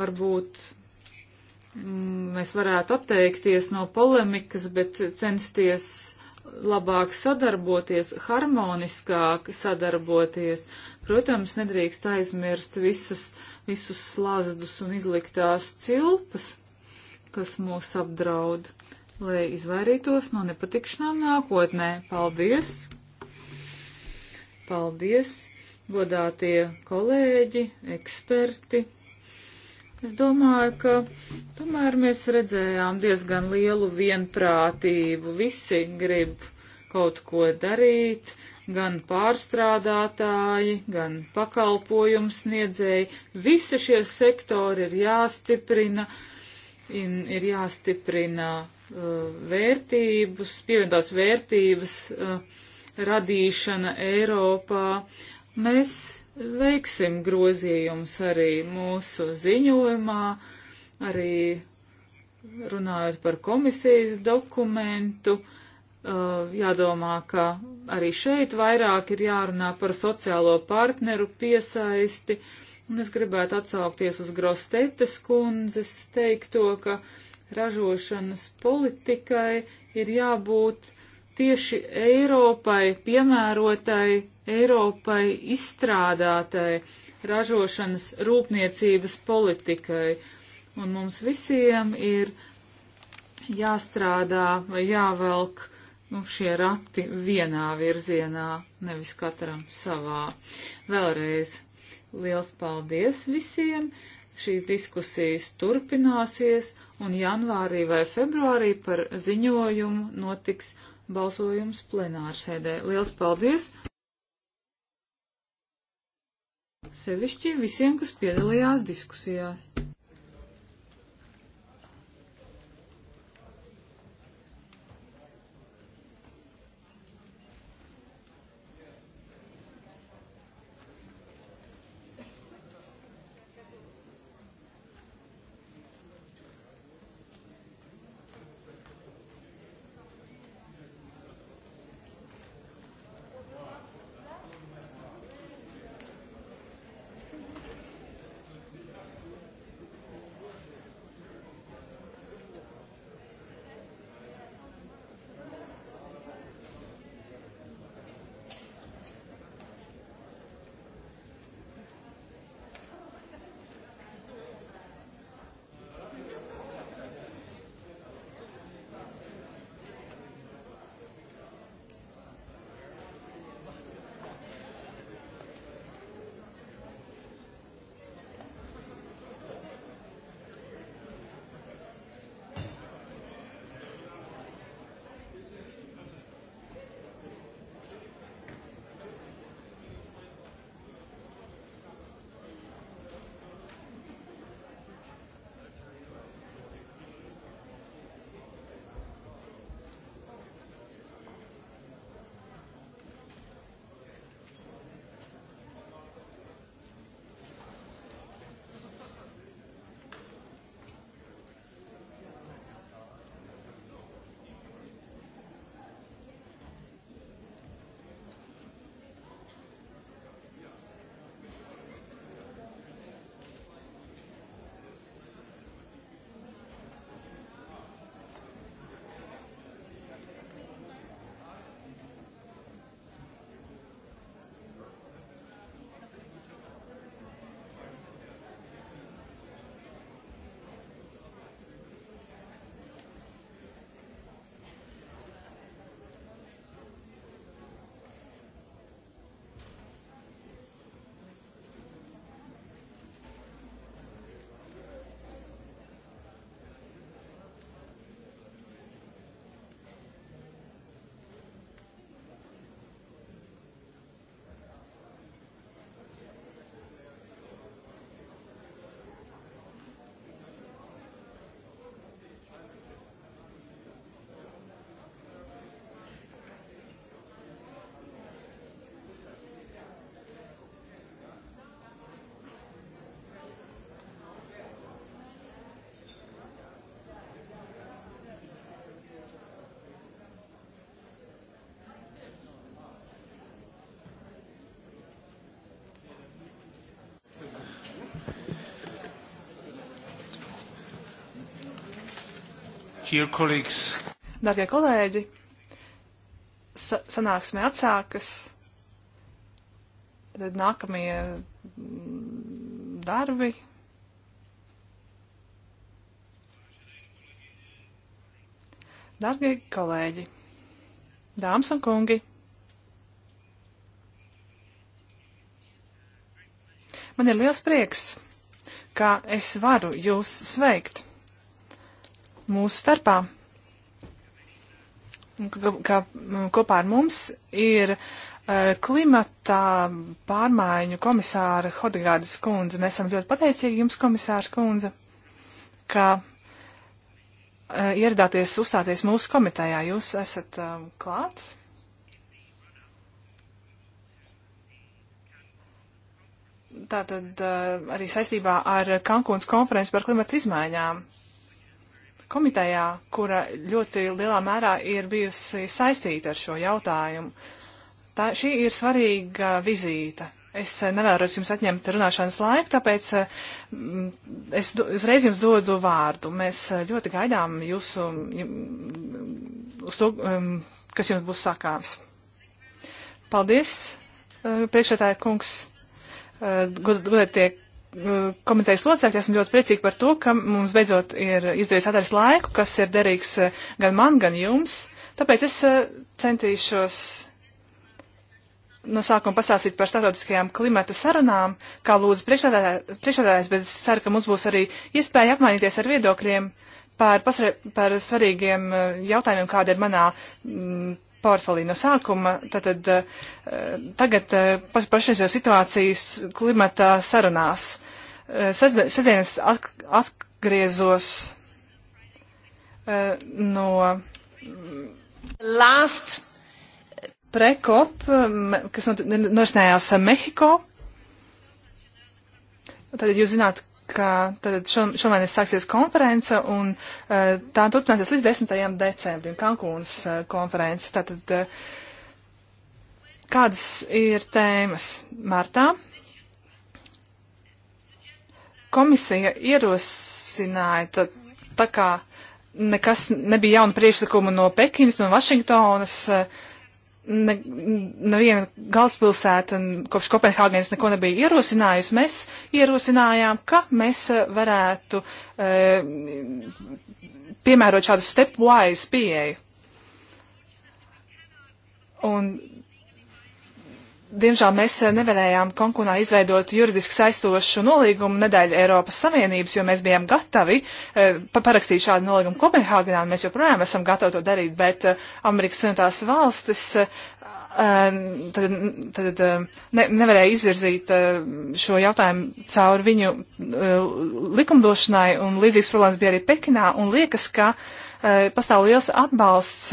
varbūt mēs varētu atteikties no polemikas, bet censties labāk sadarboties, harmoniskāk sadarboties. Protams, nedrīkst aizmirst visas, visus slazdus un izliktās cilpas, kas mūs apdraud, lai izvairītos no nepatikšanām nākotnē. Paldies! Paldies, godātie kolēģi, eksperti! Es domāju, ka tomēr mēs redzējām diezgan lielu vienprātību. Visi grib kaut ko darīt, gan pārstrādātāji, gan pakalpojumu sniedzēji. Visi šie sektori ir jāstiprina, ir jāstiprina uh, vērtības, pievienotās vērtības uh, radīšana Eiropā. Mēs veiksim grozījumus arī mūsu ziņojumā, arī runājot par komisijas dokumentu. Uh, jādomā, ka arī šeit vairāk ir jārunā par sociālo partneru piesaisti, un es gribētu atsaukties uz Grostetes kundzes teikto, ka ražošanas politikai ir jābūt uh, tieši Eiropai piemērotai, Eiropai izstrādātai ražošanas rūpniecības politikai. Un mums visiem ir jāstrādā vai jāvelk nu, šie rati vienā virzienā, nevis katram savā. Vēlreiz liels paldies visiem! Šīs diskusijas turpināsies, un janvārī vai februārī par ziņojumu notiks balsojums plenārsēdē. Liels paldies! Sevišķi visiem, kas piedalījās diskusijās. Darbie kolēģi, sa sanāksme atsākas. Tad nākamie mm, darbi. Darbie kolēģi, dāmas un kungi. Man ir liels prieks, ka es varu jūs sveikt mūsu starpā, ka kopā ar mums ir uh, klimata pārmaiņu komisāra Hodigrādas kundze. Mēs esam ļoti pateicīgi jums, komisārs kundze, ka uh, ieradāties uzstāties mūsu komitejā. Jūs esat uh, klāt? Tātad arī saistībā ar Kankūnas konferenci par klimata izmaiņām komitejā, kura ļoti lielā mērā ir bijusi saistīta ar šo jautājumu. Tā, šī ir svarīga vizīte. Es eh, nevēlos jums atņemt runāšanas laiku, tāpēc eh, es uzreiz jums dodu vārdu. Mēs eh, ļoti gaidām jūsu, uz to, ehm, kas jums būs sakāms. Paldies, priekšētāja kungs, godētie komitejas locekļi, esmu ļoti priecīgi par to, ka mums beidzot ir izdevies atrast laiku, kas ir derīgs eh, gan man, gan jums. Tāpēc es eh, centīšos no sākuma pastāstīt par starptautiskajām klimata sarunām, kā lūdzu priekšādājs, bet es ceru, ka mums būs arī iespēja apmainīties ar viedokļiem par, pasre, par svarīgiem eh, jautājumiem, kāda ir manā m, mm, portfelī no sākuma, tad, tad tagad pašreizējā situācijas klimata sarunās sestdienas atgriezos eh, no Last prekop, kas norisinājās Mehiko. Tad jūs zināt, ka tad šo, šomēnes sāksies konference un eh, tā turpināsies līdz 10. decembrim, Kankūnas eh, konference. Tātad kādas ir tēmas martā? Komisija ierosināja, tad, tā kā nekas nebija jauna priekšlikuma no Pekinas, no Vašingtonas, ne, neviena galvaspilsēta kopš Kopenhāgenes neko nebija ierosinājusi. Mēs ierosinājām, ka mēs varētu e, piemērot šādu stepwise pieeju. Un Diemžēl mēs eh, nevarējām Konkūnā izveidot juridiski saistošu nolīgumu nedēļu Eiropas Savienības, jo mēs bijām gatavi eh, parakstīt šādu nolīgumu Kopenhāgenā, un mēs joprojām esam gatavi to darīt, bet eh, Amerikas Savienotās valstis tad, tad ne, nevarēja izvirzīt šo jautājumu cauri viņu likumdošanai, un līdzīgas problēmas bija arī Pekinā, un liekas, ka pastāv liels atbalsts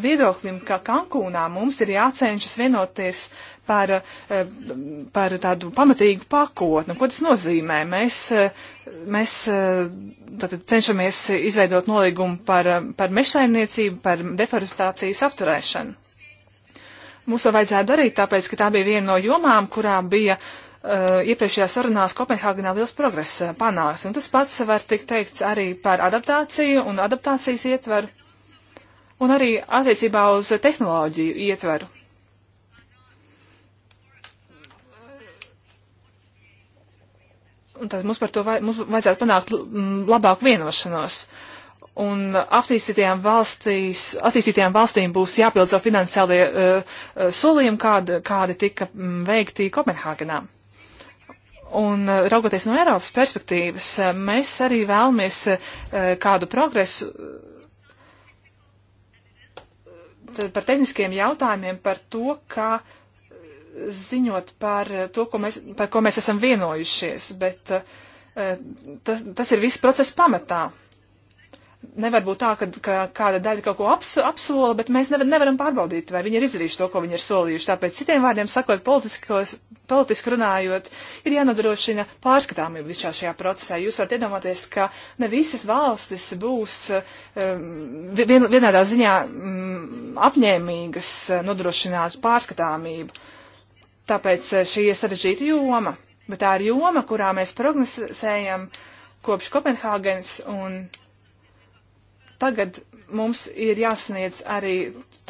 viedoklim, ka Kankūnā mums ir jācenšas vienoties par, eh, par tādu pamatīgu pakotni. Ko tas nozīmē? Mēs, eh, mēs eh, tātad cenšamies izveidot nolīgumu par, par mežsaimniecību, par deforestācijas apturēšanu. Mums to vajadzētu darīt, tāpēc, ka tā bija viena no jomām, kurā bija uh, iepriekšējā sarunās Kopenhāgenā liels progress uh, panāks. Un tas pats var tikt teikts arī par adaptāciju un adaptācijas ietvaru un arī attiecībā uz tehnoloģiju ietveru. Un tad mums par to vaj mums vajadzētu panākt mm, labāku vienošanos. Un attīstītajām, valstīs, attīstītajām valstīm būs jāpild savu finansiālie uh, solījumi, kādi, kādi tika mm, veikti Kopenhāgenā. Un eh, raugoties no Eiropas perspektīvas, mēs arī vēlamies uh, kādu progresu uh, par tehniskiem jautājumiem, par to, kā ziņot par to, ko mēs, par ko mēs esam vienojušies, bet eh, tas, tas ir viss process pamatā nevar būt tā, ka, ka kāda daļa kaut ko aps, apsola, bet mēs nevar, nevaram pārbaudīt, vai viņi ir izdarījuši to, ko viņi ir solījuši. Tāpēc, citiem vārdiem sakot, politiski runājot, ir jānodrošina pārskatāmība visā šajā procesā. Jūs varat iedomāties, ka ne visas valstis būs um, vien, vienādā ziņā um, apņēmīgas uh, nodrošināt pārskatāmību. Tāpēc uh, šī ir sarežģīta joma, bet tā ir joma, kurā mēs prognozējam kopš Kopenhāgenes un tagad mums ir jāsniedz arī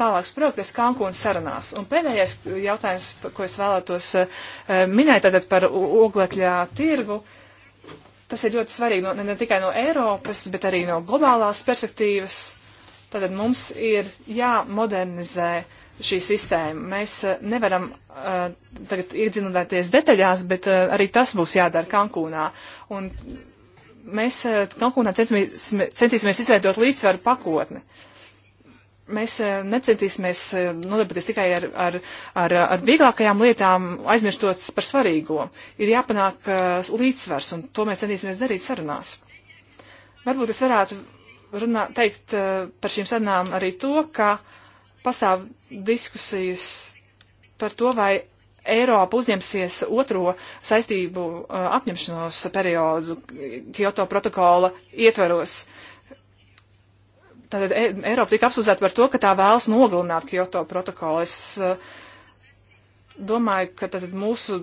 tālāks progress Kankūnas sarunās. Un pēdējais jautājums, ko es vēlētos eh, minēt, tātad par oglekļā tirgu. Tas ir ļoti svarīgi no, ne, ne tikai no Eiropas, bet arī no globālās perspektīvas. Tātad mums ir jāmodernizē šī sistēma. Mēs eh, nevaram uh, tagad iedzināties detaļās, bet uh, arī tas būs jādara Kankūnā. Un mēs eh, nākotnē centīsimies izveidot līdzsvaru pakotni. Mēs eh, necentīsimies eh, nodarboties tikai ar, ar, ar, ar vieglākajām lietām, aizmirstot par svarīgo. Ir jāpanāk līdzsvars, un to mēs centīsimies darīt sarunās. Varbūt es varētu runā, teikt par šīm sarunām arī to, ka pastāv diskusijas par to, vai Eiropa uzņemsies otro saistību uh, apņemšanos periodu Kyoto protokola ietveros. Tātad e, Eiropa tika apsūdzēta par to, ka tā vēlas nogalināt Kyoto protokolu. Es uh, domāju, ka tad mūsu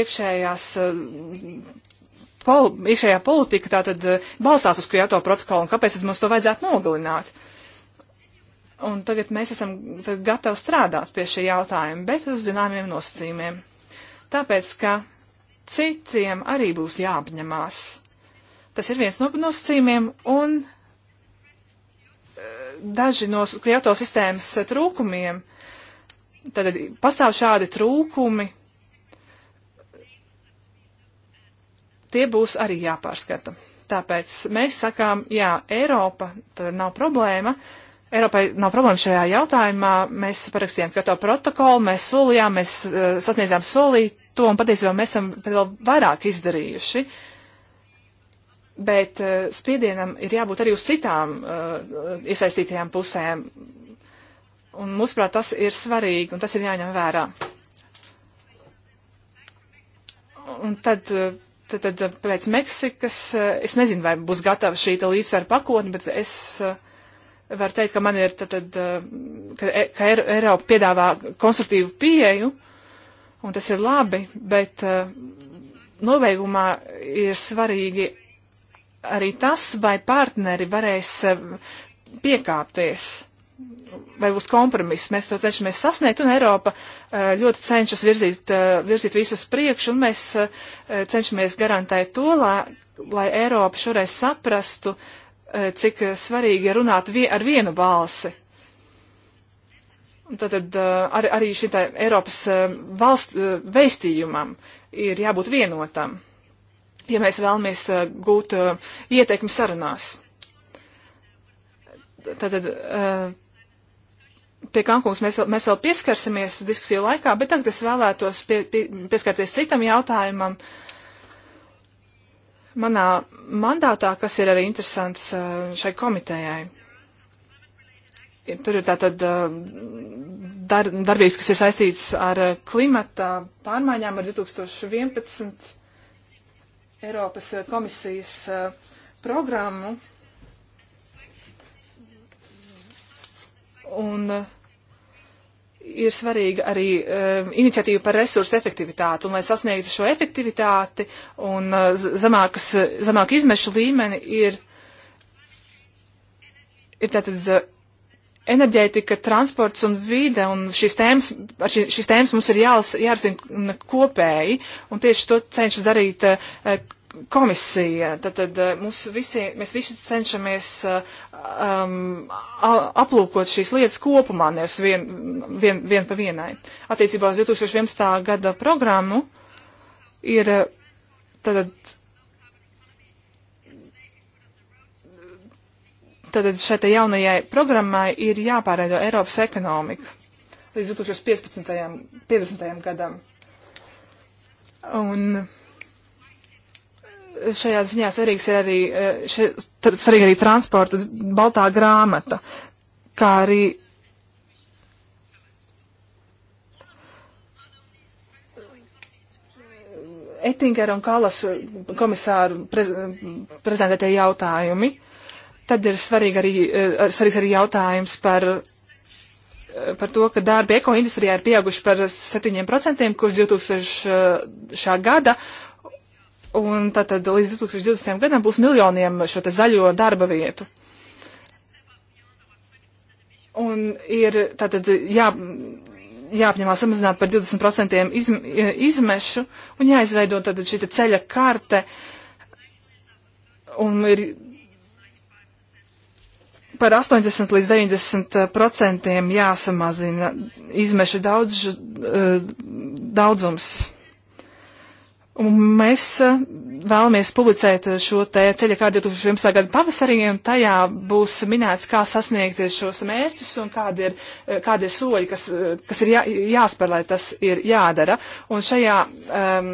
iekšējās uh, pol, iekšējā politika tātad balstās uz Kyoto protokolu, un kāpēc tad mums to vajadzētu nogalināt? Uh, Un tagad mēs esam gatavi strādāt pie šī jautājuma, bet uz zināmiem nosacījumiem. Tāpēc, ka citiem arī būs jāapņemās. Tas ir viens no nosacījumiem, un eh, daži no Kyoto sistēmas trūkumiem, tad pastāv šādi trūkumi, tie būs arī jāpārskata. Tāpēc mēs sakām, jā, Eiropa, tad nav problēma, uh, Eiropai nav problēma šajā jautājumā. Mēs parakstījām Kyoto protokolu, mēs solījām, mēs uh, sasniedzām solīto un patiesībā mēs esam vēl vairāk izdarījuši. Bet uh, spiedienam ir jābūt arī uz citām uh, iesaistītajām pusēm. Un mūsuprāt, tas ir svarīgi un tas ir jāņem vērā. Un tad, tad, tad pēc Meksikas es nezinu, vai būs gatava šī līdzsvera pakotne, bet es. Uh, var teikt, ka man ir tātad, eh, ka, e, ka Eiropa piedāvā konstruktīvu pieeju, un tas ir labi, bet eh, nobeigumā ir svarīgi arī tas, vai partneri varēs eh, piekāpties, vai būs kompromiss. Mēs to cenšamies sasniegt, un Eiropa ļoti cenšas virzīt, virzīt visus priekšu, un mēs cenšamies garantēt to, lai, lai Eiropa šoreiz saprastu, uh, E, cik svarīgi ir runāt vie, ar vienu balsi. Tātad e, ar, arī šitai Eiropas e, valsts veistījumam ir jābūt vienotam, ja mēs vēlamies gūt ieteikumu sarunās. Tātad pie Kankunas mēs, vēl, mēs vēl pieskarsimies diskusiju laikā, bet tagad es vēlētos pie, pie, pieskarties citam jautājumam. Uh, manā mandātā, kas ir arī interesants uh, šai komitejai. Tur ir tātad uh, dar, darbības, kas ir saistīts ar uh, klimata pārmaiņām ar 2011 Eiropas komisijas programmu. Un uh, ir svarīga arī um, iniciatīva par resursu efektivitāti, un lai sasniegtu šo efektivitāti un uh, zemākas, zemāku izmešu līmeni ir, ir tātad uh, enerģētika, transports un vide, un šīs tēmas, šī, šīs tēmas mums ir jāris, jārisina kopēji, un tieši to cenšas darīt uh, komisija. Tad, tad eh, mums visi, mēs visi cenšamies eh, um, aplūkot šīs lietas kopumā, nevis vien, vien, vien pa vienai. Attiecībā uz 2011. gada programmu ir eh, tad, tad šai te jaunajai programmai ir jāpārveido Eiropas ekonomika līdz 2015. 50. gadam. Un šajā ziņā svarīgs ir arī, eh, še, svarīgi arī transporta baltā grāmata, kā arī Ettingera un Kalas eh, komisāru prez, prezentētie jautājumi. Tad ir svarīgi arī, eh, svarīgs arī jautājums par, par to, ka darbi ekoindustrijā ir pieauguši par 7%, kurš 2000 šā gada uh, un tātad līdz 2020. gadam būs miljoniem šo te zaļo darba vietu. Un ir tātad jā, jāapņemās samazināt par 20% izm, izmešu un jāizveido tātad šī ceļa karte. Un ir par 80 līdz 90% jāsamazina izmeša daudz, eh, daudzums. Un mēs eh, vēlamies publicēt eh, šo te ceļa kārtu 2011. gada pavasarī, un tajā būs minēts, kā sasniegt šos mērķus un kādi ir, eh, kādi ir soļi, kas, kas ir jā, jāspēr, lai tas ir jādara. Un šajā, um,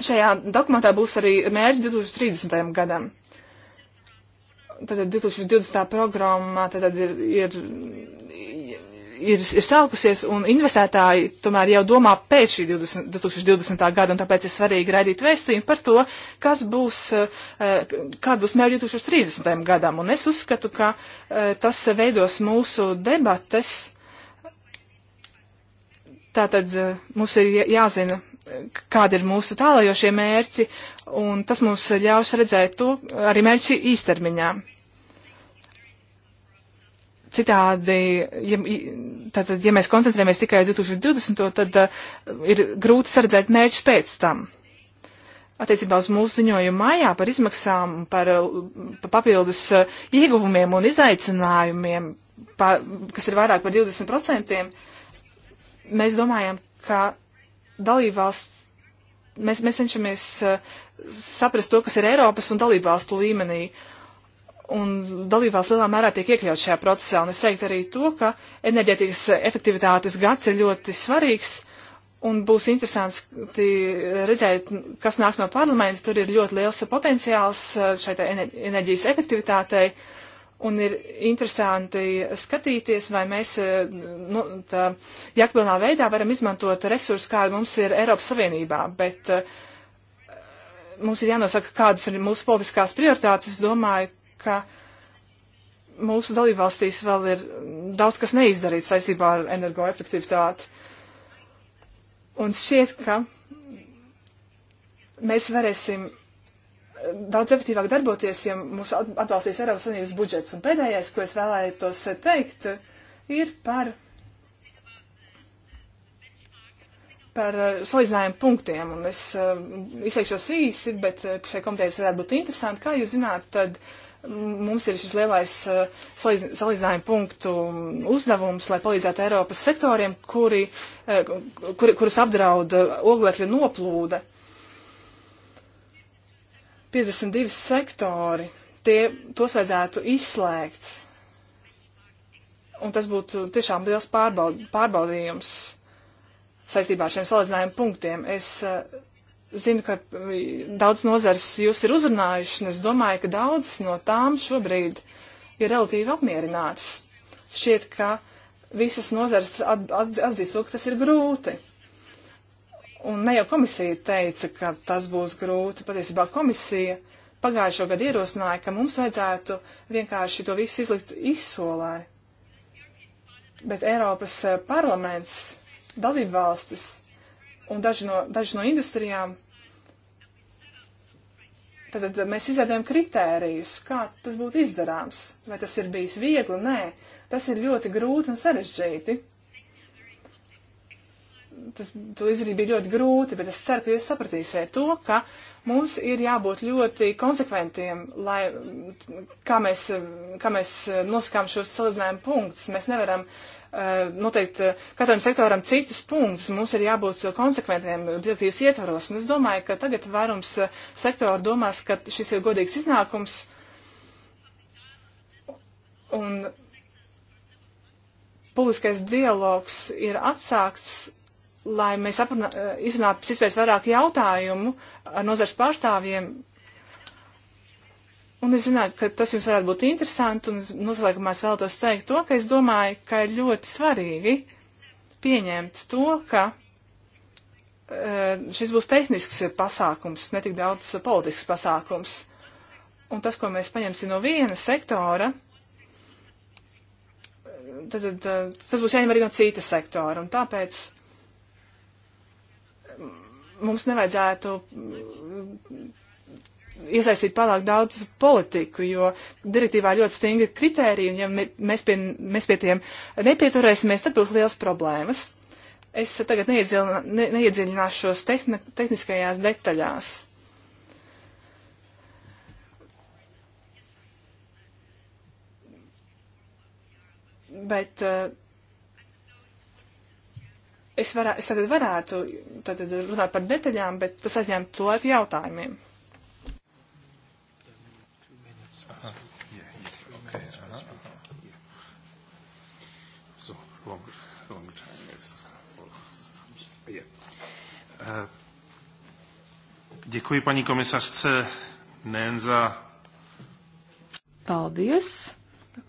šajā dokumentā būs arī mērķi 2030. gadam. Tātad 2020. programmā tātad ir, ir ir, ir sākusies, un investētāji tomēr jau domā pēc šī 20, 2020. gada, un tāpēc ir svarīgi raidīt vēstījumu par to, kas būs, eh, kāda būs mērķa 2030. gadam. Un es uzskatu, ka eh, tas veidos mūsu debates. Tātad eh, mums ir jāzina, kāda ir mūsu tālajošie mērķi, un tas mums ļaus redzēt to arī mērķi īstermiņā. Citādi, ja, tātad, ja mēs koncentrējamies tikai uz 2020, tad uh, ir grūti saredzēt mērķus pēc tam. Attiecībā uz mūsu ziņojumu mājā par izmaksām, par, uh, par papildus uh, ieguvumiem un izaicinājumiem, par, kas ir vairāk par 20%, mēs domājam, ka dalībvalsts, mēs, mēs cenšamies uh, saprast to, kas ir Eiropas un dalībvalstu līmenī. Uh, un dalībvalsts lielā mērā tiek iekļauts šajā procesā. Un es teiktu arī to, ka enerģētikas efektivitātes gads ir ļoti svarīgs. Un būs interesanti redzēt, kas nāks no parlamenta. Tur ir ļoti liels potenciāls eh, šai enerģijas efektivitātei. Un ir interesanti skatīties, vai mēs eh, nu, tā, jakpilnā veidā varam izmantot resursus, kādi mums ir Eiropas Savienībā. Bet eh, mums ir jānosaka, kādas ir mūsu politiskās prioritātes. Es domāju, ka mūsu dalībvalstīs vēl ir daudz kas neizdarīts saistībā ar energoefektivitāti. Un šķiet, ka mēs varēsim daudz efektīvāk darboties, ja mūs atbalstīs Eiropas Savienības budžets. Un pēdējais, ko es vēlētos teikt, ir par, par eh, salīdzinājumu punktiem. Un es eh, izteikšos īsi, bet eh, šai komitejai varētu būt interesanti. Kā jūs zināt, tad uh, mums ir šis lielais uh, salīdzinājuma punktu uzdevums, lai palīdzētu Eiropas sektoriem, kuri, uh, kuri, kurus apdraud eh, oglekļa noplūde. 52 sektori, tie, tos vajadzētu izslēgt. Un tas būtu tiešām liels pārbaud, pārbaudījums saistībā ar šiem salīdzinājuma punktiem. Es uh, zinu, ka e, daudz nozars jūs ir uzrunājuši, un es domāju, ka daudzas no tām šobrīd ir relatīvi apmierinātas. Šķiet, ka visas nozars at, at, atzīst to, ka tas ir grūti. Un ne jau komisija teica, ka tas būs grūti. Patiesībā komisija pagājušo gadu ierosināja, ka mums vajadzētu vienkārši to visu izlikt izsolē. Bet Eiropas e, parlaments, dalībvalstis un daži no, daži no industrijām. Tad, tad mēs izveidojam kritērijus, kā tas būtu izdarāms. Vai tas ir bijis viegli? Nē, tas ir ļoti grūti un sarežģīti. Tas, to izdarīt bija ļoti grūti, bet es ceru, ka jūs sapratīsiet to, ka uh, Mums ir jābūt ļoti konsekventiem, lai, kā mēs, kā mēs nosakām šos salīdzinājumu punktus. Mēs nevaram uh, noteikt uh, katram sektoram citus punktus. Mums ir jābūt konsekventiem direktīvas ietvaros. Un es domāju, ka tagad vairums eh, sektoru domās, ka šis ir godīgs iznākums. Un publiskais dialogs ir atsākts lai mēs aprunā, eh, izrunātu pēc iespējas vairāk jautājumu ar nozars pārstāvjiem. Un es zināju, ka tas jums varētu būt interesanti, un noslēgumā es vēlos teikt to, ka es domāju, ka ir ļoti svarīgi pieņemt to, ka eh, šis būs tehnisks pasākums, netik daudz politisks pasākums. Un tas, ko mēs paņemsim no viena sektora, tad, tad, tas būs jāņem arī no cita sektora. Un tāpēc mums nevajadzētu mm, iesaistīt pārāk daudz politiku, jo direktīvā ļoti stingri kritēriji, un ja mēs pie, mēs pie tiem nepieturēsimies, tad būs liels problēmas. Es tagad neiedziļinā, ne, neiedziļināšos tehni, tehniskajās detaļās. Bet uh, es, varā, es tad varētu tad runāt par detaļām, bet tas aizņemtu laiku jautājumiem. Děkuji paní komisařce nejen za. Paldies,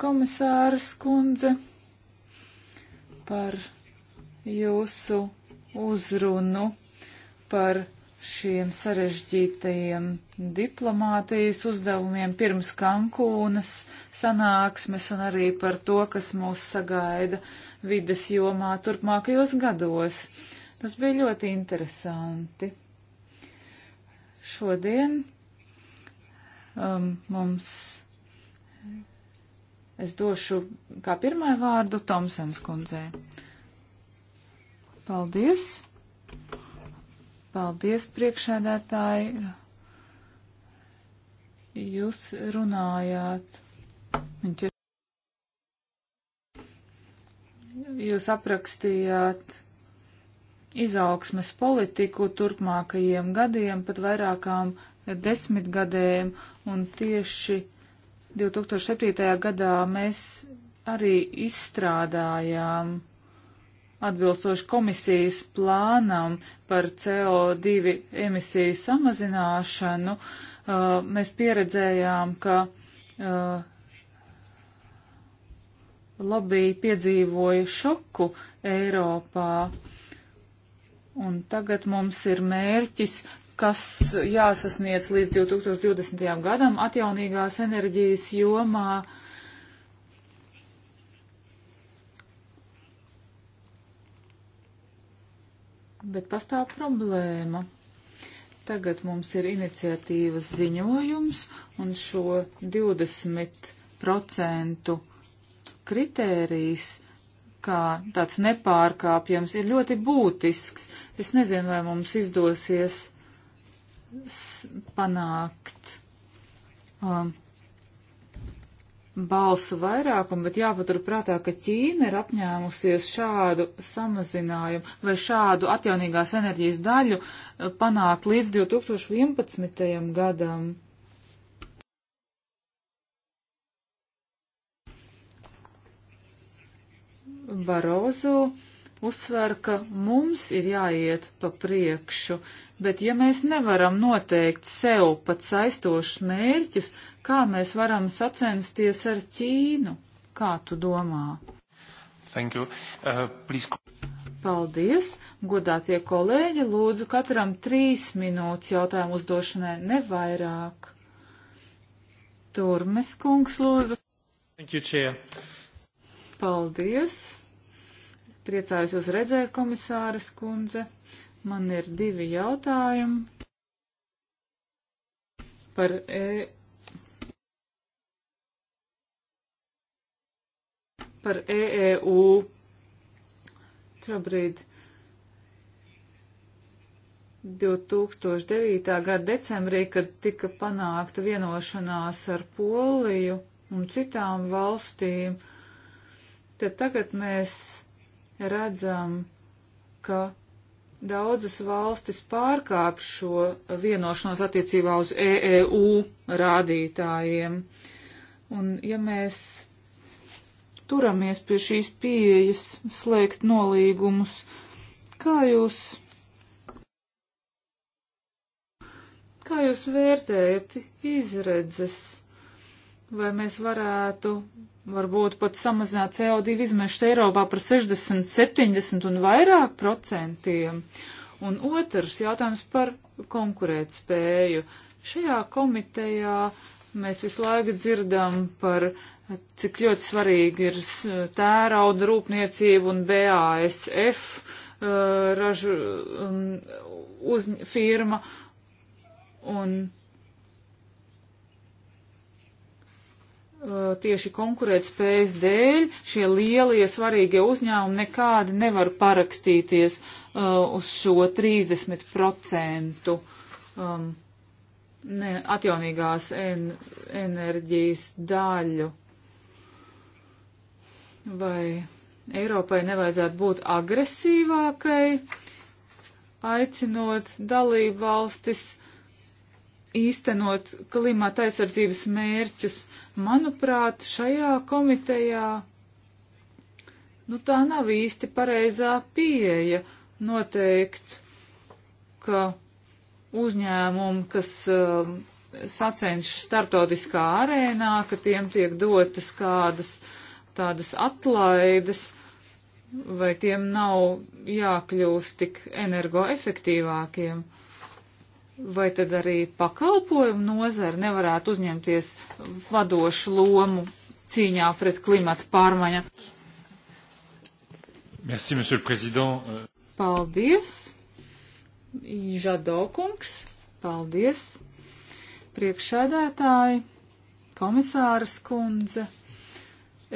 komisāras kundze, par jūsu uzrunu par šiem sarežģītajiem diplomātijas uzdevumiem pirms Kankūnas sanāksmes un arī par to, kas mūs sagaida vides jomā turpmākajos gados. Tas bija ļoti interesanti. Šodien um, mums es došu kā pirmai vārdu Tomsens kundzei. Paldies! Paldies, priekšēdētāji! Jūs runājāt. Viņš ir. Jūs aprakstījāt izaugsmes politiku turpmākajiem gadiem, pat vairākām desmitgadēm, un tieši 2007. gadā mēs arī izstrādājām atbilstoši komisijas plānam par CO2 emisiju samazināšanu, uh, mēs pieredzējām, ka uh, lobby piedzīvoja šoku Eiropā. Un tagad mums ir mērķis, kas jāsasniedz līdz 2020. gadam atjaunīgās enerģijas jomā. Uh, bet pastāv problēma. Tagad mums ir iniciatīvas ziņojums un šo 20% kritērijs, kā tāds nepārkāpjams, ir ļoti būtisks. Es nezinu, vai mums izdosies panākt um, balsu vairākumu, bet jāpaturprātā, ka Ķīna ir apņēmusies šādu samazinājumu vai šādu atjaunīgās enerģijas daļu eh, panākt līdz 2011. gadam. Barozu uzsver, ka mums ir jāiet pa priekšu, bet ja mēs nevaram noteikt sev pat saistošus mērķus, Kā mēs varam sacensties ar Ķīnu? Kā tu domā? Thank you. Uh, please... Paldies, godātie kolēģi, lūdzu katram trīs minūtes jautājumu uzdošanai, nevairāk. Turmes kungs, lūdzu. Thank you, chair. Paldies. Priecājos jūs redzēt, komisāras kundze. Man ir divi jautājumi par e par EEU. Šobrīd 2009. gada decembrī, kad tika panākta vienošanās ar Poliju un citām valstīm, tad tagad mēs redzam, ka daudzas valstis pārkāp šo vienošanos attiecībā uz EEU rādītājiem. Un ja mēs turamies pie šīs pieejas slēgt nolīgumus. Kā jūs, kā jūs vērtējat izredzes? Vai mēs varētu varbūt pat samazināt CO2 izmešus Eiropā par 60, 70 un vairāk procentiem? Un otrs jautājums par konkurētspēju. Šajā komitejā mēs visu laiku dzirdam par uh, cik ļoti svarīgi ir tērauda rūpniecība un BASF uh, ražu um, uz, firma. Un uh, tieši konkurētspējas dēļ šie lielie svarīgie uzņēmumi nekādi nevar parakstīties uh, uz šo 30% um, ne, atjaunīgās en, enerģijas daļu vai Eiropai nevajadzētu būt agresīvākai, aicinot dalību valstis īstenot klimata aizsardzības mērķus. Manuprāt, šajā komitejā nu, tā nav īsti pareizā pieeja noteikt, ka uzņēmumi, kas uh, sacenšas startautiskā arēnā, ka tiem tiek dotas kādas uh, tādas atlaides, vai tiem nav jākļūst tik energoefektīvākiem? Vai tad arī pakalpojumu nozara nevarētu uzņemties vadošu lomu cīņā pret klimata pārmaiņa? Merci, monsieur le président. Paldies, Žadokungs. Paldies, priekšsēdētāji, komisāras kundze.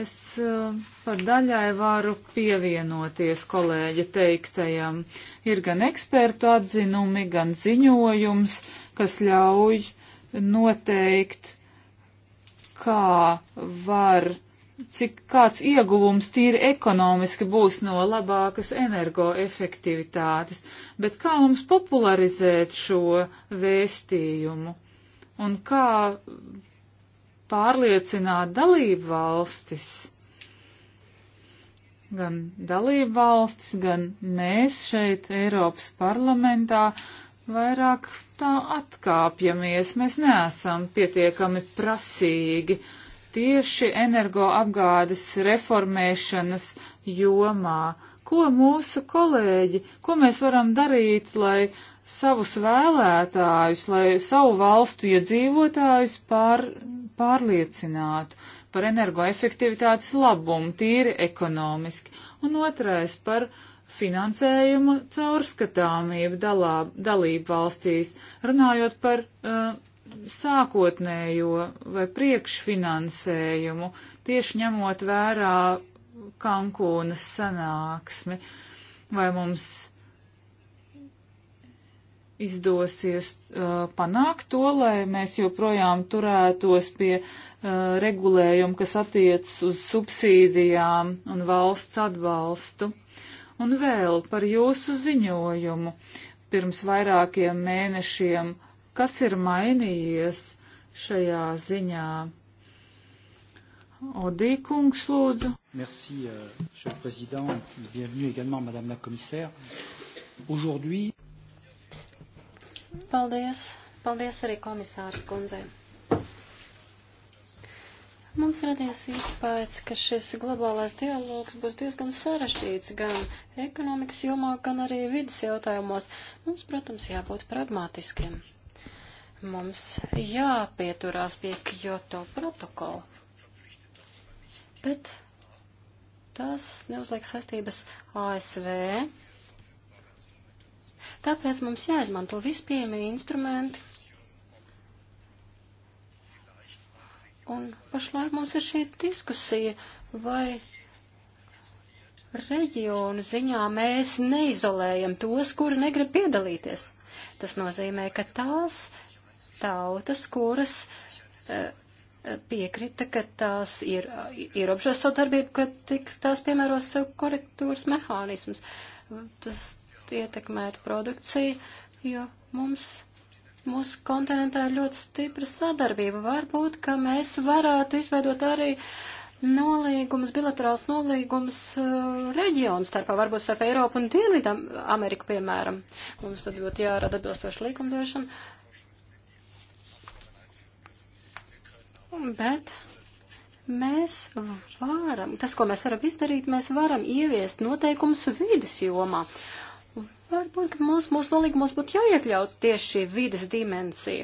Es eh, pat daļai varu pievienoties kolēģa teiktajam. Ir gan ekspertu atzinumi, gan ziņojums, kas ļauj noteikt, kā var, cik kāds ieguvums tīri ekonomiski būs no labākas energoefektivitātes, bet kā mums popularizēt šo vēstījumu un kā pārliecināt dalību valstis, gan dalību valstis, gan mēs šeit Eiropas parlamentā vairāk tā atkāpjamies, mēs neesam pietiekami prasīgi tieši energoapgādes reformēšanas jomā. Ko mūsu kolēģi, ko mēs varam darīt, lai savus vēlētājus, lai savu valstu iedzīvotājus pār pārliecinātu par energoefektivitātes labumu tīri ekonomiski, un otrais par finansējuma caurskatāmību dalā, dalību valstīs, runājot par uh, sākotnējo vai priekšfinansējumu, tieši ņemot vērā Kankūnas sanāksmi, vai mums izdosies uh, panākt to, lai mēs joprojām turētos pie uh, regulējuma, kas attiecas uz subsīdijām un valsts atbalstu. Un vēl par jūsu ziņojumu pirms vairākiem mēnešiem, kas ir mainījies šajā ziņā. Odī kungs, lūdzu. Merci, uh, monsieur le président. Bienvenue également, madame la commissaire. Aujourd'hui, Paldies! Paldies arī komisārs kundzei. Mums radies iespējas, ka šis globālais dialogs būs diezgan sarežģīts gan ekonomikas jomā, gan arī vidas jautājumos. Mums, protams, jābūt pragmatiskiem. Mums jāpieturās pie Kyoto protokola. Bet tas neuzliek saistības ASV Tāpēc mums jāizmanto vispieejamie instrumenti. Un pašlaik mums ir šī diskusija, vai reģionu ziņā mēs neizolējam tos, kuri negrib piedalīties. Tas nozīmē, ka tās tautas, kuras e, e piekrita, ka tās ir ierobežos savu darbību, ka tik tās piemēros sev korektūras mehānismus. Tas ietekmētu produkciju, jo mums, mūsu kontinentā ir ļoti stipra sadarbība. Varbūt, ka mēs varētu izveidot arī nolīgums, bilaterāls nolīgums uh, reģionu starpā, varbūt starp Eiropu un Dienvidam Ameriku, piemēram. Mums tad būtu jārada atbilstoši likumdošana. Bet mēs varam, tas, ko mēs varam izdarīt, mēs varam ieviest noteikumus vidas jomā. Uh, Varbūt mums, mūsu nolīgumos būtu jāiekļaut tieši šī vides dimensija.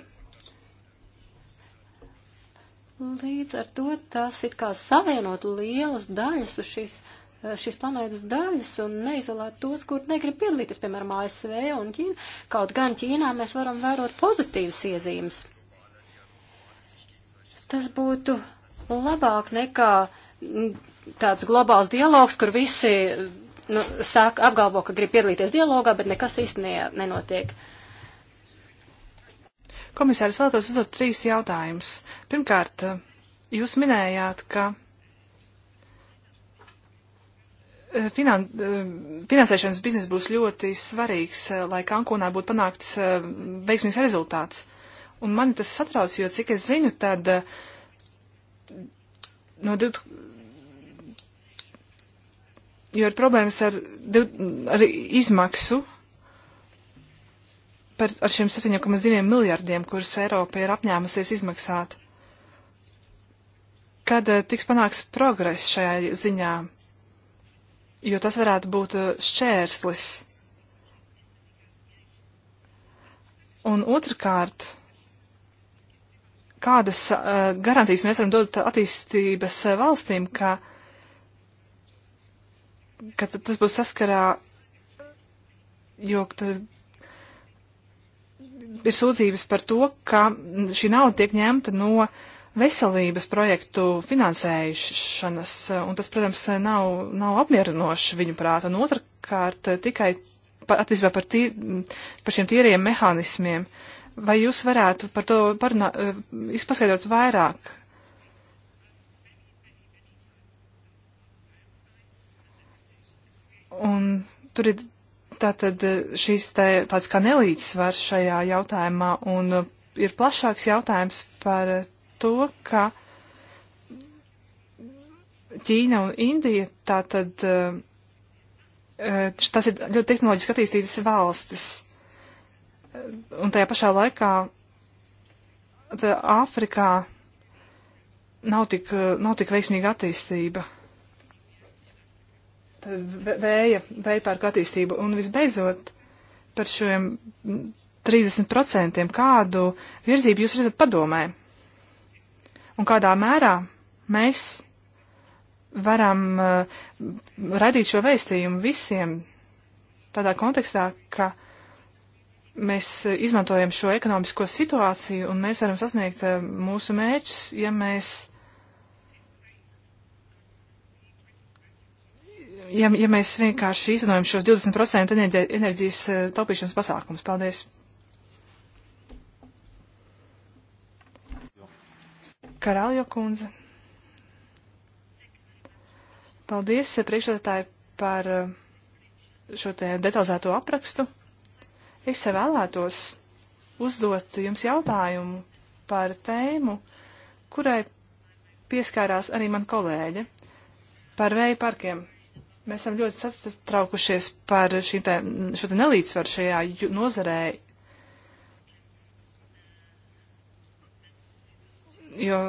Līdz ar to tas it kā savienot lielas daļas uz šīs, eh, šīs planētas daļas un neizolēt tos, kur negrib piedalīties, piemēram, ASV un Ķīna. Kaut gan Ķīnā mēs varam vērot pozitīvas iezīmes. Tas būtu labāk nekā tāds globāls dialogs, kur visi nu, sāk apgalvo, ka grib piedalīties dialogā, bet nekas īstenībā nenotiek. Komisāris vēlētos uzdot trīs jautājumus. Pirmkārt, jūs minējāt, ka eh, finan, eh, finansēšanas biznes būs ļoti svarīgs, eh, lai Kankūnā būtu panākts veiksmīgs rezultāts. Un mani tas satrauc, jo cik es zinu, tad no 2000 jo ir problēmas ar, ar izmaksu par, ar šiem 7,2 miljardiem, kurus Eiropa ir apņēmusies izmaksāt. Kad eh, tiks panāks progress šajā ziņā? Jo tas varētu būt eh, šķērslis. Un otrkārt, kādas uh, garantijas mēs varam dot attīstības valstīm, ka uh, ka tas būs saskarā, jo tas ir sūdzības par to, ka šī nauda tiek ņemta no veselības projektu finansēšanas, un tas, protams, nav, nav apmierinoši viņu prāt, un otrkārt tikai attiecībā par, tī, par šiem tīriem mehānismiem. Vai jūs varētu par to parunā, eh, izpaskaidrot vairāk, Un tur ir tātad eh, šis tā, tāds kā nelīdzsvars šajā jautājumā, un eh, ir plašāks jautājums par eh, to, ka Ķīna un Indija tātad tas ir ļoti tehnoloģiski attīstītas valstis. Un tajā pašā laikā Āfrikā nav tik, nav tik veiksmīga attīstība vēja, vēja pārku attīstību. Un visbeidzot, par šiem 30% kādu virzību jūs redzat padomē? Un kādā mērā mēs varam uh, radīt šo vēstījumu visiem tādā kontekstā, ka mēs izmantojam šo ekonomisko situāciju un mēs varam sasniegt uh, mūsu mērķus, ja mēs ja, ja mēs vienkārši izmantojam šos 20% enerģi, enerģijas eh, taupīšanas pasākumus. Paldies! Karaljo kundze. Paldies eh, priekšsēdētāji par eh, šo te detalizēto aprakstu. Es sev vēlētos uzdot jums jautājumu par tēmu, kurai pieskārās arī man kolēģe par vēja parkiem. Mēs esam ļoti satraukušies par tā, šo te nelīdzsvaru šajā nozarē, jo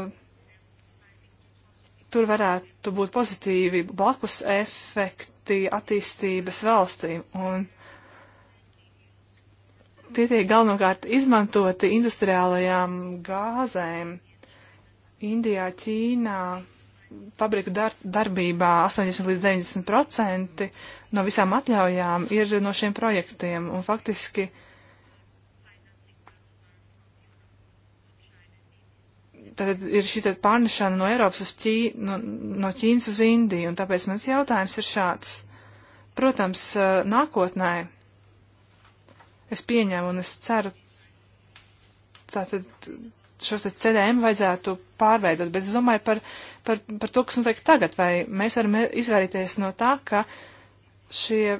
tur varētu būt pozitīvi blakus efekti attīstības valstīm, un tie tiek galvenokārt izmantoti industriālajām gāzēm Indijā, Ķīnā, fabriku dar darbībā 80 līdz 90 procenti no visām atļaujām ir no šiem projektiem, un faktiski tad ir šī pārnešana no Eiropas uz Ķī, no, no Ķīnas uz Indiju, un tāpēc mans jautājums ir šāds. Protams, nākotnē es pieņemu un es ceru, tātad šos CDM vajadzētu pārveidot, bet es domāju par, par, par to, kas notiek tagad, vai mēs varam izvairīties no tā, ka šie,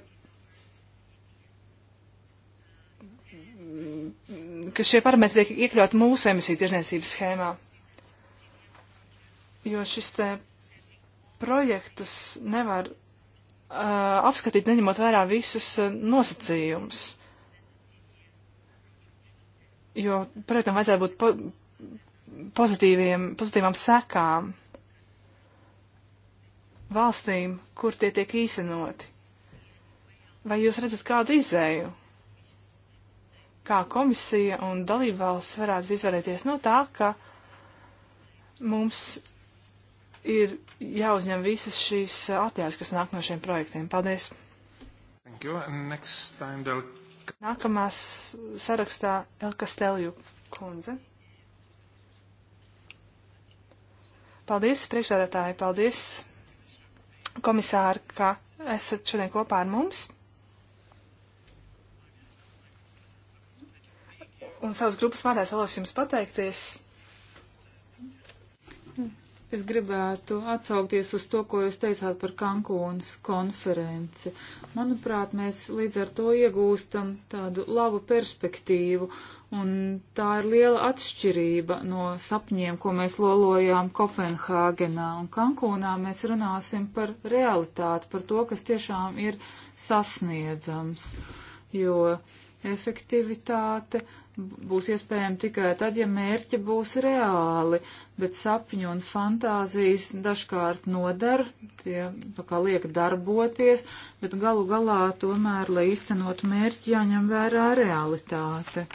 ka šie parametri tiek iekļaut mūsu emisiju tirzniecības schēmā. Jo šis te projektus nevar uh, apskatīt, neņemot vērā visus uh, nosacījumus jo, protams, vajadzētu būt pozitīvām sekām valstīm, kur tie tiek īstenoti. Vai jūs redzat kādu izēju? Kā komisija un dalībvalsts varētu izvarēties no tā, ka mums ir jāuzņem visas šīs atļaujas, kas nāk no šiem projektiem. Paldies! Nākamās sarakstā Elka Stelju kundze. Paldies, priekšsēdētāji, paldies, komisāri, ka esat šodien kopā ar mums. Un savas grupas vārdā vēlos jums pateikties. Es gribētu atsaukties uz to, ko jūs teicāt par Kankūnas konferenci. Manuprāt, mēs līdz ar to iegūstam tādu labu perspektīvu Un tā ir liela atšķirība no sapņiem, ko mēs lolojām Kopenhāgenā un Kankūnā. Mēs runāsim par realitāti, par to, kas tiešām ir sasniedzams, jo efektivitāte būs iespējama tikai tad, ja mērķi būs reāli, bet sapņu un fantāzijas dažkārt nodar, tie tā kā liek darboties, bet galu galā tomēr, lai īstenot mērķi, jāņem vērā realitāte.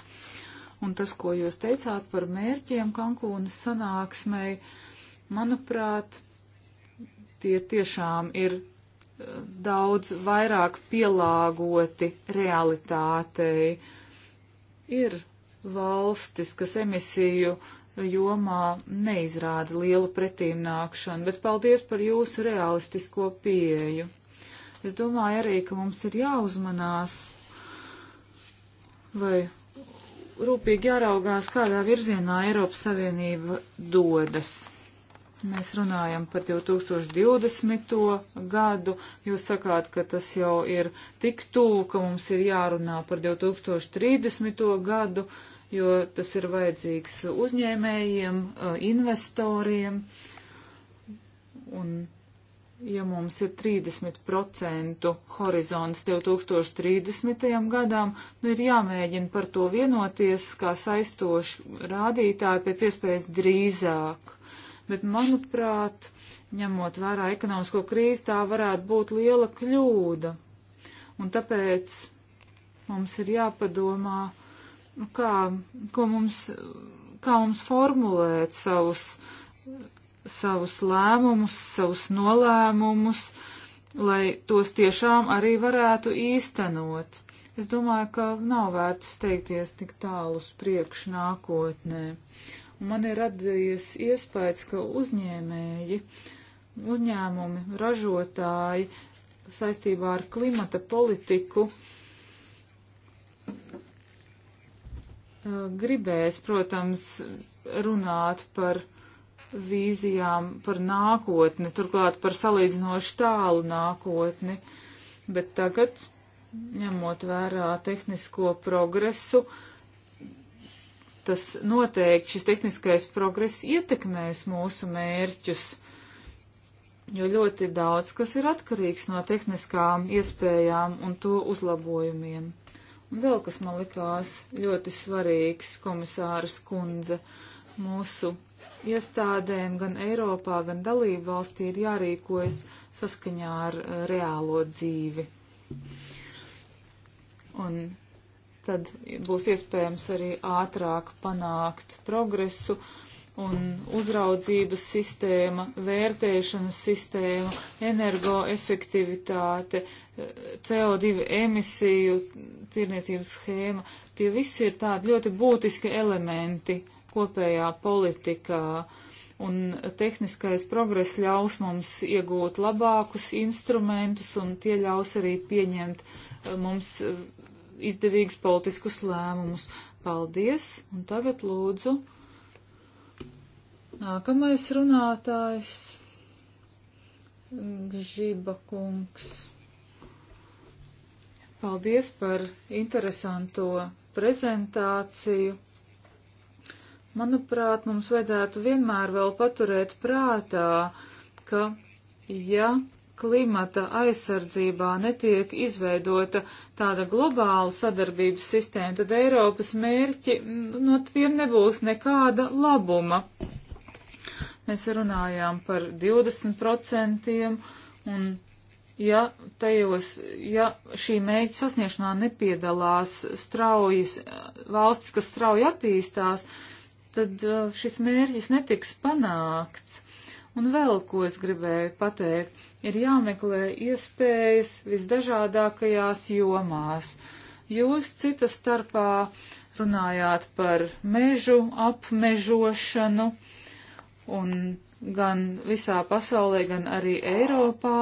Un tas, ko jūs teicāt par mērķiem Kankūnas sanāksmei, manuprāt, tie tiešām ir eh, daudz vairāk pielāgoti realitātei. Ir valstis, kas emisiju jomā neizrāda lielu pretīmnākšanu, bet paldies par jūsu realistisko pieeju. Es domāju arī, ka mums ir jāuzmanās, vai rūpīgi jāraugās, kādā virzienā Eiropas Savienība dodas. Mēs runājam par 2020. gadu. Jūs sakāt, ka tas jau ir tik tuvu, ka mums ir jārunā par 2030. gadu, jo tas ir vajadzīgs uzņēmējiem, eh, investoriem. Un ja mums ir 30% horizonts 2030. gadām, nu ir jāmēģina par to vienoties, kā saistoši rādītāji pēc iespējas drīzāk. Bet, manuprāt, ņemot vērā ekonomisko krīzi, tā varētu būt liela kļūda. Un tāpēc mums ir jāpadomā, nu, kā, ko mums, kā mums formulēt savus savus lēmumus, savus nolēmumus, lai tos tiešām arī varētu īstenot. Es domāju, ka nav vērts steigties tik tālu uz priekšu nākotnē. Un man ir radījies iespējas, ka uzņēmēji, uzņēmumi, ražotāji saistībā ar klimata politiku eh, gribēs, protams, runāt par vīzijām par nākotni, turklāt par salīdzinoši tālu nākotni, bet tagad, ņemot vērā tehnisko progresu, tas noteikti šis tehniskais progress ietekmēs mūsu mērķus, jo ļoti daudz kas ir atkarīgs no tehniskām iespējām un to uzlabojumiem. Un vēl kas man likās ļoti svarīgs, komisāras kundze, mūsu iestādēm gan Eiropā, gan dalību valstī ir jārīkojas saskaņā ar uh, reālo dzīvi. Un tad būs iespējams arī ātrāk panākt progresu un uzraudzības sistēma, vērtēšanas sistēma, energoefektivitāte, eh, CO2 emisiju, tirniecības schēma. Tie visi ir tādi ļoti būtiski elementi kopējā politikā. Un tehniskais progress ļaus mums iegūt labākus instrumentus un tie ļaus arī pieņemt eh, mums eh, izdevīgus politiskus lēmumus. Paldies! Un tagad lūdzu nākamais runātājs Gžiba kungs. Paldies par interesanto prezentāciju. Manuprāt, mums vajadzētu vienmēr vēl paturēt prātā, ka ja klimata aizsardzībā netiek izveidota tāda globāla sadarbības sistēma, tad Eiropas mērķi no tiem nebūs nekāda labuma. Mēs runājām par 20% un ja tajos, ja šī mēģi sasniegšanā nepiedalās straujas valsts, kas strauji attīstās, uh, tad uh, šis mērķis netiks panākts. Un vēl ko es gribēju pateikt, ir jāmeklē iespējas visdažādākajās jomās. Jūs citas starpā runājāt par mežu apmežošanu un gan visā pasaulē, gan arī Eiropā.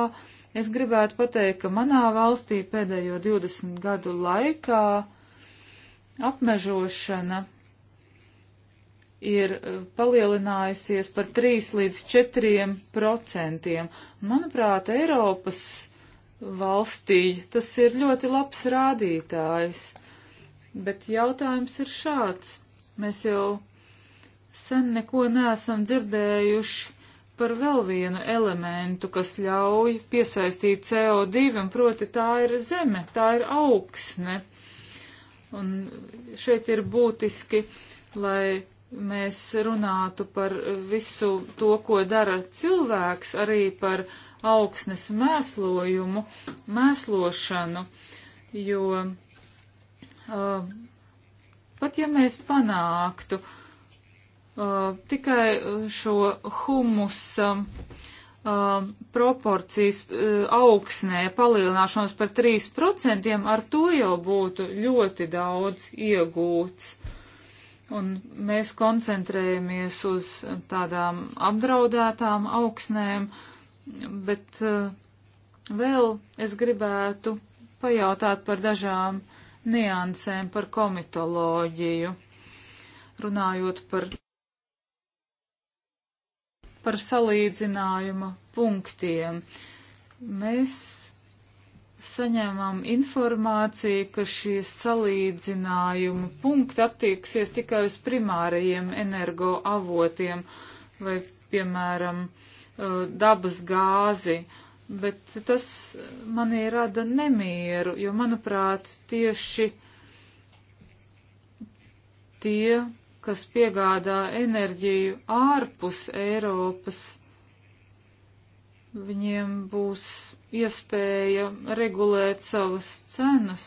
Es gribētu pateikt, ka manā valstī pēdējo 20 gadu laikā apmežošana ir e, palielinājusies par 3 līdz 4 procentiem. Manuprāt, Eiropas valstī tas ir ļoti labs rādītājs. Bet jautājums ir šāds. Mēs jau sen neko neesam dzirdējuši par vēl vienu elementu, kas ļauj piesaistīt CO2, un proti tā ir zeme, tā ir augsne. Un šeit ir būtiski, lai mēs runātu par visu to, ko dara cilvēks, arī par augsnes mēslojumu, mēslošanu, jo uh, pat ja mēs panāktu uh, tikai šo humusa uh, proporcijas augsnē palielināšanos par 3%, ar to jau būtu ļoti daudz iegūts un mēs koncentrējamies uz tādām apdraudētām augsnēm, bet eh, vēl es gribētu pajautāt par dažām niansēm par komitoloģiju, runājot par, par salīdzinājuma punktiem. Mēs saņemam informāciju, ka šīs salīdzinājuma punkti attieksies tikai uz primārajiem energoavotiem vai, piemēram, uh, dabas gāzi, bet tas manī rada nemieru, jo, manuprāt, tieši tie, kas piegādā enerģiju ārpus Eiropas, viņiem būs iespēja regulēt savas cenas.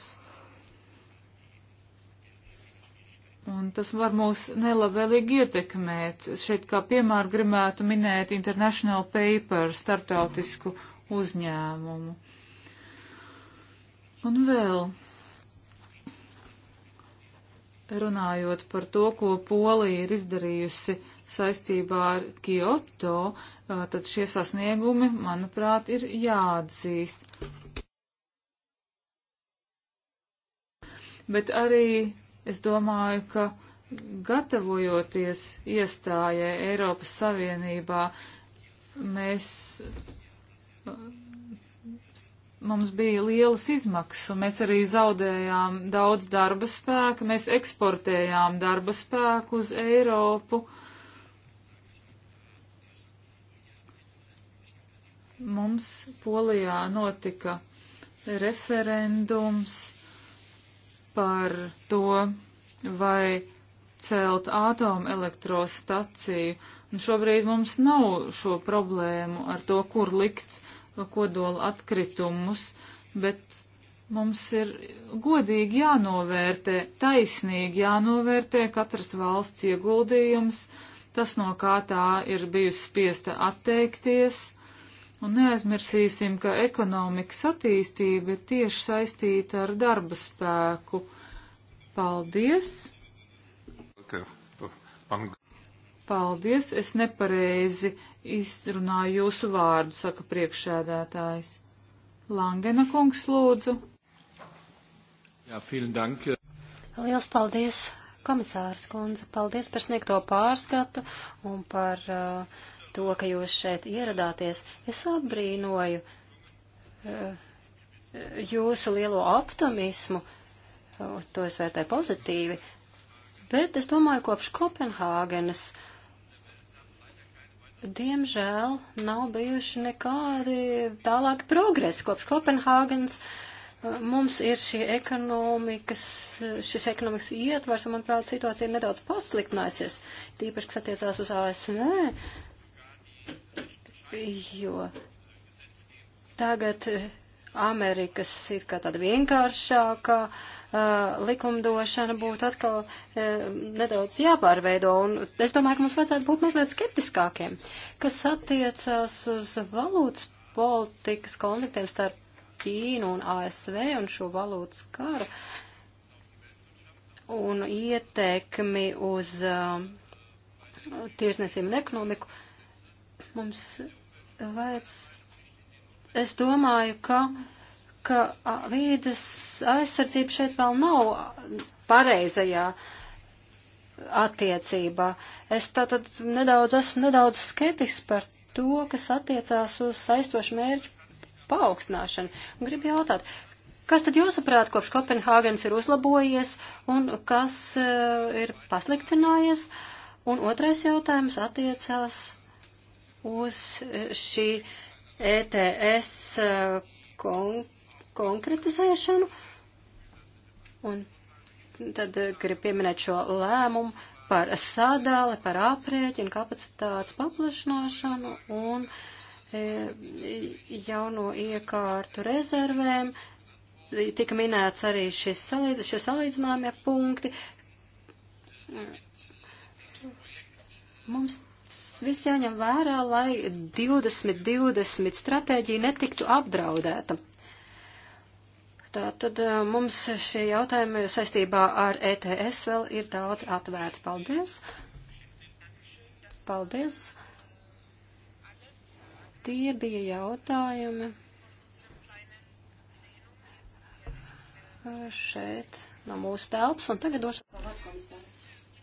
Un tas var mūs nelabvēlīgi ietekmēt. Šeit kā piemēru gribētu minēt International Paper, starptautisku uzņēmumu. Un vēl runājot par to, ko Polija ir izdarījusi saistībā ar Kyoto, tad šie sasniegumi, manuprāt, ir jāatzīst. Bet arī es domāju, ka gatavojoties iestājai Eiropas Savienībā, mēs, mums bija lielas izmaksas, un mēs arī zaudējām daudz darba spēka, mēs eksportējām darba spēku uz Eiropu. Uh, mums Polijā notika referendums par to, vai celt atomelektrostaciju. Un šobrīd mums nav šo problēmu ar to, kur likt kodola atkritumus, bet mums ir godīgi jānovērtē, taisnīgi jānovērtē katras valsts ieguldījums, tas, no kā tā ir bijusi spiesta atteikties Un neaizmirsīsim, ka ekonomikas attīstība ir tieši saistīta ar darba spēku. Paldies! Paldies, es nepareizi izrunāju jūsu vārdu, saka priekšsēdētājs. Langena kungs lūdzu. Jā, vielen dank. Liels paldies, komisārs kundze. Paldies par sniegto pārskatu un par uh, to, ka jūs šeit ieradāties. Es apbrīnoju e, jūsu lielo optimismu, to es vērtēju pozitīvi, bet es domāju, kopš Kopenhāgenes, diemžēl, nav bijuši nekādi tālāki progresi kopš Kopenhāgenes. E, mums ir šī ekonomikas, šis ekonomikas ietvars, un, manuprāt, situācija ir nedaudz pasliktinājusies, tīpaši, kas attiecās uz ASV jo tagad Amerikas it kā tāda vienkāršākā uh, likumdošana būtu atkal uh, nedaudz jāpārveido, un es domāju, ka mums vajadzētu būt mazliet skeptiskākiem, kas attiecās uz valūtas politikas konfliktiem starp Ķīnu un ASV un šo valūtas karu un ietekmi uz uh, tirsniecību un ekonomiku. Uh, Mums vajadz, es domāju, ka, ka vīdes aizsardzība šeit vēl nav pareizajā attiecībā. Es tātad nedaudz esmu nedaudz skeptisks par to, kas attiecās uz saistošu mērķu paaugstināšanu. Un gribu jautāt, Kas tad jūsuprāt kopš Kopenhāgenes ir uzlabojies un kas uh, ir pasliktinājies? Un otrais jautājums attiecās uz eh, šī ETS eh, kon konkretizēšanu. Un tad eh, gribu pieminēt šo lēmumu par sadali, par aprēķinu, kapacitātes paplašināšanu un e, jauno iekārtu rezervēm. Tika minēts arī šis salīdz, šie salīdzinājumie punkti. Mums viss jāņem vērā, lai 2020 stratēģija netiktu apdraudēta. Tātad eh, mums šie jautājumi saistībā ar ETS vēl ir daudz atvērti. Paldies! Paldies! Tie bija jautājumi šeit no mūsu telpas, un tagad došu.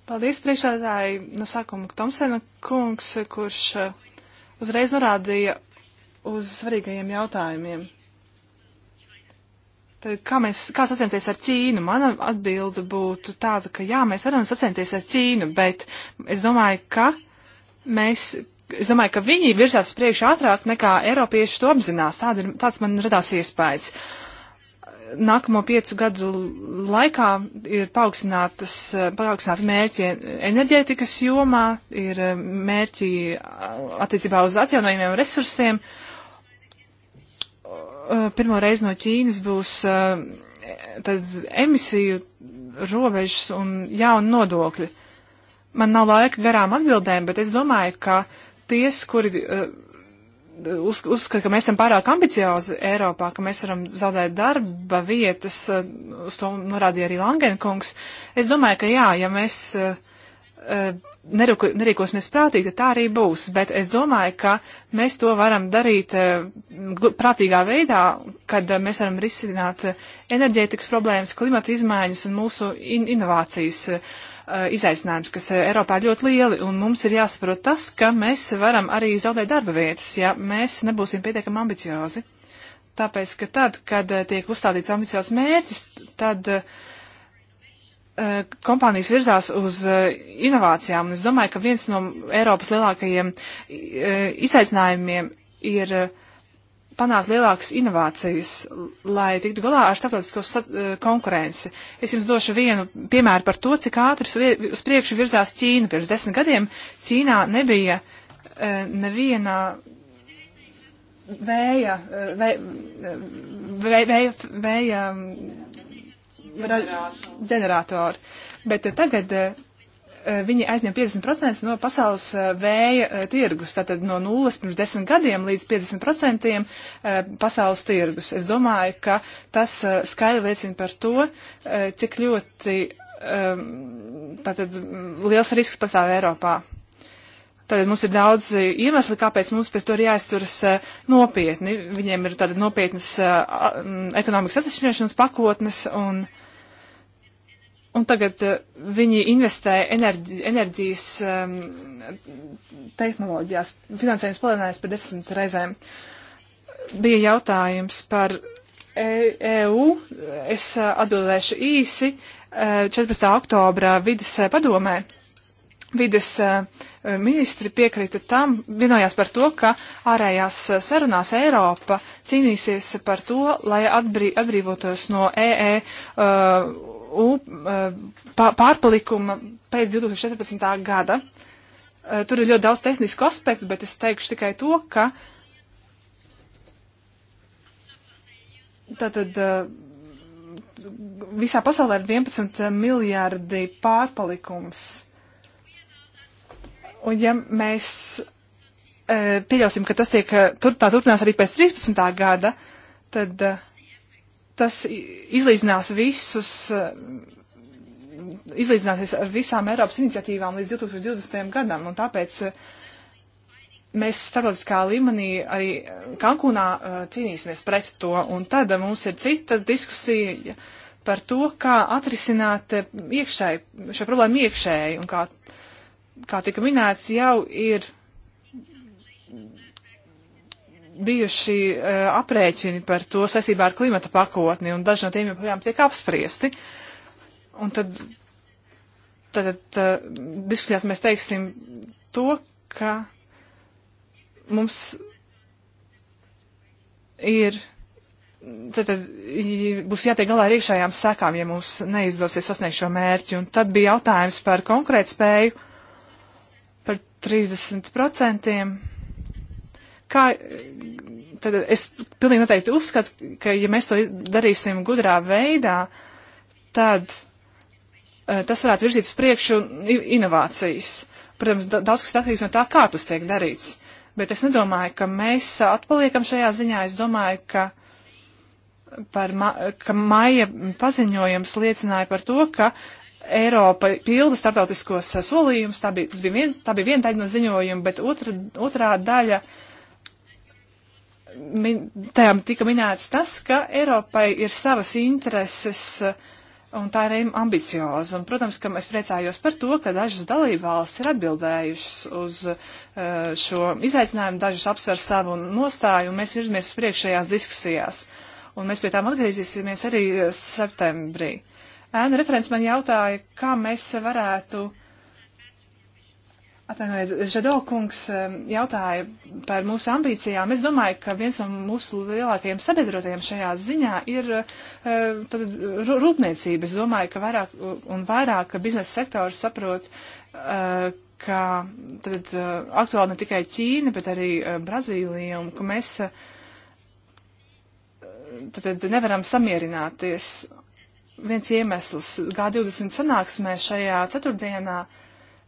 Paldies priekšādāji no sākuma Tomsena kungs, kurš eh, uzreiz norādīja uz svarīgajiem jautājumiem. Tad, kā mēs, kā sacenties ar Ķīnu? Mana atbilde būtu tāda, ka jā, mēs varam sacenties ar Ķīnu, bet es domāju, ka mēs, es domāju, ka viņi virzās uz priekšu ātrāk nekā Eiropieši to apzinās. Tāda ir, tāds man radās iespējas. Uh, nākamo piecu gadu laikā ir paaugstinātas, paaugstināti mērķi enerģētikas jomā, ir eh, mērķi attiecībā uz atjaunojumiem resursiem. Eh, pirmo reizi no Ķīnas būs eh, tad emisiju robežas un jauni nodokļi. Man nav laika garām atbildēm, bet es domāju, ka ties, kuri uh, uz, uzskata, ka mēs esam pārāk ambiciozi Eiropā, ka mēs varam zaudēt darba vietas, eh, uz to norādīja arī Langenkungs. Es domāju, ka jā, ja mēs eh, neruk, nerīkosimies prātīgi, tad tā arī būs, bet es domāju, ka mēs to varam darīt eh, prātīgā veidā, kad mēs varam risināt enerģētikas problēmas, klimata izmaiņas un mūsu in inovācijas Eh, izaicinājums, kas eh, Eiropā ir ļoti lieli, un mums ir jāsaprot tas, ka mēs varam arī zaudēt darba vietas, ja mēs nebūsim pietiekami ambiciozi. Tāpēc, ka tad, kad eh, tiek uzstādīts ambiciozs mērķis, tad kompānijas virzās uz inovācijām, un es domāju, ka viens no Eiropas lielākajiem izaicinājumiem ir panākt lielākas inovācijas, lai tiktu galā ar starptautisko eh, konkurenci. Es jums došu vienu piemēru par to, cik ātri uz priekšu virzās Ķīna. Pirms desmit gadiem Ķīnā nebija eh, neviena vēja, eh, vēja, vēja, vēja mm, ģenerātori. Bet tagad Eh, viņi aizņem 50% no pasaules eh, vēja eh, tirgus, tātad no nulles pirms desmit gadiem līdz 50% pasaules tirgus. Es domāju, ka tas skaidri liecina par to, cik ļoti ehm, tātad mm, liels risks pastāv Eiropā. Tātad mums ir daudz iemesli, kāpēc mums pēc to ir jāizturas nopietni. Viņiem ir tāda nopietnas mm, ekonomikas attašķināšanas pakotnes un uh, Un tagad uh, viņi investē enerģi, enerģijas um, tehnoloģijās. Finansējums palielinājās par desmit reizēm. Bija jautājums par e EU. Es uh, atbildēšu īsi. Uh, 14. oktobrā vidas eh, padomē vides ministri piekrita tam, vienojās par to, ka ārējās sarunās Eiropa cīnīsies par to, lai atbrī, atbrīvotos no EE uh, e, Eh, pārpalikuma pēc 2014. gada. Eh, tur ir ļoti daudz tehnisku aspektu, bet es teikšu tikai to, ka tātad eh, visā pasaulē ir 11 miljārdi pārpalikums. Un ja mēs pieļausim, ka tas tiek, tur, tā turpinās arī pēc 13. gada, tad uh, tas izlīdzinās visus, e, izlīdzināsies ar visām Eiropas iniciatīvām līdz 2020. gadam, un tāpēc e, mēs starptautiskā līmenī arī Kankūnā e, cīnīsimies pret to, un tad mums ir cita diskusija par to, kā atrisināt iekšēji, šo problēmu iekšēji, un kā, kā tika minēts, jau ir bijuši e, aprēķini par to saistībā ar klimata pakotni, un daži no tiem joprojām tiek apspriesti. Un tad, tad, tad diskusijās mēs teiksim to, ka mums ir. Tad, tad būs jātiek galā ar iekšējām sekām, ja mums neizdosies sasniegt šo mērķi. Un tad bija jautājums par konkrētspēju, par 30% kā, tad es pilnīgi noteikti uzskatu, ka ja mēs to darīsim gudrā veidā, tad uh, tas varētu virzīt uz priekšu inovācijas. Protams, da, daudz kas atkarīgs no tā, kā tas tiek darīts. Bet es nedomāju, ka mēs eh, atpaliekam šajā ziņā. Es domāju, ka, par, ma ka maija paziņojums liecināja par to, ka Eiropa pilda starptautiskos eh, solījumus. Tā bija, bija viena vien daļa no ziņojuma, bet otra, otrā daļa uh, min, tajām tika minēts tas, ka Eiropai ir savas intereses uh, un tā ir ambicioza. Un, protams, ka es priecājos par to, ka dažas dalībvalstis ir atbildējušas uz uh, šo izaicinājumu, dažas apsver savu nostāju un mēs virzamies uz priekšējās diskusijās. Un mēs pie tām atgriezīsimies arī uh, septembrī. Ēnu referents man jautāja, kā mēs varētu uh, Atvainojiet, Žadokungs um, jautāja par mūsu ambīcijām. Es domāju, ka viens no mūsu lielākajiem sabiedrotajiem šajā ziņā ir uh, tad, rūpniecība. Es domāju, ka vairāk un vairāk biznesa sektors saprot, uh, ka tad, uh, aktuāli ne tikai Ķīna, bet arī Brazīlija un ka mēs tad, nevaram samierināties. Viens iemesls G20 sanāksmē šajā ceturtdienā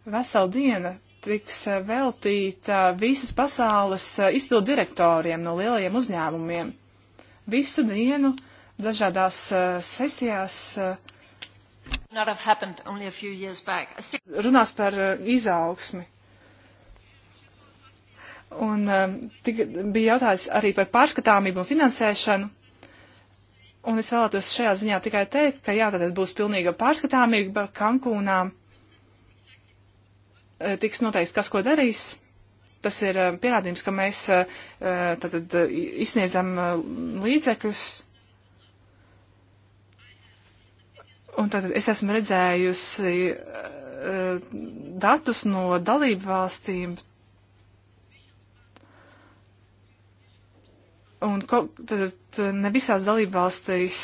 vesela diena tiks eh, veltīta visas pasaules eh, izpildu direktoriem no lielajiem uzņēmumiem. Visu dienu dažādās eh, sesijās runās par izaugsmi. Un tik, bija jautājums arī par pārskatāmību un finansēšanu. Un es vēlētos šajā ziņā tikai teikt, ka jā, tad būs pilnīga pārskatāmība Kankūnām Eh, tiks noteikts, kas ko darīs. Tas ir eh, pierādījums, ka mēs eh, tātad izsniedzam līdzekļus. Un tātad es esmu redzējusi datus no dalību valstīm. Un ko, tad ne visās dalību valstīs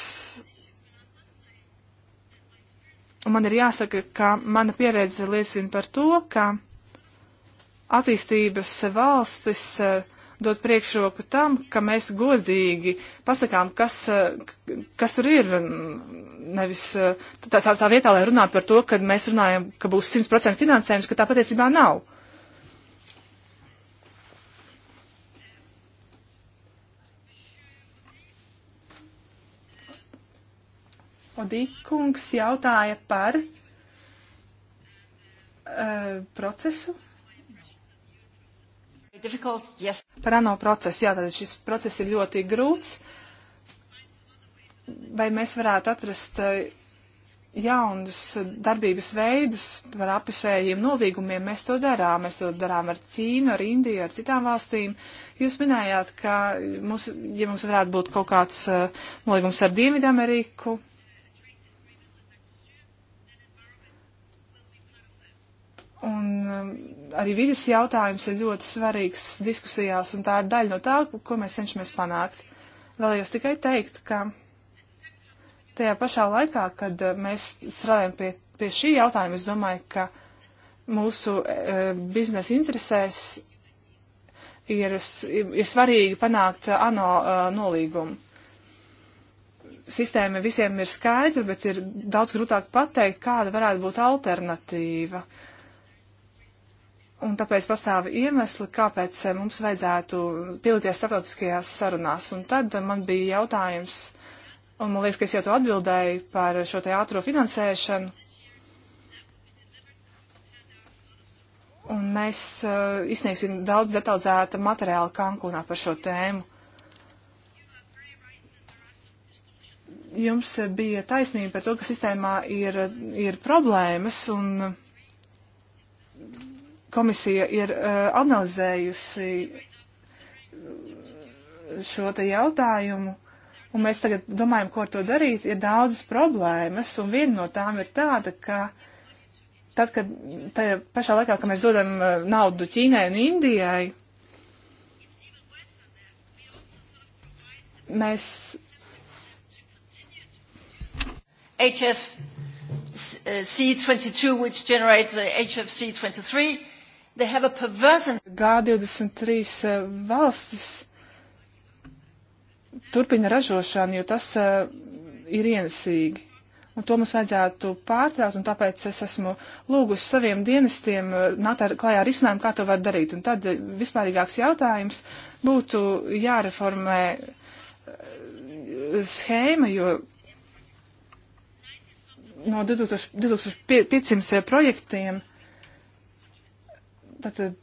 Un man ir jāsaka, ka mana pieredze liecina par to, ka attīstības valstis eh, dod priekšroku tam, ka mēs godīgi pasakām, kas, eh, kas tur ir. Nevis eh, tā, tā, tā vietā, lai runātu par to, ka mēs runājam, ka būs 100% finansējums, ka tā patiesībā nav. Odīkungs jautāja par uh, procesu. Yes. Par ANO procesu, jā, tad šis process ir ļoti grūts. Vai mēs varētu atrast uh, jaunus darbības veidus par apusējiem nolīgumiem. Mēs to darām. Mēs to darām ar Ķīnu, ar Indiju, ar citām valstīm. Jūs minējāt, ka mums, ja mums varētu būt kaut kāds uh, nolīgums ar Dienvidameriku, Un um, arī vidas jautājums ir ļoti svarīgs diskusijās, un tā ir daļa no tā, ko mēs cenšamies panākt. Vēlējos tikai teikt, ka tajā pašā laikā, kad uh, mēs strādājam pie, pie šī jautājuma, es domāju, ka mūsu e, biznesa interesēs ir, ir svarīgi panākt uh, ANO e, nolīgumu. Sistēma visiem ir skaidra, bet ir daudz grūtāk pateikt, kāda varētu būt alternatīva. Uh, Un tāpēc pastāv iemesli, kāpēc eh, mums vajadzētu pielīties starptautiskajās sarunās. Un tad eh, man bija jautājums, un man liekas, ka es jau to atbildēju par šo te ātro finansēšanu. Un mēs uh, izsniegsim daudz detalizēta materiāla Kankūnā par šo tēmu. Jums bija taisnība par to, ka sistēmā ir, ir problēmas un Komisija ir uh, analizējusi uh, šo te jautājumu, un mēs tagad domājam, ko ar to darīt. Ir daudzas problēmas, un viena no tām ir tāda, ka tad, kad tajā pašā laikā, kad mēs dodam uh, naudu Ķīnai un Indijai, mēs. HF C22, which generates HFC23, perversion... G23 eh, valstis turpina ražošanu, jo tas uh, ir ienesīgi. Un to mums vajadzētu pārtraukt, un tāpēc es esmu lūgusi saviem dienestiem eh, nākt ar klājā ar izcinājumu, kā to var darīt. Un tad vispārīgāks jautājums būtu jāreformē schēma, jo no 2500 projektiem Tātad.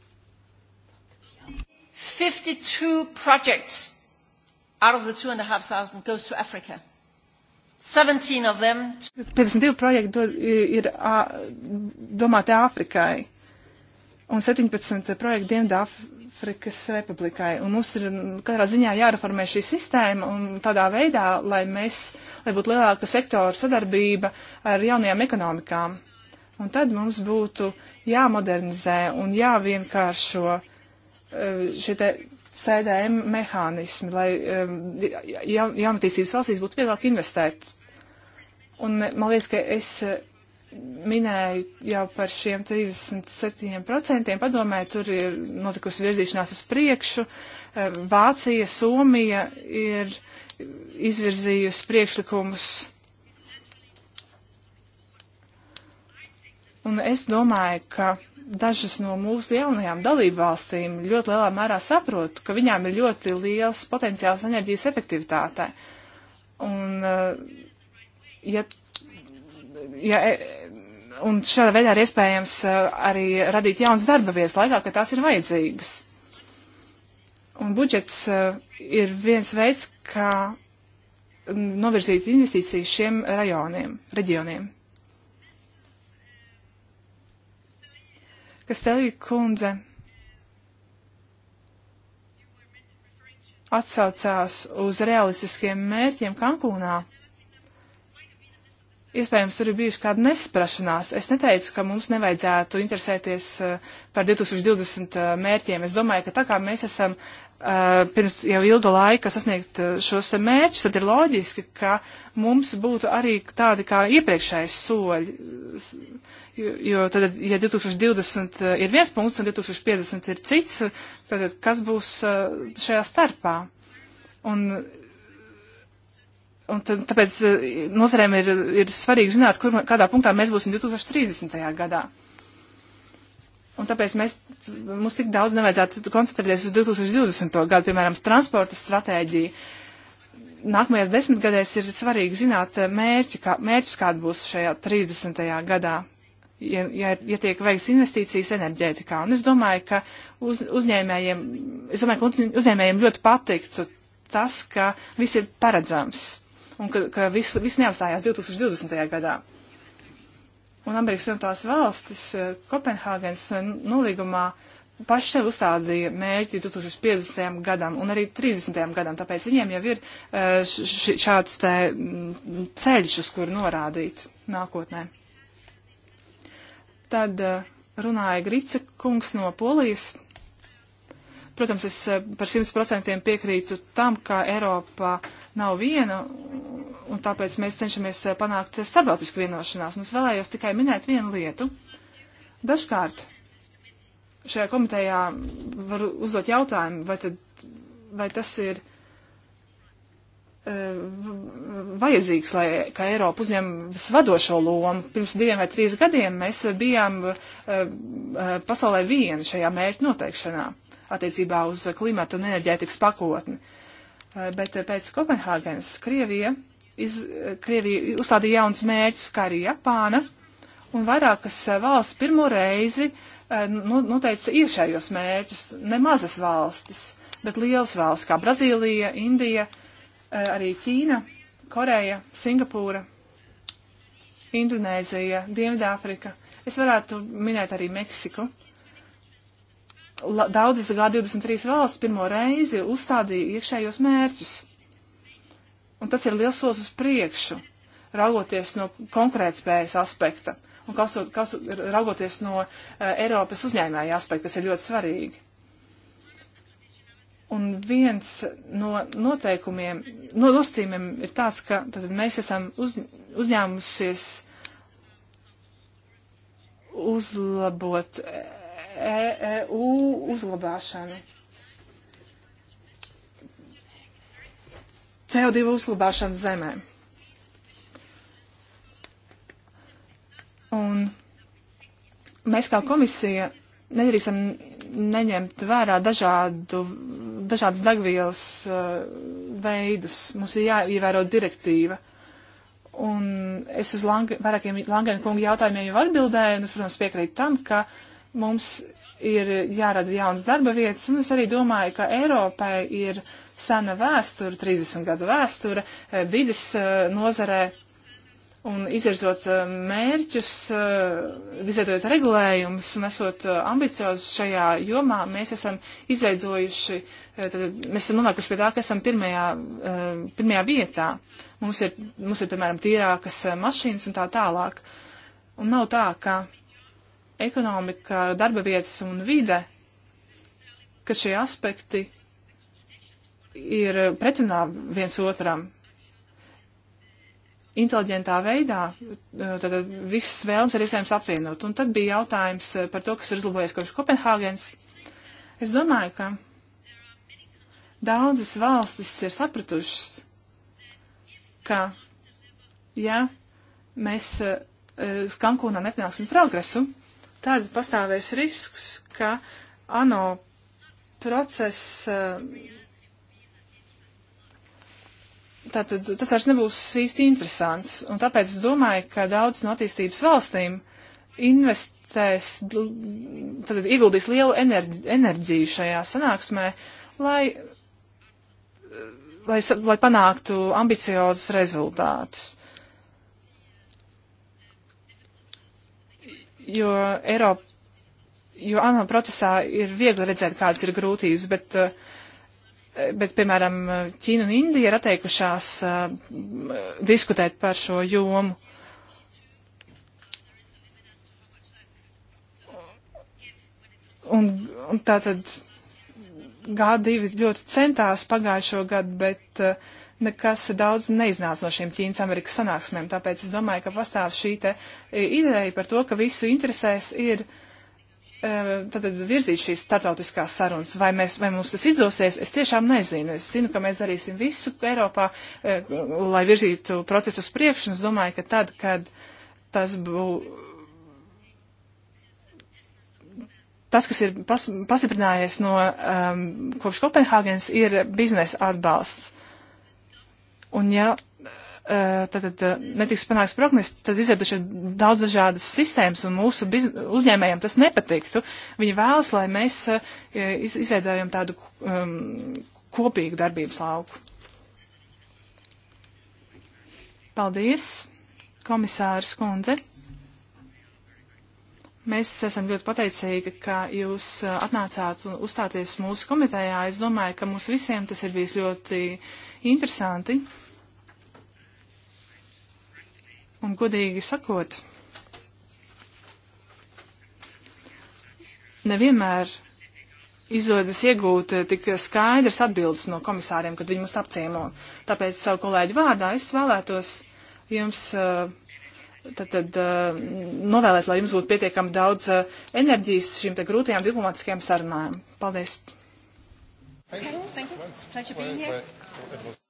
52 projects out of the 2,500 goes to Africa. 17 of them. 52 projekti do, ir, ir domāti Āfrikai un 17 projekti Dienvidāfrikas republikai. Un mums ir katrā ziņā jāreformē šī sistēma un tādā veidā, lai mēs, lai būtu lielāka sektora sadarbība ar jaunajām ekonomikām. Un tad mums būtu jāmodernizē un jāvienkāršo eh, šie te sēdējumi mehānismi, lai ehm, ja, jaunatīstības valstīs būtu vieglāk investēt. Un man liekas, ka es eh, minēju jau par šiem 37%, padomē, tur ir notikusi virzīšanās uz priekšu. Eh, Vācija, Somija ir izvirzījusi priekšlikumus Un es domāju, ka dažas no mūsu jaunajām dalībvalstīm ļoti lielā mērā saprot, ka viņām ir ļoti liels potenciāls enerģijas efektivitātei. Un, eh, ja, ja, eh, un šādā veidā ir iespējams eh, arī radīt jaunas darba vietas laikā, kad tās ir vajadzīgas. Un budžets ir viens veids, kā novirzīt investīcijas šiem rajoniem, reģioniem. kas teļu kundze atsaucās uz realistiskiem mērķiem Kankūnā. Iespējams, tur ir bijuši kāda nesaprašanās. Es neteicu, ka mums nevajadzētu interesēties eh, par 2020 eh, mērķiem. Es domāju, ka tā kā mēs esam Eh, pirms jau ilga laika sasniegt eh, šos mērķus, tad ir loģiski, ka mums būtu arī tādi kā iepriekšējais soļi. Jo, jo tad, ja 2020 eh, ir viens punkts un 2050 ir cits, tad kas būs šajā starpā? Un, un tad, tāpēc nozarēm ir, ir svarīgi zināt, kur, kādā punktā mēs būsim 2030. gadā. Uh, un tāpēc mēs, mums tik daudz nevajadzētu koncentrēties uz 2020. gadu, piemēram, transporta stratēģiju. Nākamajās desmitgadēs ir svarīgi zināt eh, mērķi, kā, mērķus, kāda būs šajā 30. gadā, ja, ja, ja tiek veikts investīcijas enerģētikā. Un es domāju, ka uz, uzņēmējiem, es domāju, ka uzņēmējiem ļoti patiktu tas, ka viss ir paredzams un ka, ka viss, viss neatstājās 2020. gadā un Amerikas Savienotās valstis eh, Kopenhāgenes eh, nolīgumā paši sev uzstādīja mērķi 2050. gadam un arī 30. gadam, tāpēc viņiem jau ir eh, šāds te mm, ceļš, uz kuru norādīt nākotnē. Tad runāja Grice kungs no Polijas. Protams, es par 100% piekrītu tam, ka Eiropā nav viena un tāpēc mēs cenšamies eh, panākt starptautisku vienošanās. Un es vēlējos tikai minēt vienu lietu. Dažkārt šajā komitejā var uzdot jautājumu, vai, tad, vai tas ir eh, vajadzīgs, lai kā Eiropa uzņem vadošo lomu. Pirms diviem vai trīs gadiem mēs bijām eh, pasaulē vieni šajā mērķu noteikšanā attiecībā uz klimatu un enerģētikas pakotni. Bet pēc Kopenhāgenes Krievija iz, Krievija uzstādīja jaunus mērķus, kā arī Japāna, un vairākas eh, valsts pirmo reizi eh, nu, noteica iešējos mērķus, ne mazas valstis, bet liels valsts kā Brazīlija, Indija, eh, arī Ķīna, Koreja, Singapūra, Indonēzija, Dienvidāfrika. Es varētu minēt arī Meksiku. Daudzas G23 valsts pirmo reizi uzstādīja iekšējos mērķus Un tas ir liels solis uz priekšu, raugoties no konkurētspējas aspekta un kas, kas raugoties no uh, Eiropas uzņēmēja aspekta, kas ir ļoti svarīgi. Un viens no noteikumiem, no nosacījumiem ir tāds, ka tad mēs esam uz, uzņēmusies uzlabot EU e, uzlabāšanu. CO2 uzglabāšanu zemē. Un mēs kā komisija nedrīkstam neņemt vērā dažādu, dažādas degvielas uh, veidus. Mums ir jāievēro direktīva. Un es uz lang vairākiem Langēna kunga jautājumiem jau atbildēju, un es, protams, piekrītu tam, ka mums ir jārada jaunas darba vietas, un es arī domāju, ka Eiropai ir sena vēsture, 30 gadu vēsture eh, vides eh, nozarē un izvirzot eh, mērķus, izveidojot regulējumus un esot ambiciozi šajā jomā, mēs esam izveidojuši, tad mēs esam nonākuši pie tā, ka esam pirmajā, pirmajā vietā. Mums ir, mums ir, piemēram, tīrākas mašīnas un tā tālāk. Un nav tā, ka ekonomika, darba vietas un vide, ka šie aspekti ir pretrunā viens otram. Inteliģentā veidā tad visas vēlmes ir iespējams apvienot. Un tad bija jautājums par to, kas ir uzlabojies kopš Kopenhāgens. Es domāju, ka daudzas valstis ir sapratušas, ka, ja mēs Skankūnā eh, nepanāksim progresu, tad pastāvēs risks, ka ANO process eh, Tātad tas vairs nebūs īsti interesants, un tāpēc es domāju, ka daudz no attīstības valstīm investēs, tad ieguldīs lielu enerģi, enerģiju šajā sanāksmē, lai, lai, lai panāktu ambiciozus rezultātus. Jo Eiropa, jo ANO procesā ir viegli redzēt, kādas ir grūtības, bet uh, bet, piemēram, Ķīna un Indija ir atteikušās uh, diskutēt par šo jomu. Un, un tā tad G2 ļoti centās pagājušo gadu, bet uh, nekas daudz neiznāca no šiem Ķīnas Amerikas sanāksmēm. Tāpēc es domāju, ka pastāv šī te eh, ideja par to, ka visu interesēs ir uh, Ehm, tātad virzīt šīs startautiskās sarunas. Vai, mēs, vai mums tas izdosies, es tiešām nezinu. Es zinu, ka mēs darīsim visu Eiropā, ehm, lai virzītu procesu uz priekšu. Es domāju, ka tad, kad tas būs. Tas, kas ir pas, pasiprinājies no um, kopš Kopenhāgenes, ir biznesa atbalsts. Un ja tātad eh, eh, netiks panāks progress, tad izveidošies daudz dažādas sistēmas, un mūsu biz, uzņēmējiem tas nepatiktu. Viņi vēlas, lai mēs eh, iz, izveidojam tādu um, kopīgu darbības lauku. Paldies, komisārs kundze. Mēs esam ļoti pateicīgi, ka jūs atnācāt un uzstāties mūsu komitejā. Es domāju, ka mums visiem tas ir bijis ļoti interesanti. Un godīgi sakot, nevienmēr izdodas iegūt eh, tik skaidrs atbildes no komisāriem, kad viņi mūs apciemo. Tāpēc savu kolēģu vārdā es vēlētos jums eh, tad, tad, eh, novēlēt, lai jums būtu pietiekami daudz enerģijas šīm te grūtajām diplomatiskajām sarunām. Paldies! Thank you. Thank you. It's a pleasure being here.